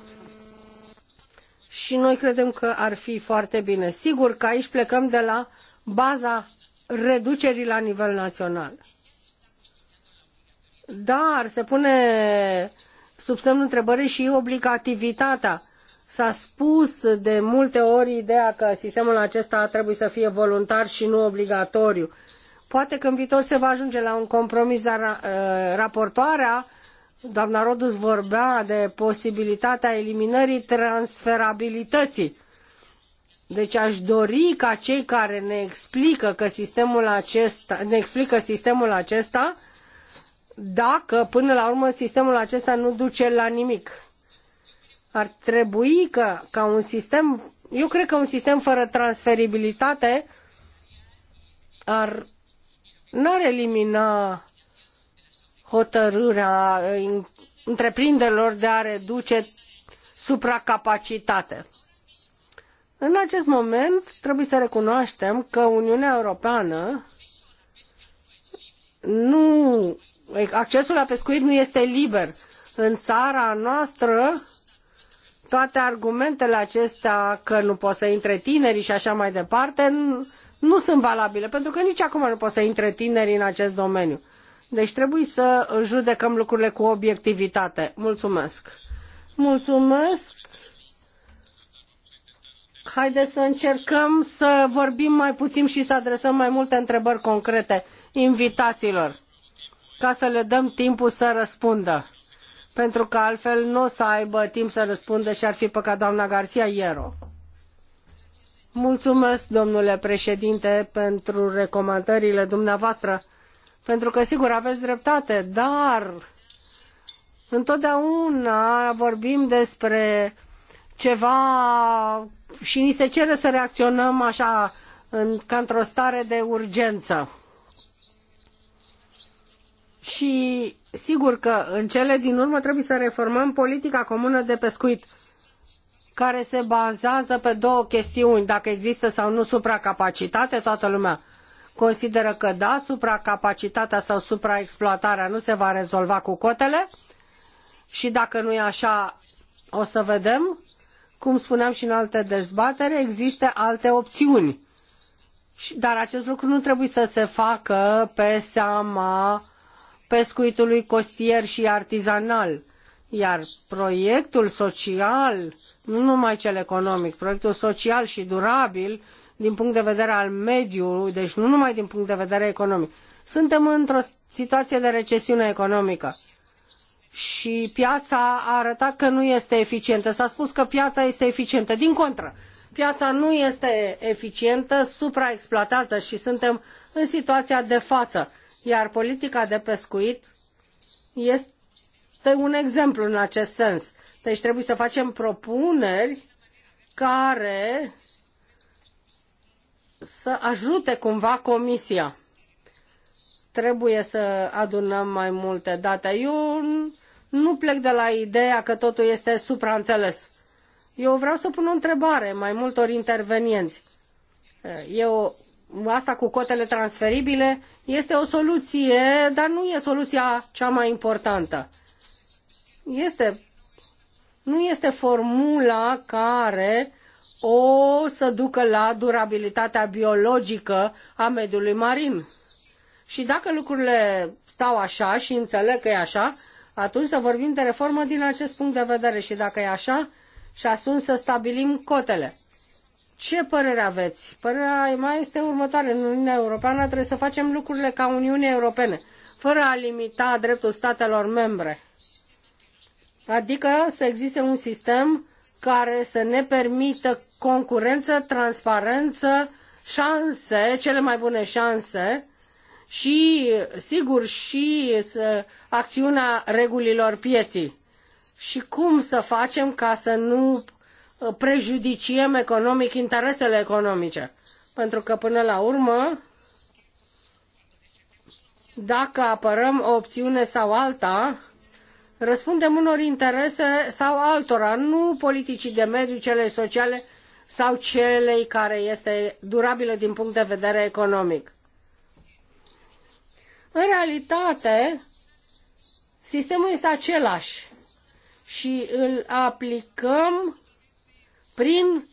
și noi credem că ar fi foarte bine. Sigur că aici plecăm de la baza reducerii la nivel național. Dar se pune sub semnul întrebării și obligativitatea. S-a spus de multe ori ideea că sistemul acesta trebuie să fie voluntar și nu obligatoriu. Poate că în viitor se va ajunge la un compromis, dar uh, raportoarea Doamna Rodus vorbea de posibilitatea eliminării transferabilității. Deci aș dori ca cei care ne explică că sistemul acesta, ne explică sistemul acesta dacă până la urmă sistemul acesta nu duce la nimic. Ar trebui că, ca un sistem, eu cred că un sistem fără transferibilitate ar n-ar elimina hotărârea uh, întreprinderilor de a reduce supracapacitatea. În acest moment trebuie să recunoaștem că Uniunea Europeană nu, accesul la pescuit nu este liber. În țara noastră toate argumentele acestea că nu pot să intre tinerii și așa mai departe nu sunt valabile, pentru că nici acum nu pot să intre tinerii în acest domeniu. Deci trebuie să judecăm lucrurile cu obiectivitate. Mulțumesc. Mulțumesc. Haideți să încercăm să vorbim mai puțin și să adresăm mai multe întrebări concrete invitațiilor, ca să le dăm timpul să răspundă. Pentru că altfel nu o să aibă timp să răspundă și ar fi păcat doamna Garcia Iero. Mulțumesc, domnule președinte, pentru recomandările dumneavoastră pentru că, sigur, aveți dreptate, dar întotdeauna vorbim despre ceva și ni se cere să reacționăm așa, în, ca într-o stare de urgență. Și sigur că în cele din urmă trebuie să reformăm politica comună de pescuit care se bazează pe două chestiuni, dacă există sau nu supracapacitate, toată lumea consideră că da, supracapacitatea sau supraexploatarea nu se va rezolva cu cotele și dacă nu e așa, o să vedem. Cum spuneam și în alte dezbatere, există alte opțiuni. Dar acest lucru nu trebuie să se facă pe seama pescuitului costier și artizanal. Iar proiectul social, nu numai cel economic, proiectul social și durabil din punct de vedere al mediului, deci nu numai din punct de vedere economic. Suntem într-o situație de recesiune economică și piața a arătat că nu este eficientă. S-a spus că piața este eficientă. Din contră, piața nu este eficientă, supraexploatează și suntem în situația de față. Iar politica de pescuit este un exemplu în acest sens. Deci trebuie să facem propuneri care să ajute cumva comisia. Trebuie să adunăm mai multe date. Eu nu plec de la ideea că totul este supraînțeles. Eu vreau să pun o întrebare mai multor intervenienți. Eu, asta cu cotele transferibile este o soluție, dar nu e soluția cea mai importantă. Este, nu este formula care o să ducă la durabilitatea biologică a mediului marin. Și dacă lucrurile stau așa și înțeleg că e așa, atunci să vorbim de reformă din acest punct de vedere și dacă e așa, și atunci să stabilim cotele. Ce părere aveți? Părerea mea este următoare. În Uniunea Europeană trebuie să facem lucrurile ca Uniunea Europene, fără a limita dreptul statelor membre. Adică să existe un sistem care să ne permită concurență, transparență, șanse, cele mai bune șanse și, sigur, și acțiunea regulilor pieții. Și cum să facem ca să nu uh, prejudiciem economic interesele economice. Pentru că, până la urmă, dacă apărăm o opțiune sau alta, răspundem unor interese sau altora, nu politicii de mediu, cele sociale sau celei care este durabilă din punct de vedere economic. În realitate, sistemul este același și îl aplicăm prin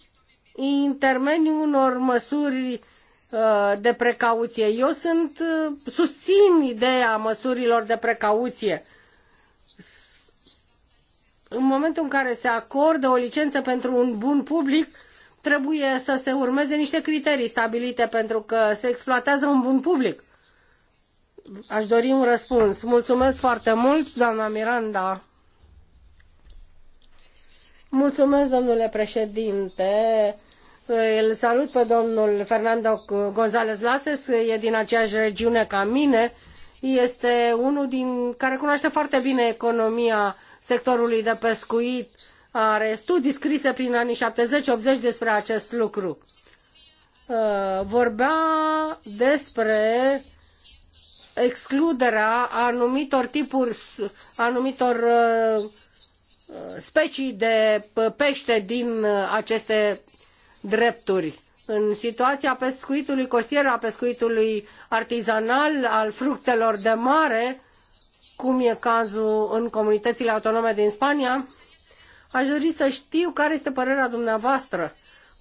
intermediul unor măsuri uh, de precauție. Eu sunt, uh, susțin ideea măsurilor de precauție în momentul în care se acordă o licență pentru un bun public, trebuie să se urmeze niște criterii stabilite pentru că se exploatează un bun public. Aș dori un răspuns. Mulțumesc foarte mult, doamna Miranda. Mulțumesc, domnule președinte. Îl salut pe domnul Fernando González Lases, e din aceeași regiune ca mine. Este unul din care cunoaște foarte bine economia uh, sectorului de pescuit are studii scrise prin anii 70-80 despre acest lucru. Uh, vorbea despre excluderea anumitor tipuri, anumitor uh, specii de pește din uh, aceste drepturi. În situația pescuitului costier, a pescuitului artizanal, al fructelor de mare, cum e cazul în comunitățile autonome din Spania, aș dori să știu care este părerea dumneavoastră.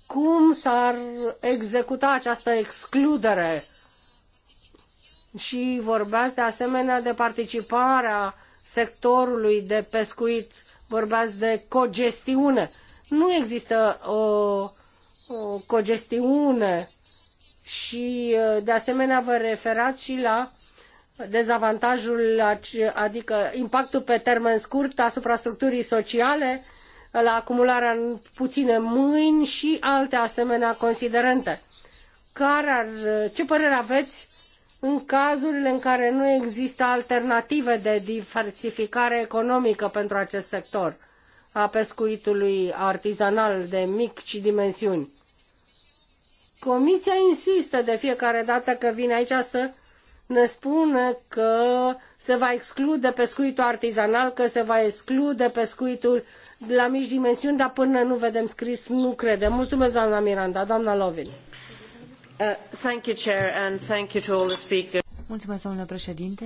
Cum s-ar executa această excludere? Și vorbeați de asemenea de participarea sectorului de pescuit, vorbeați de cogestiune. Nu există o, o cogestiune și de asemenea vă referați și la dezavantajul, adică impactul pe termen scurt asupra structurii sociale, la acumularea în puține mâini și alte asemenea considerente. Care ar, ce părere aveți în cazurile în care nu există alternative de diversificare economică pentru acest sector a pescuitului artizanal de mici dimensiuni? Comisia insistă de fiecare dată că vine aici să ne spune că se va exclude pescuitul artizanal, că se va exclude pescuitul de la mici dimensiuni, dar până nu vedem scris, nu credem. Mulțumesc, doamna Miranda. Doamna Lovin. Uh, thank you, Chair, and thank you to all the speakers. Mulțumesc, domnule președinte.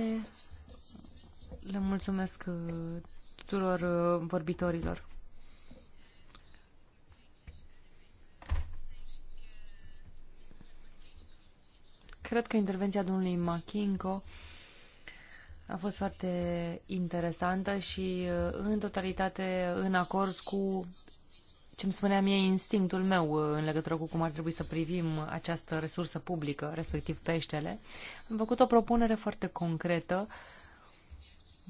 Le mulțumesc uh, tuturor uh, vorbitorilor. Cred că intervenția domnului Machinco a fost foarte interesantă și uh, în totalitate în acord cu ce îmi spunea mie instinctul meu uh, în legătură cu cum ar trebui să privim această resursă publică, respectiv peștele. Am făcut o propunere foarte concretă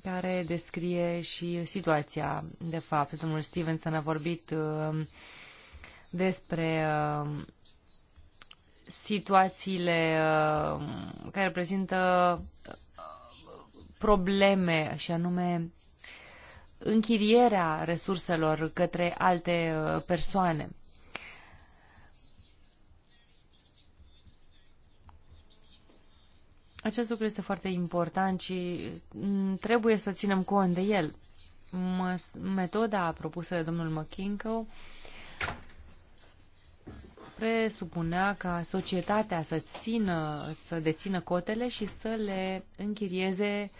care descrie și situația, de fapt. Domnul Stevenson a vorbit uh, despre situațiile uh, care prezintă uh, probleme și anume închirierea resurselor către alte uh, persoane. Acest lucru este foarte important și mm, trebuie să ținem cont de el. Metoda propusă de domnul McKinko presupunea ca societatea să țină, să dețină cotele și să le închirieze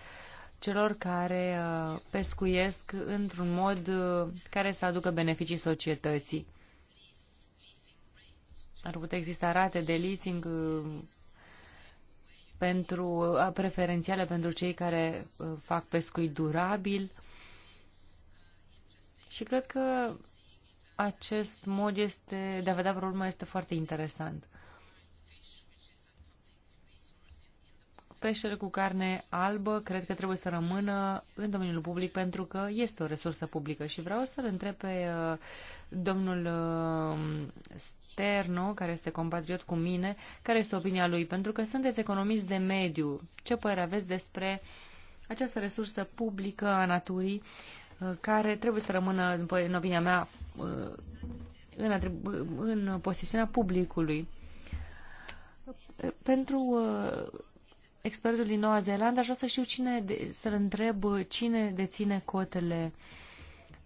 celor care uh, pescuiesc într-un mod uh, care să aducă beneficii societății. Ar putea exista rate de leasing uh, pentru, preferențiale pentru cei care fac pescuit durabil. Și cred că acest mod este, de a vedea problema este foarte interesant. Peștele cu carne albă cred că trebuie să rămână în domeniul public pentru că este o resursă publică și vreau să-l întreb pe uh, domnul uh, Sterno, care este compatriot cu mine, care este opinia lui, pentru că sunteți economiști de mediu. Ce părere aveți despre această resursă publică a naturii care trebuie să rămână, în opinia mea, uh, în, în poziționea publicului. Pentru uh, expertul din Noua Zeelandă, aș vrea să știu cine, să-l întreb cine deține cotele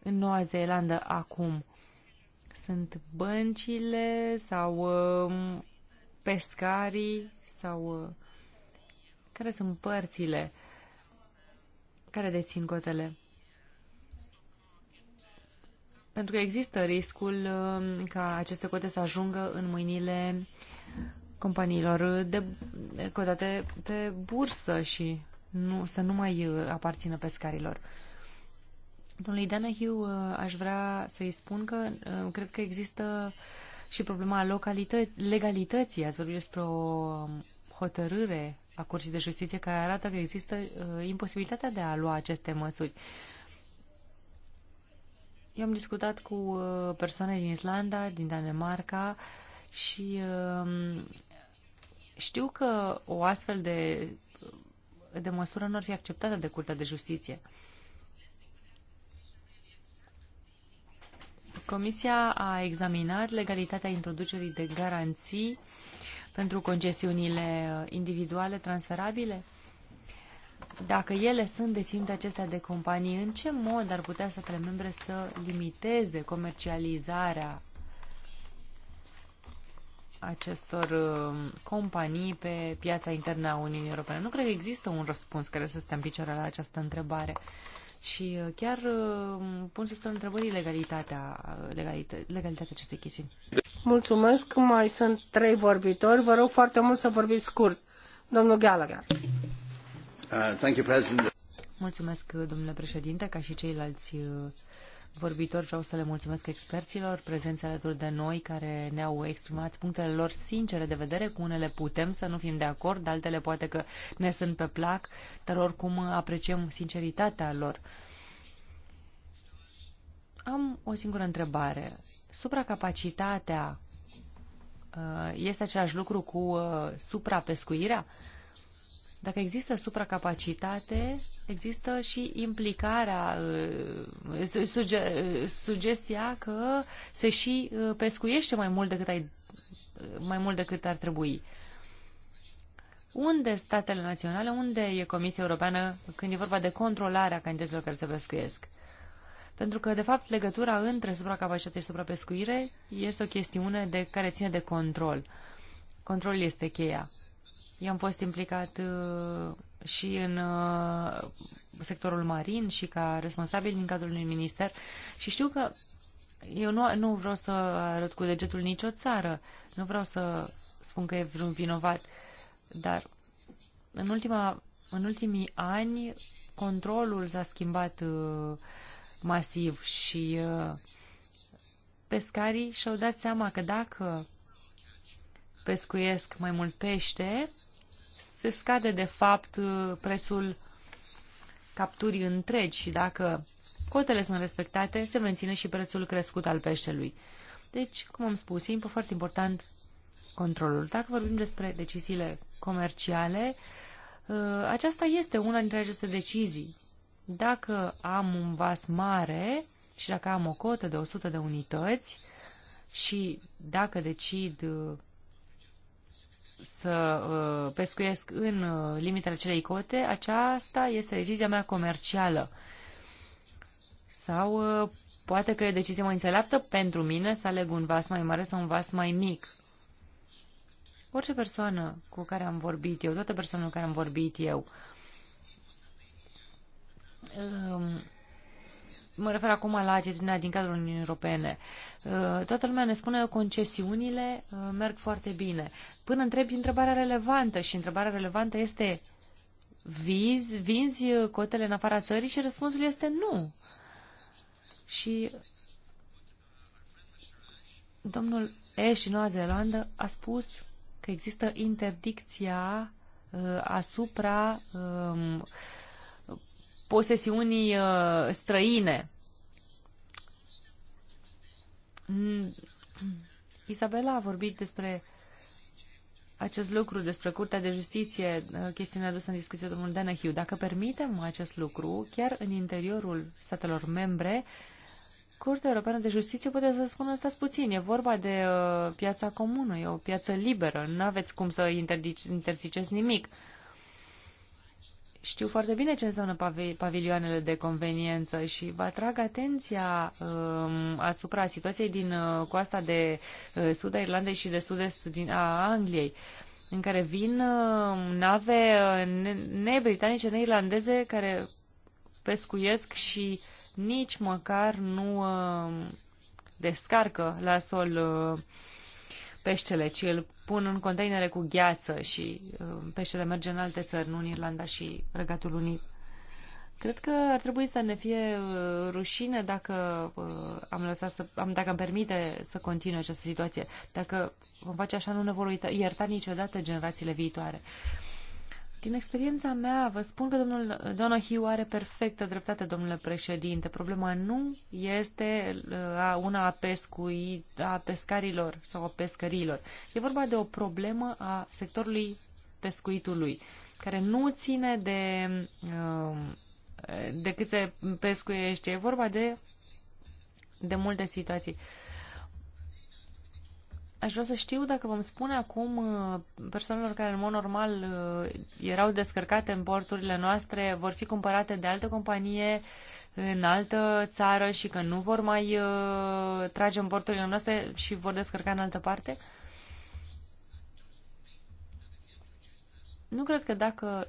în Noua Zeelandă acum. Sunt băncile sau um, pescarii sau uh, care sunt părțile care dețin cotele? pentru că există riscul um, ca aceste cote să ajungă în mâinile companiilor de, cotate pe bursă și nu, să nu mai uh, aparțină pescarilor. Domnului Danahiu, uh, aș vrea să-i spun că uh, cred că există și problema legalității. Ați vorbit despre o um, hotărâre a Curții de Justiție care arată că există imposibilitatea de a lua aceste măsuri. Eu am discutat cu uh, persoane din Islanda, din Danemarca și um, știu că o astfel de, de măsură nu ar fi acceptată de Curtea de Justiție. Comisia a examinat legalitatea introducerii de garanții pentru concesiunile individuale transferabile? dacă ele sunt deținute acestea de companii, în ce mod ar putea statele membre să limiteze comercializarea acestor uh, companii pe piața internă a Uniunii Europene? Nu cred că există un răspuns care să stea în picioare la această întrebare. Și uh, chiar uh, pun sub semnul întrebării legalitatea, legalita, legalitatea acestei chestiuni. Mulțumesc, mai sunt trei vorbitori. Vă rog foarte mult să vorbiți scurt. Domnul Gallagher. Uh, mulțumesc, domnule președinte, ca și ceilalți uh, vorbitori. Vreau să le mulțumesc experților prezenți alături de noi care ne-au exprimat punctele lor sincere de vedere. Cu unele putem să nu fim de acord, altele poate că ne sunt pe plac, dar oricum apreciem sinceritatea lor. Am o singură întrebare. Supracapacitatea uh, este același lucru cu suprapescuirea? Dacă există supracapacitate, există și implicarea, uh, suge, sugestia că se și uh, pescuiește mai mult decât, ai, uh, mai mult decât ar trebui. Unde statele naționale, unde e Comisia Europeană când e vorba de controlarea cantităților care se pescuiesc? Pentru că, de fapt, legătura între supracapacitate și suprapescuire este o chestiune de care ține de control. Controlul este cheia. Eu am fost implicat uh, și în uh, sectorul marin și ca responsabil din cadrul unui minister și știu că eu nu, nu vreau să arăt cu degetul nicio țară, nu vreau să spun că e vreun vinovat, dar în, ultima, în ultimii ani controlul s-a schimbat uh, masiv și pescarii și-au dat seama că dacă pescuiesc mai mult pește, se scade de fapt prețul capturii întregi și dacă cotele sunt respectate, se menține și prețul crescut al peștelui. Deci, cum am spus, e foarte important controlul. Dacă vorbim despre deciziile comerciale, ă, aceasta este una dintre aceste decizii. Dacă am un vas mare și dacă am o cotă de 100 de unități și dacă decid ă, să uh, pescuiesc în uh, limitele acelei cote, aceasta este decizia mea comercială. Sau uh, poate că e decizia mai înțeleaptă pentru mine să aleg un vas mai mare sau un vas mai mic. Orice persoană cu care am vorbit eu, toate persoanele cu care am vorbit eu, um, mă refer acum la atitudinea din cadrul Uniunii Europene. Uh, toată lumea ne spune că concesiunile uh, merg foarte bine. Până întrebi întrebarea relevantă și întrebarea relevantă este vizi, vinzi cotele în afara țării și răspunsul este nu. Și domnul Ash din Noua Zeelandă a spus că există interdicția uh, asupra uh, posesiunii uh, străine. Mm. Isabela a vorbit despre acest lucru, despre Curtea de Justiție, uh, chestiunea adusă în discuție domnul Denehiu. Dacă permitem acest lucru, chiar în interiorul statelor membre, Curtea Europeană de Justiție poate să spună stați puțin, e vorba de uh, piața comună, e o piață liberă, nu aveți cum să interziceți nimic. Uh, știu foarte bine ce înseamnă pavilioanele de conveniență și vă atrag atenția um, asupra situației din uh, coasta de uh, sud a Irlandei și de sud-est din, a Angliei, în care vin uh, nave uh, nebritanice, ne neirlandeze, care pescuiesc și nici măcar nu uh, descarcă la sol uh, peștele, ci îl pun în containere cu gheață și um, peștele merge în alte țări, nu în Irlanda și Regatul Unit. Cred că ar trebui să ne fie uh, rușine dacă uh, am lăsat să, am, dacă am permite să continue această situație. Dacă vom face așa, nu ne vor uita, ierta niciodată generațiile viitoare. Uh, din experiența mea, vă spun că domnul Donahue are perfectă dreptate, domnule președinte. Problema nu este uh, una a, pescui, a pescarilor sau a pescărilor. E vorba de o problemă a sectorului pescuitului, care nu ține de, um, de cât se pescuiește. E vorba de, de multe situații. Uh, Aș vrea să știu dacă vom spune acum uh, persoanelor care în mod normal uh, erau descărcate în porturile noastre, vor fi cumpărate de altă companie în altă țară și că nu vor mai uh, trage în porturile noastre și vor descărca în altă parte? Nu cred că dacă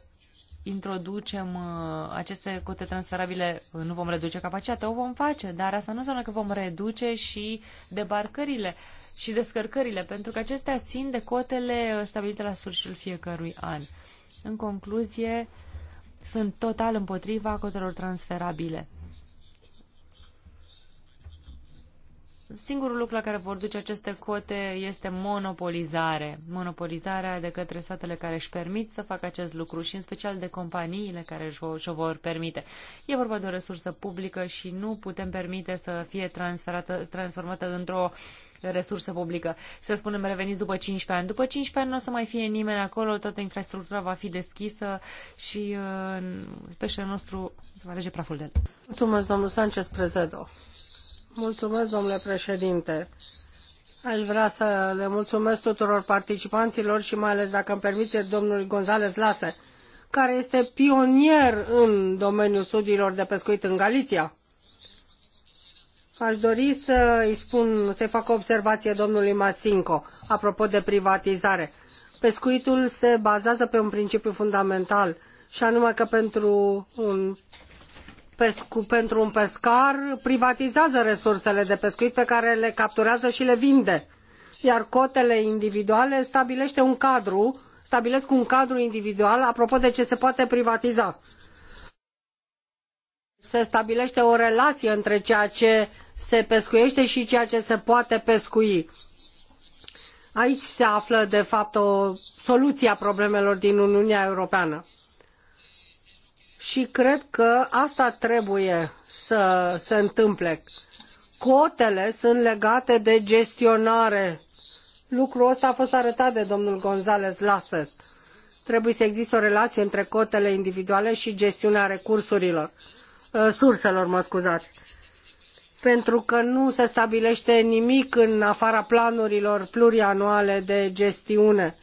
introducem uh, aceste cote transferabile, uh, nu vom reduce capacitatea, o vom face, dar asta nu înseamnă că vom reduce și debarcările și descărcările, pentru că acestea țin de cotele uh, stabilite la sfârșitul fiecărui an. În concluzie, sunt total împotriva cotelor transferabile. Singurul lucru la care vor duce aceste cote este monopolizare. Monopolizarea de către statele care își permit să facă acest lucru și în special de companiile care își o vor permite. E vorba de o resursă publică și nu putem permite să fie transferată, transformată într-o resursă publică. Și să spunem, reveniți după 15 ani. După 15 ani nu o să mai fie nimeni acolo, toată infrastructura va fi deschisă și uh, peșele nostru se va alege praful de el. Mulțumesc, domnul Sanchez Prezedo. Mulțumesc, domnule președinte. Aș vrea să le mulțumesc tuturor participanților și mai ales, dacă îmi permite, domnului González Lase, care este pionier în domeniul studiilor de pescuit în Galicia. Aș dori să îi spun, să-i fac o observație domnului Masinco, apropo de privatizare. Pescuitul se bazează pe un principiu fundamental, și anume că pentru un pescu, pentru un pescar privatizează resursele de pescuit pe care le capturează și le vinde. Iar cotele individuale stabilește un cadru, stabilesc un cadru individual apropo de ce se poate privatiza. Se stabilește o relație între ceea ce se pescuiește și ceea ce se poate pescui. Aici se află, de fapt, o soluție a problemelor din Uniunea Europeană și cred că asta trebuie să se întâmple. Cotele sunt legate de gestionare. Lucrul ăsta a fost arătat de domnul González Lasses. Trebuie să existe o relație între cotele individuale și gestiunea recursurilor, ă, surselor, mă scuzați pentru că nu se stabilește nimic în afara planurilor plurianuale de gestiune.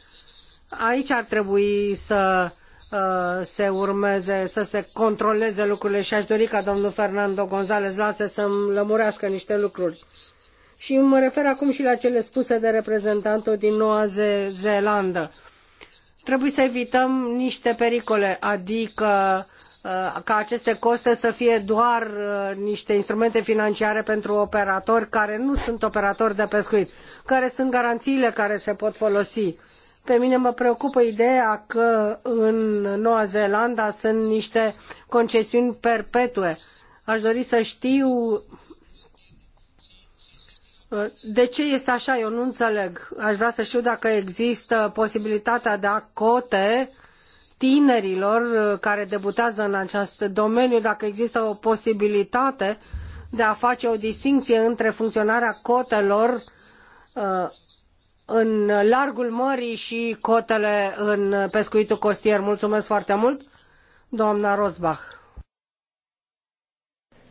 Aici ar trebui să Uh, se urmeze, să se controleze lucrurile și aș dori ca domnul Fernando González Lase să-mi lămurească niște lucruri. Și mă refer acum și la cele spuse de reprezentantul din Noua Zeelandă. Trebuie să evităm niște pericole, adică uh, ca aceste coste să fie doar uh, niște instrumente financiare pentru operatori care nu sunt operatori de pescuit, care sunt garanțiile care se pot folosi pe mine mă preocupă ideea că în Noua Zeelandă sunt niște concesiuni perpetue. Aș dori să știu uh, de ce este așa, eu nu înțeleg. Aș vrea să știu dacă există posibilitatea de a cote tinerilor uh, care debutează în acest domeniu, dacă există o posibilitate de a face o distinție între funcționarea cotelor uh, în largul mării și cotele în pescuitul costier. Mulțumesc foarte mult, doamna Rosbach.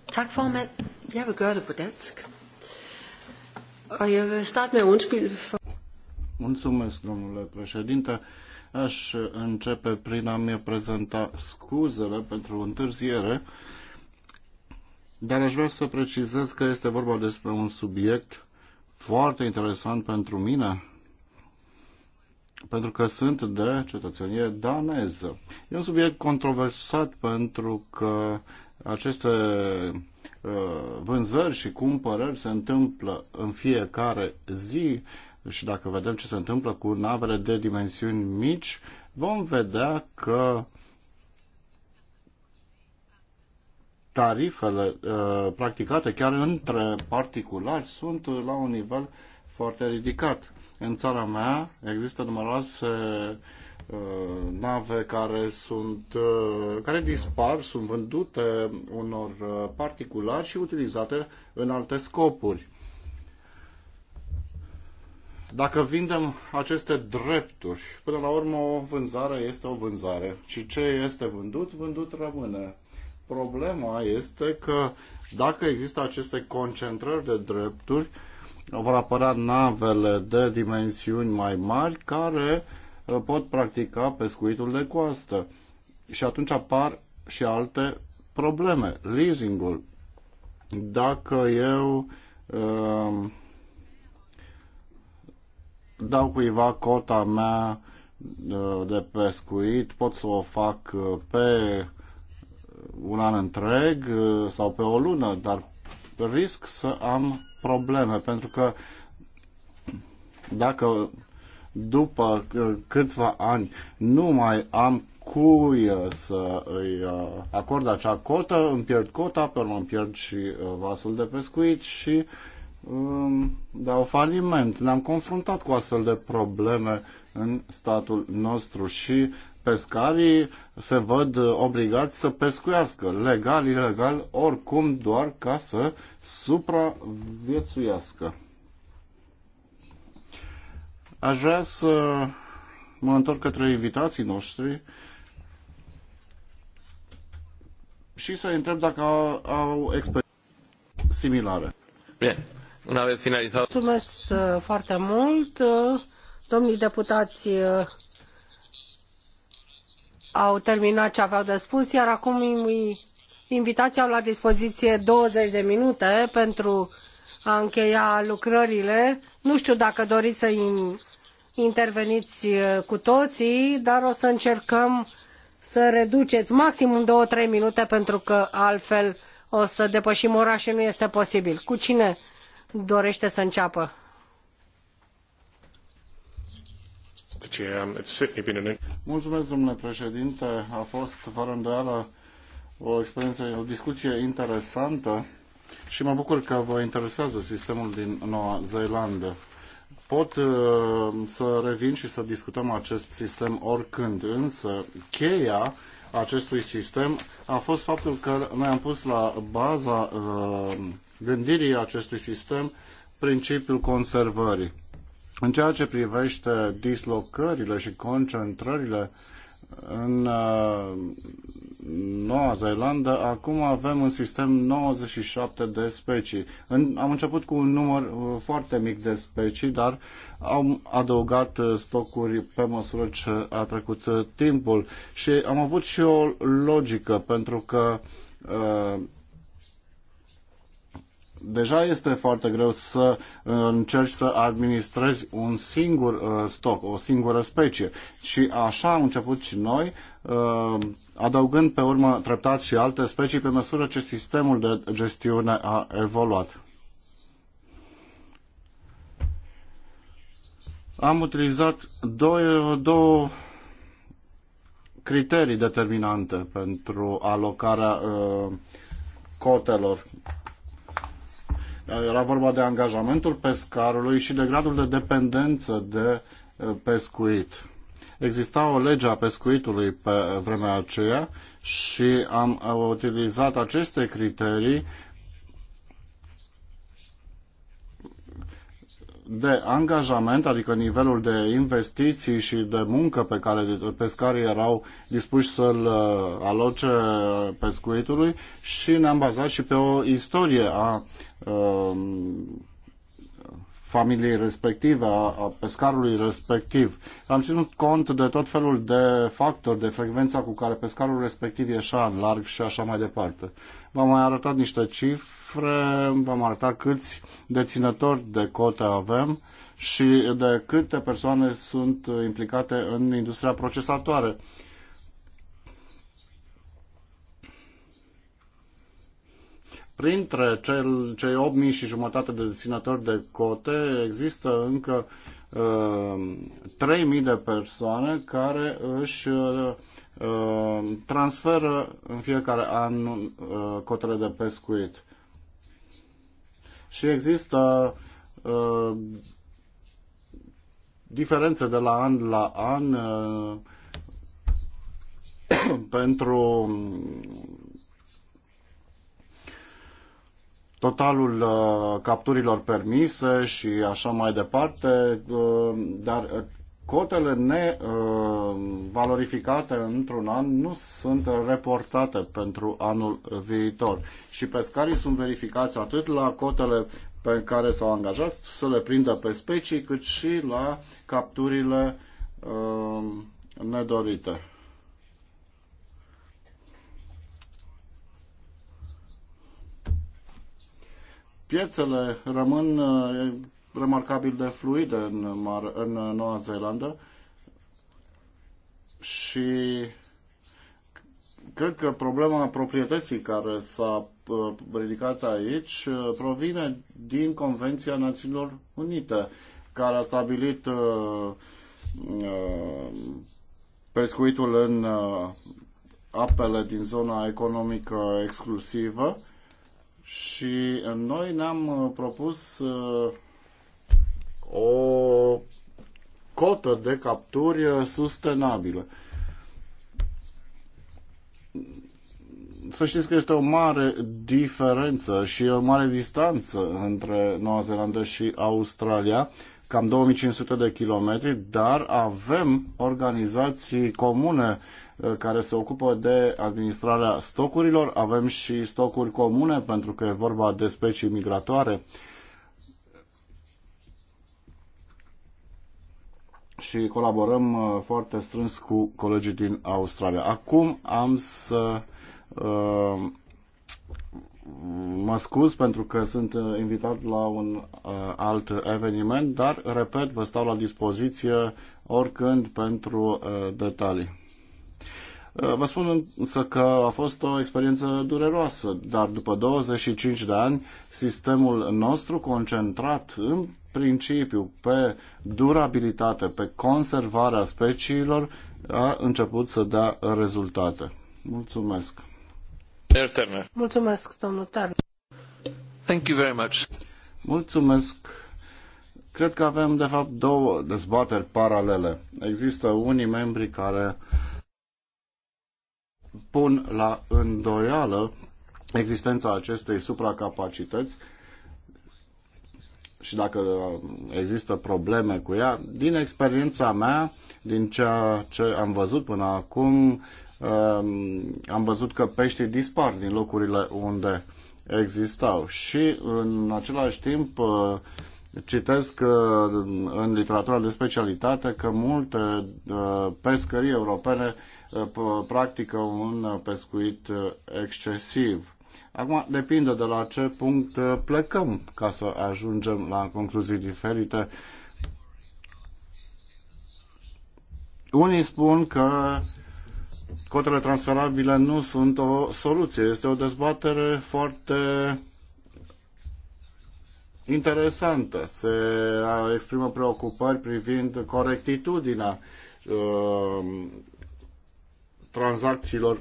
Tak, formand. Jeg vil gøre det på dansk. Og jeg vil starte med at undskylde for... Mulțumesc, domnule președinte. Aș începe prin a-mi prezenta scuzele pentru întârziere, dar aș vrea să precizez că este vorba despre un subiect foarte interesant pentru mine, pentru că sunt de cetățenie daneză. E un subiect controversat pentru că aceste uh, vânzări și cumpărări se întâmplă în fiecare zi și dacă vedem ce se întâmplă cu navele de dimensiuni mici, vom vedea că tarifele uh, practicate chiar între particulari sunt la un nivel foarte ridicat. În țara mea există numeroase uh, nave care sunt uh, care dispar, sunt vândute unor uh, particulari și utilizate în alte scopuri. Dacă vindem aceste drepturi, până la urmă o vânzare este o vânzare și ce este vândut, vândut rămâne Problema este că dacă există aceste concentrări de drepturi, vor apărea navele de dimensiuni mai mari care uh, pot practica pescuitul de coastă. Și atunci apar și alte probleme. Leasingul. Dacă eu uh, dau cuiva cota mea uh, de pescuit, pot să o fac pe un an întreg uh, sau pe o lună, dar risc să am probleme, pentru că dacă după uh, câțiva ani nu mai am cui uh, să îi acord acea cotă, îmi pierd cota, pe urmă îmi pierd și vasul de pescuit și um, dau faliment. Ne-am confruntat cu astfel de probleme în statul nostru și pescarii se văd obligați să pescuiască legal, ilegal, oricum doar ca să supraviețuiască. Aș vrea să mă întorc către invitații noștri și să întreb dacă au, au experiențe similare. Bine, una aveți finalizat. Mulțumesc uh, foarte mult. Uh, domnii deputați, uh, au terminat ce aveau de spus, iar acum invitații au la dispoziție 20 de minute pentru a încheia lucrările. Nu știu dacă doriți să interveniți uh, cu toții, dar o să încercăm să reduceți maximum două-trei minute pentru că altfel o să depășim ora și nu este posibil. Cu cine dorește să înceapă? Mulțumesc, domnule președinte. A fost, fără îndoială, o experiență, o discuție interesantă și mă bucur că vă interesează sistemul din Noua Zeelandă. Pot uh, să revin și să discutăm acest sistem oricând, însă cheia acestui sistem a fost faptul că noi am pus la baza uh, gândirii acestui sistem principiul conservării. În ceea ce privește dislocările și concentrările în uh, Noua Zeelandă, acum avem un sistem 97 de specii. În, am început cu un număr uh, foarte mic de specii, dar am adăugat uh, stocuri pe măsură ce a trecut timpul și am avut și o logică, pentru că uh, deja este foarte greu să uh, încerci să administrezi un singur uh, stoc, o singură specie. Și așa am început și noi, uh, adăugând pe urmă treptat și alte specii pe măsură ce sistemul de gestiune a evoluat. Am utilizat două, două criterii determinante pentru alocarea uh, cotelor era vorba de angajamentul pescarului și de gradul de dependență de pescuit. Exista o lege a pescuitului pe vremea aceea și am utilizat aceste criterii de angajament, adică nivelul de investiții și de muncă pe care pescarii erau dispuși să-l uh, aloce uh, pescuitului și ne-am bazat și pe o istorie a um, familiei respective, a, pescarului respectiv. Am ținut cont de tot felul de factori, de frecvența cu care pescarul respectiv ieșea în larg și așa mai departe. V-am mai arătat niște cifre, v-am arătat câți deținători de cote avem și de câte persoane sunt implicate în industria procesatoare. Printre cel, cei 8.000 și jumătate de deținători de cote există încă uh, 3.000 de persoane care își uh, Uh, transferă în fiecare an uh, cotele de pescuit. Și există uh, diferențe de la an la an pentru totalul capturilor permise și așa mai departe, dar cotele nevalorificate uh, într-un an nu sunt reportate pentru anul viitor și pescarii sunt verificați atât la cotele pe care s-au angajat să le prindă pe specii, cât și la capturile uh, nedorite. Piețele rămân uh, remarcabil de fluidă în, Mar- în Noua Zeelandă și cred că problema proprietății care s-a uh, ridicat aici uh, provine din Convenția Națiunilor Unite, care a stabilit uh, pescuitul în apele din zona economică exclusivă și noi ne-am propus o cotă de capturi uh, sustenabilă. Să știți că este o mare diferență și o mare distanță între Noua Zeelandă și Australia, cam 2500 de kilometri, dar avem organizații comune uh, care se ocupă de administrarea stocurilor, avem și stocuri comune pentru că e vorba de specii migratoare și colaborăm uh, foarte strâns cu colegii din Australia. Acum am să uh, mă scuz pentru că sunt uh, invitat la un alt eveniment, dar, repet, vă stau la dispoziție oricând pentru detalii. Vă spun însă că a fost o experiență dureroasă, dar după 25 de ani, sistemul nostru concentrat în principiu pe durabilitate, pe conservarea speciilor, a început să dea rezultate. Mulțumesc. Mulțumesc, domnul Turner. Thank you very much. Mulțumesc. Cred că avem, de fapt, două dezbateri paralele. Există unii membri care pun la îndoială existența acestei supracapacități și dacă există probleme cu ea. Din experiența mea, din ceea ce am văzut până acum, um, am văzut că peștii dispar din locurile unde existau și în același timp uh, citesc uh, în literatura de specialitate că multe uh, pescării europene practică un pescuit excesiv. Acum depinde de la ce punct uh, plecăm ca să ajungem la concluzii diferite. Unii spun că cotele transferabile nu sunt o soluție. Este o dezbatere foarte interesantă. Se exprimă preocupări privind corectitudinea uh, tranzacțiilor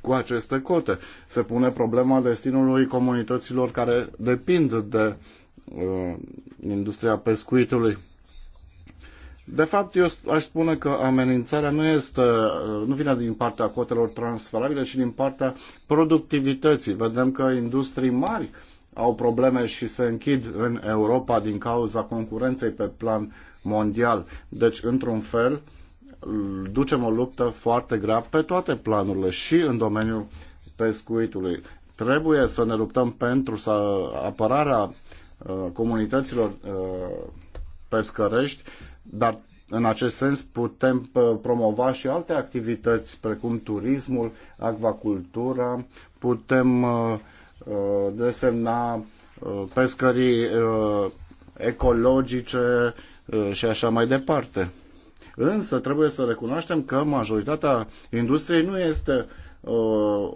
cu aceste cote. Se pune problema destinului comunităților care depind de uh, industria pescuitului. De fapt, eu aș spune că amenințarea nu, este, uh, nu vine din partea cotelor transferabile, ci din partea productivității. Vedem că industrii mari au probleme și se închid în Europa din cauza concurenței pe plan mondial. Deci, într-un fel, uh, ducem o luptă foarte grea pe toate planurile și în domeniul pescuitului. Trebuie să ne luptăm pentru să apărarea uh, comunităților uh, pescărești, dar în acest sens putem uh, promova și alte activități precum turismul, acvacultura, putem desemna pescării ecologice și așa mai departe. Însă trebuie să recunoaștem că majoritatea industriei nu este uh,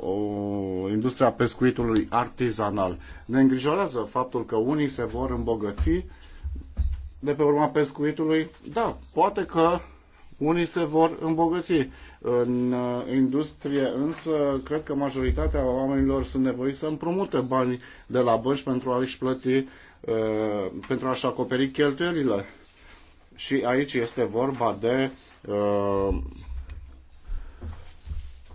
o industria pescuitului artizanal. Ne îngrijorează faptul că unii se vor îmbogăți de pe urma pescuitului. Da, poate că unii se vor îmbogăți. În uh, industrie însă, cred că majoritatea oamenilor sunt nevoiți să împrumute bani de la bănci pentru a-și plăti, uh, pentru a-și acoperi cheltuielile și aici este vorba de uh,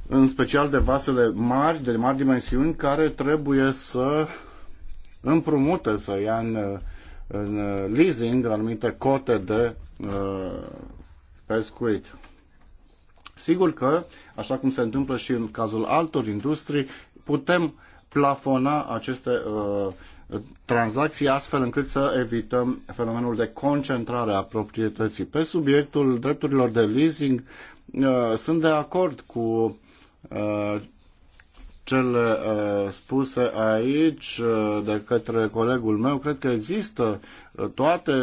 în special de vasele mari, de mari dimensiuni, care trebuie să împrumute, să ia în, în leasing anumite cote de uh, pescuit. Sigur că, așa cum se întâmplă și în cazul altor industrii, putem plafona aceste uh, tranzacții astfel încât să evităm fenomenul de concentrare a proprietății. Pe subiectul drepturilor de leasing uh, sunt de acord cu uh, cele uh, spuse aici de către colegul meu. Cred că există toate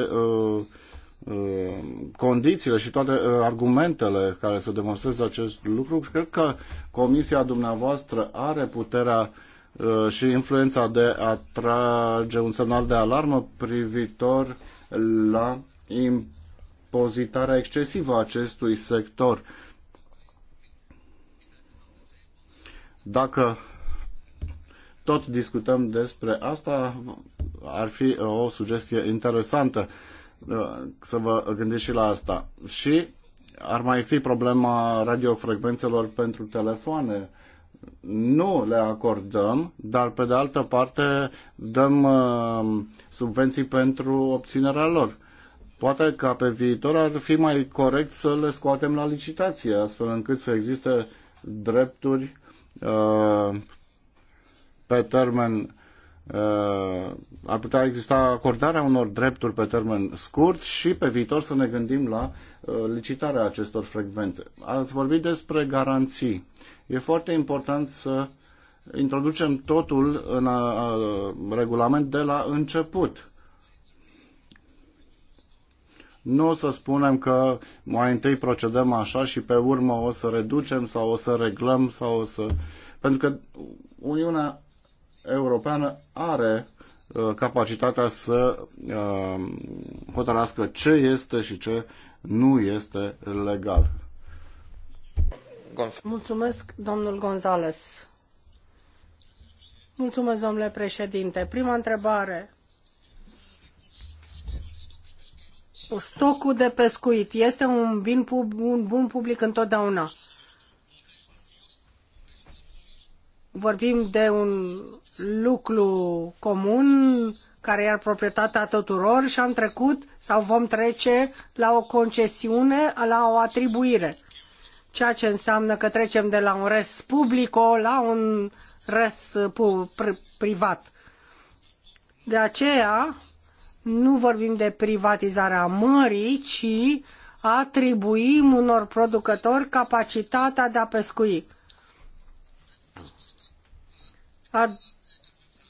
condițiile și toate argumentele care să demonstreze acest lucru. Cred că comisia dumneavoastră are puterea uh, Uh, și influența de a trage un semnal de alarmă privitor la impozitarea excesivă a acestui sector. Dacă tot discutăm despre asta, ar fi o sugestie interesantă uh, să vă gândiți și la asta. Și ar mai fi problema radiofrecvențelor pentru telefoane nu le acordăm, dar pe de altă parte dăm uh, subvenții pentru obținerea lor. Poate ca pe viitor ar fi mai corect să le scoatem la licitație, astfel încât să existe drepturi uh, pe termen uh, ar putea exista acordarea unor drepturi pe termen scurt și pe viitor să ne gândim la licitarea acestor frecvențe. Ați vorbit despre garanții. E foarte important să introducem totul în a, a, regulament de la început. Nu o să spunem că mai întâi procedăm așa și pe urmă o să reducem sau o să reglăm sau o să... Pentru că Uniunea Europeană are capacitatea să uh, hotărască ce este și ce nu este legal. Mulțumesc, domnul Mulțumesc, domnule președinte. Prima întrebare. Stocul de pescuit este un, bun public bun public întotdeauna. Vorbim de un lucru comun care e proprietatea tuturor și am trecut sau vom trece la o concesiune, la o atribuire ceea ce înseamnă că trecem de la un res publico la un res privat. De aceea nu vorbim de privatizarea mării, ci atribuim unor producători capacitatea de a pescui. A,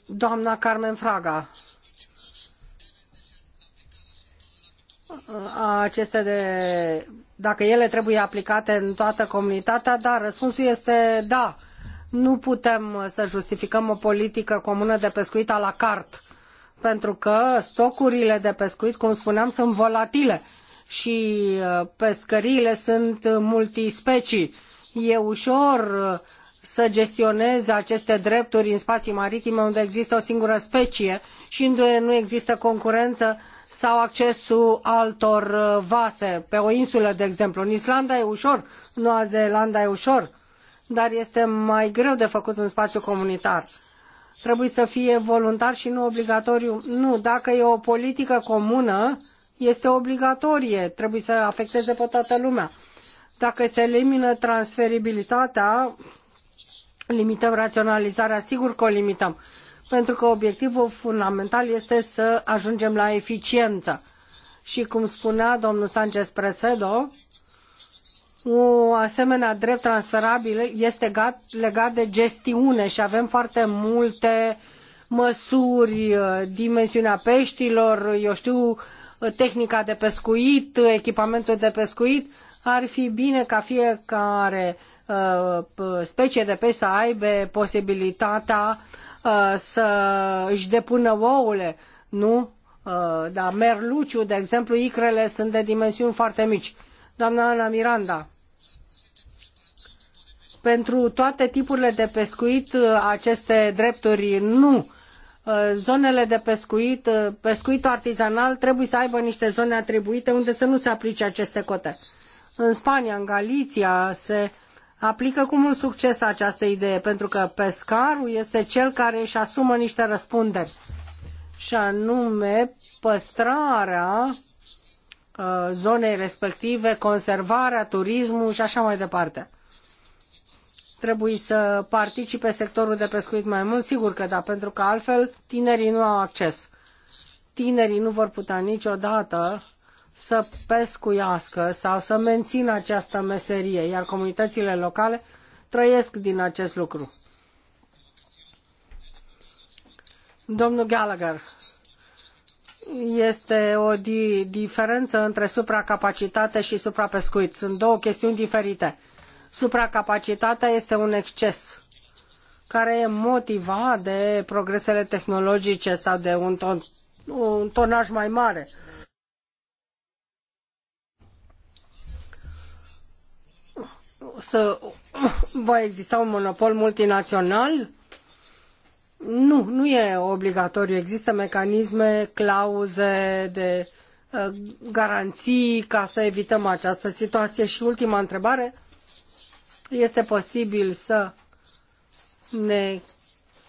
doamna Carmen Fraga. Aceste de dacă ele trebuie aplicate în toată comunitatea, dar răspunsul este da. Nu putem să justificăm o politică comună de pescuit a la carte, pentru că stocurile de pescuit, cum spuneam, sunt volatile și uh, pescăriile sunt multispecii. E ușor uh, să gestioneze aceste drepturi în spații maritime unde există o singură specie și unde nu există concurență sau accesul altor uh, vase, pe o insulă, de exemplu. În Islanda e ușor, în Noua Zeelandă e ușor, dar este mai greu de făcut în spațiu comunitar. Trebuie să fie voluntar și nu obligatoriu. Nu, dacă e o politică comună, este obligatorie, trebuie să afecteze pe toată lumea. Dacă se elimină transferibilitatea, limităm raționalizarea, sigur că o limităm, pentru că obiectivul fundamental este să ajungem la eficiență. Și cum spunea domnul Sanchez Presedo, un asemenea drept transferabil este legat de gestiune și avem foarte multe măsuri, uh, dimensiunea peștilor, eu știu, uh, tehnica de pescuit, echipamentul de pescuit, ar fi bine ca fiecare Uh, specie de pe să aibă posibilitatea uh, să își depună ouăle, nu? Uh, da, merluciu, de exemplu, icrele sunt de dimensiuni foarte mici. Doamna Ana Miranda, pentru toate tipurile de pescuit aceste drepturi nu. Zonele de pescuit, pescuitul artizanal trebuie să aibă niște zone atribuite unde să nu se aplice aceste cote. În Spania, în Galiția se aplică cu mult succes această idee, pentru că pescarul este cel care își asumă niște răspunderi, și anume păstrarea uh, zonei respective, conservarea, turismul și așa mai departe. Trebuie să participe sectorul de pescuit mai mult, sigur că da, pentru că altfel tinerii nu au acces. Tinerii nu vor putea niciodată să pescuiască sau să mențină această meserie, iar comunitățile locale trăiesc din acest lucru. Domnul Gallagher, este o di- diferență între supracapacitate și suprapescuit. Sunt două chestiuni diferite. Supracapacitatea este un exces care e motivat de progresele tehnologice sau de un, ton, un tonaj mai mare. să va exista un monopol multinațional? Nu, nu e obligatoriu. Există mecanisme, clauze de uh, garanții ca să evităm această situație. Și ultima întrebare, este posibil să ne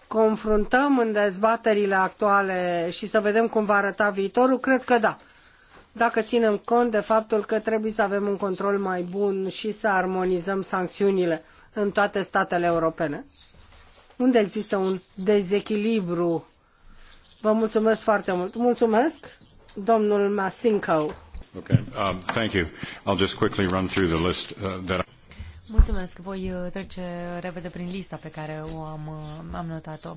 confruntăm în dezbaterile actuale și să vedem cum va arăta viitorul? Cred că da dacă ținem cont de faptul că trebuie să avem un control mai bun și să armonizăm sancțiunile în toate statele europene, unde există un dezechilibru. Vă mulțumesc foarte mult. Mulțumesc, domnul Masinko. Okay. Um, thank you. I'll just quickly run through the list uh, that I... Mulțumesc. Voi uh, trece repede prin lista pe care o am, uh, am notat-o.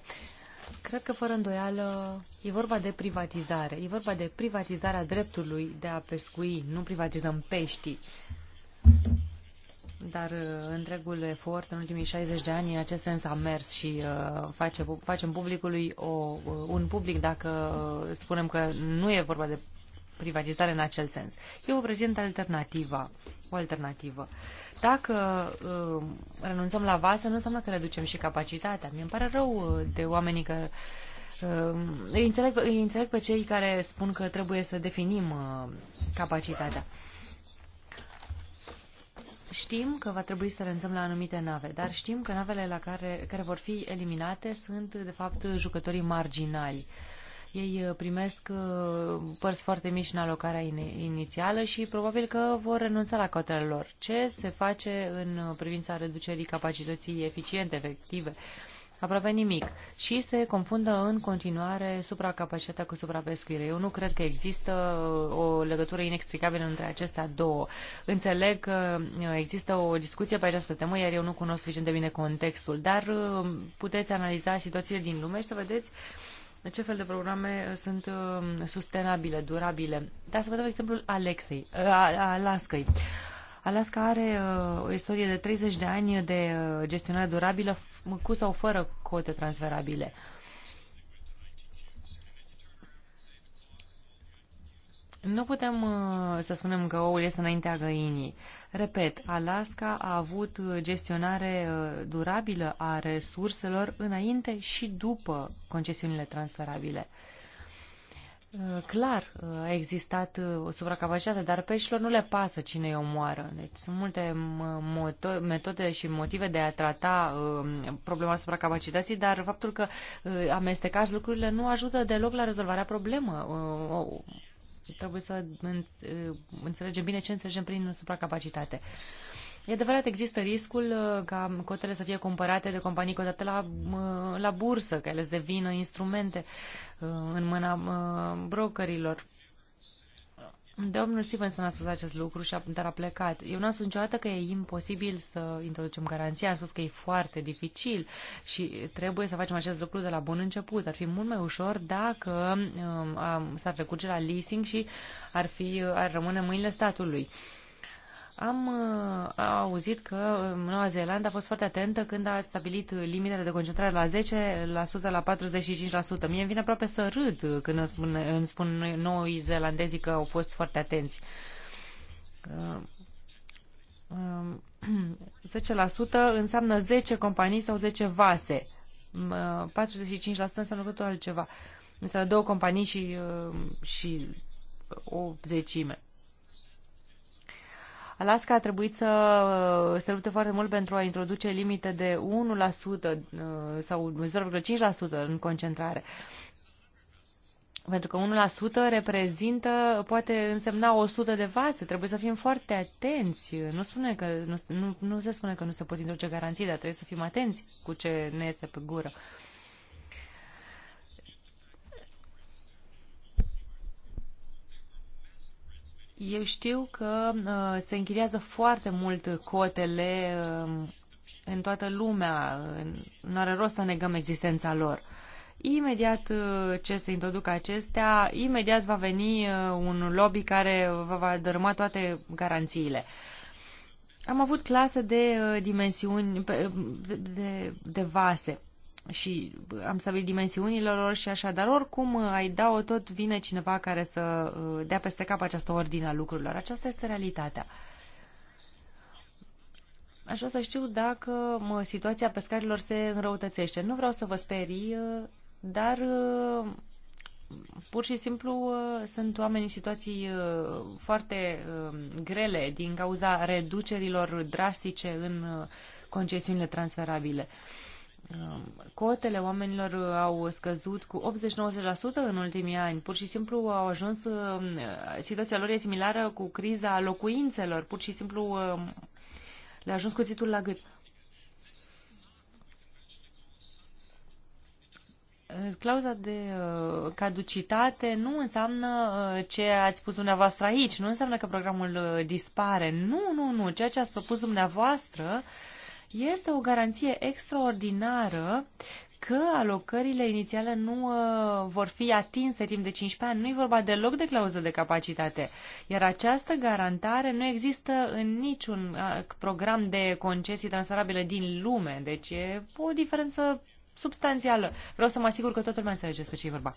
Cred că, fără îndoială, e vorba de privatizare. E vorba de privatizarea dreptului de a pescui. Nu privatizăm peștii. Dar uh, întregul efort în ultimii 60 de ani în acest sens a mers și uh, face, facem publicului o, uh, un public dacă uh, spunem că nu e vorba de privatizare în acel sens. Eu vă prezint alternativa, o alternativă. Dacă uh, renunțăm la vase, nu înseamnă că reducem și capacitatea. Mi-e pare rău uh, de oamenii că uh, îi, înțeleg, îi înțeleg pe cei care spun că trebuie să definim uh, capacitatea. Știm că va trebui să renunțăm la anumite nave, dar știm că navele la care, care vor fi eliminate sunt, de fapt, jucătorii marginali. Uh, ei uh, primesc uh, părți foarte mici în alocarea inițială și probabil că vor renunța la cotele lor. Ce se face în uh, privința reducerii capacității eficiente, efective? aproape nimic și se confundă în continuare supracapacitatea cu suprapescuire. Eu nu cred că există o legătură inextricabilă între acestea două. Înțeleg că există o discuție pe această temă, iar eu nu cunosc suficient de bine contextul, dar puteți analiza situațiile din lume și să vedeți uh, ce fel de programe uh, sunt um, sustenabile, durabile. Dar să vă dau exemplul Alexei, uh, Alaskai. Alaska are uh, o istorie de 30 de ani de gestionare durabilă cu sau fără cote transferabile. Nu putem să spunem că oul este înaintea găinii. Uh, Repet, Alaska a avut gestionare uh, durabilă a resurselor înainte și după concesiunile transferabile. Uh, clar, uh, a existat uh, o supracapacitate, dar peșilor nu le pasă cine îi omoară. Deci sunt multe metode și motive de a trata um, problema supracapacității, dar faptul că amestecați lucrurile nu ajută deloc la rezolvarea problemă. Trebuie să înțelegem bine ce înțelegem prin supracapacitate. E adevărat, există riscul uh, ca cotele să fie cumpărate de companii cotate la, uh, la bursă, că ele să devină instrumente uh, în mâna brokerilor. Domnul Stevenson a spus acest lucru și a, dar a plecat. Eu n-am spus niciodată că e imposibil să introducem garanția, am spus că e foarte dificil și trebuie să facem acest lucru de la bun început. Ar fi mult mai ușor dacă um, s-ar recurge la leasing și ar, fi, ar rămâne în mâinile statului. Uh, am uh, auzit că uh, Noua Zeelandă a fost foarte atentă când a stabilit limitele de concentrare la 10% la 45%. Mie îmi vine aproape să râd când îmi spun, îmi spun noi zeelandezii că au fost foarte atenți. Uh, um, uh, 10% înseamnă 10 companii sau 10 vase. Uh, 45% înseamnă totul altceva. Înseamnă două companii și, uh, și o zecime. Alaska a trebuit să se lupte foarte mult pentru a introduce limite de 1% uh, sau 0,5% în concentrare. Pentru că 1% reprezintă, poate însemna 100 de vase. Trebuie să fim foarte atenți. Nu, spune că, nu, nu, nu se spune că nu se pot introduce garanții, dar trebuie să fim atenți cu ce ne este pe gură. Uh, Eu știu că uh, se închiriază foarte mult cotele uh, în toată lumea. Nu are rost să negăm existența lor. Imediat uh, ce se introduc acestea, imediat va veni uh, un lobby care vă va dărâma toate garanțiile. Am avut clase de uh, dimensiuni, de, de, de vase și am stabilit dimensiunilor lor și așa, dar oricum uh, ai da-o tot vine cineva care să uh, dea peste cap această ordine a lucrurilor. Aceasta este realitatea. Așa să știu dacă mă, situația pescarilor se înrăutățește. Nu vreau să vă sperii, uh, dar pur și simplu sunt oameni în situații foarte um, grele din cauza reducerilor drastice în concesiunile transferabile. Um, cotele oamenilor au scăzut cu 80-90% în ultimii ani. Pur și simplu au ajuns, um, situația lor e similară cu criza locuințelor. Pur și simplu um, le-a ajuns cuțitul la gât. Uh, clauza de uh, caducitate nu înseamnă uh, ce ați spus dumneavoastră aici, nu înseamnă că programul dispare. Nu, nu, nu. Ceea ce ați spus dumneavoastră uh, este o garanție extraordinară că alocările inițiale nu uh, vor fi atinse timp de 15 ani. Nu e vorba deloc de clauză de capacitate. Iar această garantare nu există în niciun uh, program de concesii transferabile din lume. Deci e o diferență substanțială. Vreau să mă asigur că totul lumea înțelege despre ce e vorba.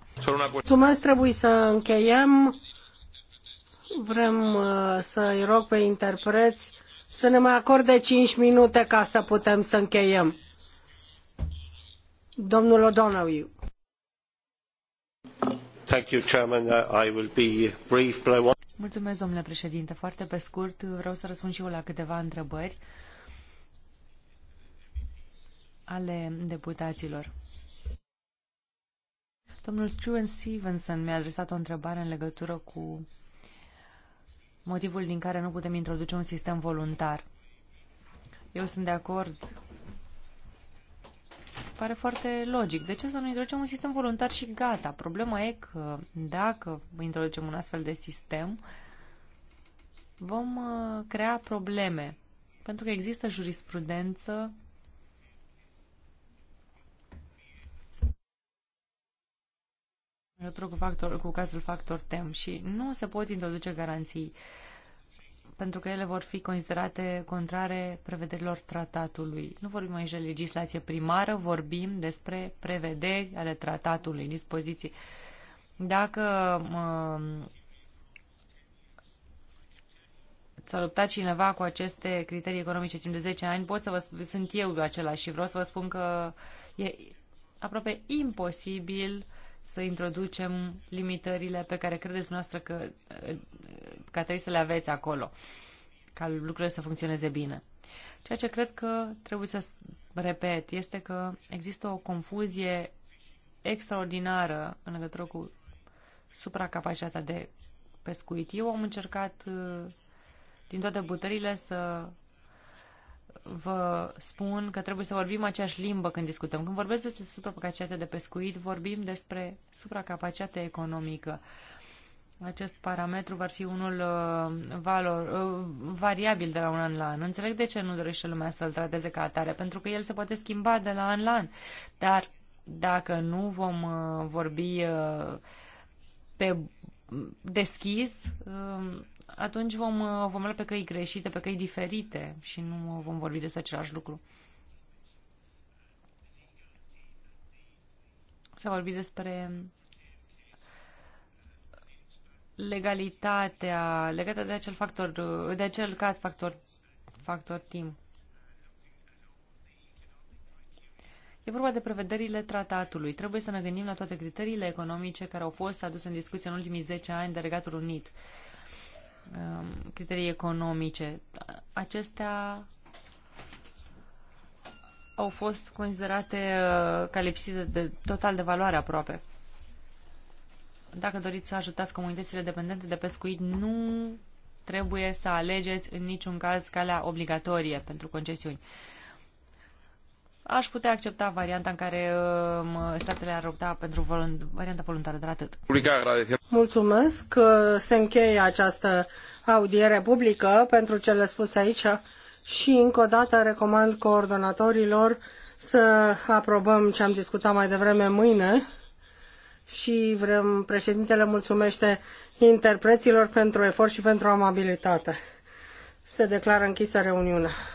Mulțumesc, trebuie să încheiem. Vrem uh, să-i rog pe interpreți să ne mai acorde cinci minute ca să putem să încheiem. Domnul O'Donoghue. Thank you, Chairman. I will be brief, but I want... Mulțumesc, domnule președinte. Foarte pe scurt, vreau să răspund și eu la câteva întrebări ale deputaților. Domnul Stuart Stevenson mi-a adresat o întrebare în legătură cu motivul din care nu putem introduce un sistem voluntar. Eu sunt de acord. Pare foarte logic. De ce să nu introducem un sistem voluntar și gata? Problema e că dacă introducem un astfel de sistem, vom uh, crea probleme. Pentru că există jurisprudență lucru cu, factor, cu cazul factor tem și nu se pot introduce garanții pentru că ele vor fi considerate contrare prevederilor tratatului. Nu vorbim aici de legislație primară, vorbim despre prevederi ale tratatului, dispoziții. Dacă uh, s-a luptat cineva cu aceste criterii economice timp de 10 ani, pot să vă sunt eu același și vreau să vă spun că e aproape imposibil să introducem limitările pe care credeți noastră că, că trebuie să le aveți acolo, ca lucrurile să funcționeze bine. Ceea ce cred că trebuie să repet este că există o confuzie extraordinară în legătură cu supracapacitatea de pescuit. Eu am încercat uh, din toate butările să vă spun că trebuie să vorbim aceeași limbă când discutăm. Când vorbesc despre supracapacitate de pescuit, vorbim despre supracapacitate economică. Acest parametru va fi unul uh, valor, uh, variabil de la un an la an. Înțeleg de ce nu dorește lumea să-l trateze ca atare, pentru că el se poate schimba de la an la an. Dar dacă nu vom uh, vorbi uh, pe deschis, uh, atunci vom, uh, vom lua pe căi greșite, pe căi diferite și nu uh, vom vorbi despre același lucru. S-a vorbit despre legalitatea legată de acel factor, uh, de acel caz factor, factor timp. E vorba de prevederile tratatului. Trebuie să ne gândim la toate criteriile economice care au fost aduse în discuție în ultimii 10 ani de Regatul Unit. Um, criterii economice. Acestea au fost considerate uh, ca lipsite de, total de valoare aproape. Dacă doriți să ajutați comunitățile dependente de pescuit, nu trebuie să alegeți în niciun caz calea obligatorie pentru concesiuni. Uh, Aș putea accepta varianta în care uh, statele ar opta pentru volunt- varianta voluntară, dar atât. Mulțumesc că se încheie această audiere publică pentru cele spuse aici și încă o dată recomand coordonatorilor să aprobăm ce am discutat mai devreme mâine și vrem, președintele mulțumește interpreților pentru efort și pentru amabilitate. Se declară închisă reuniunea.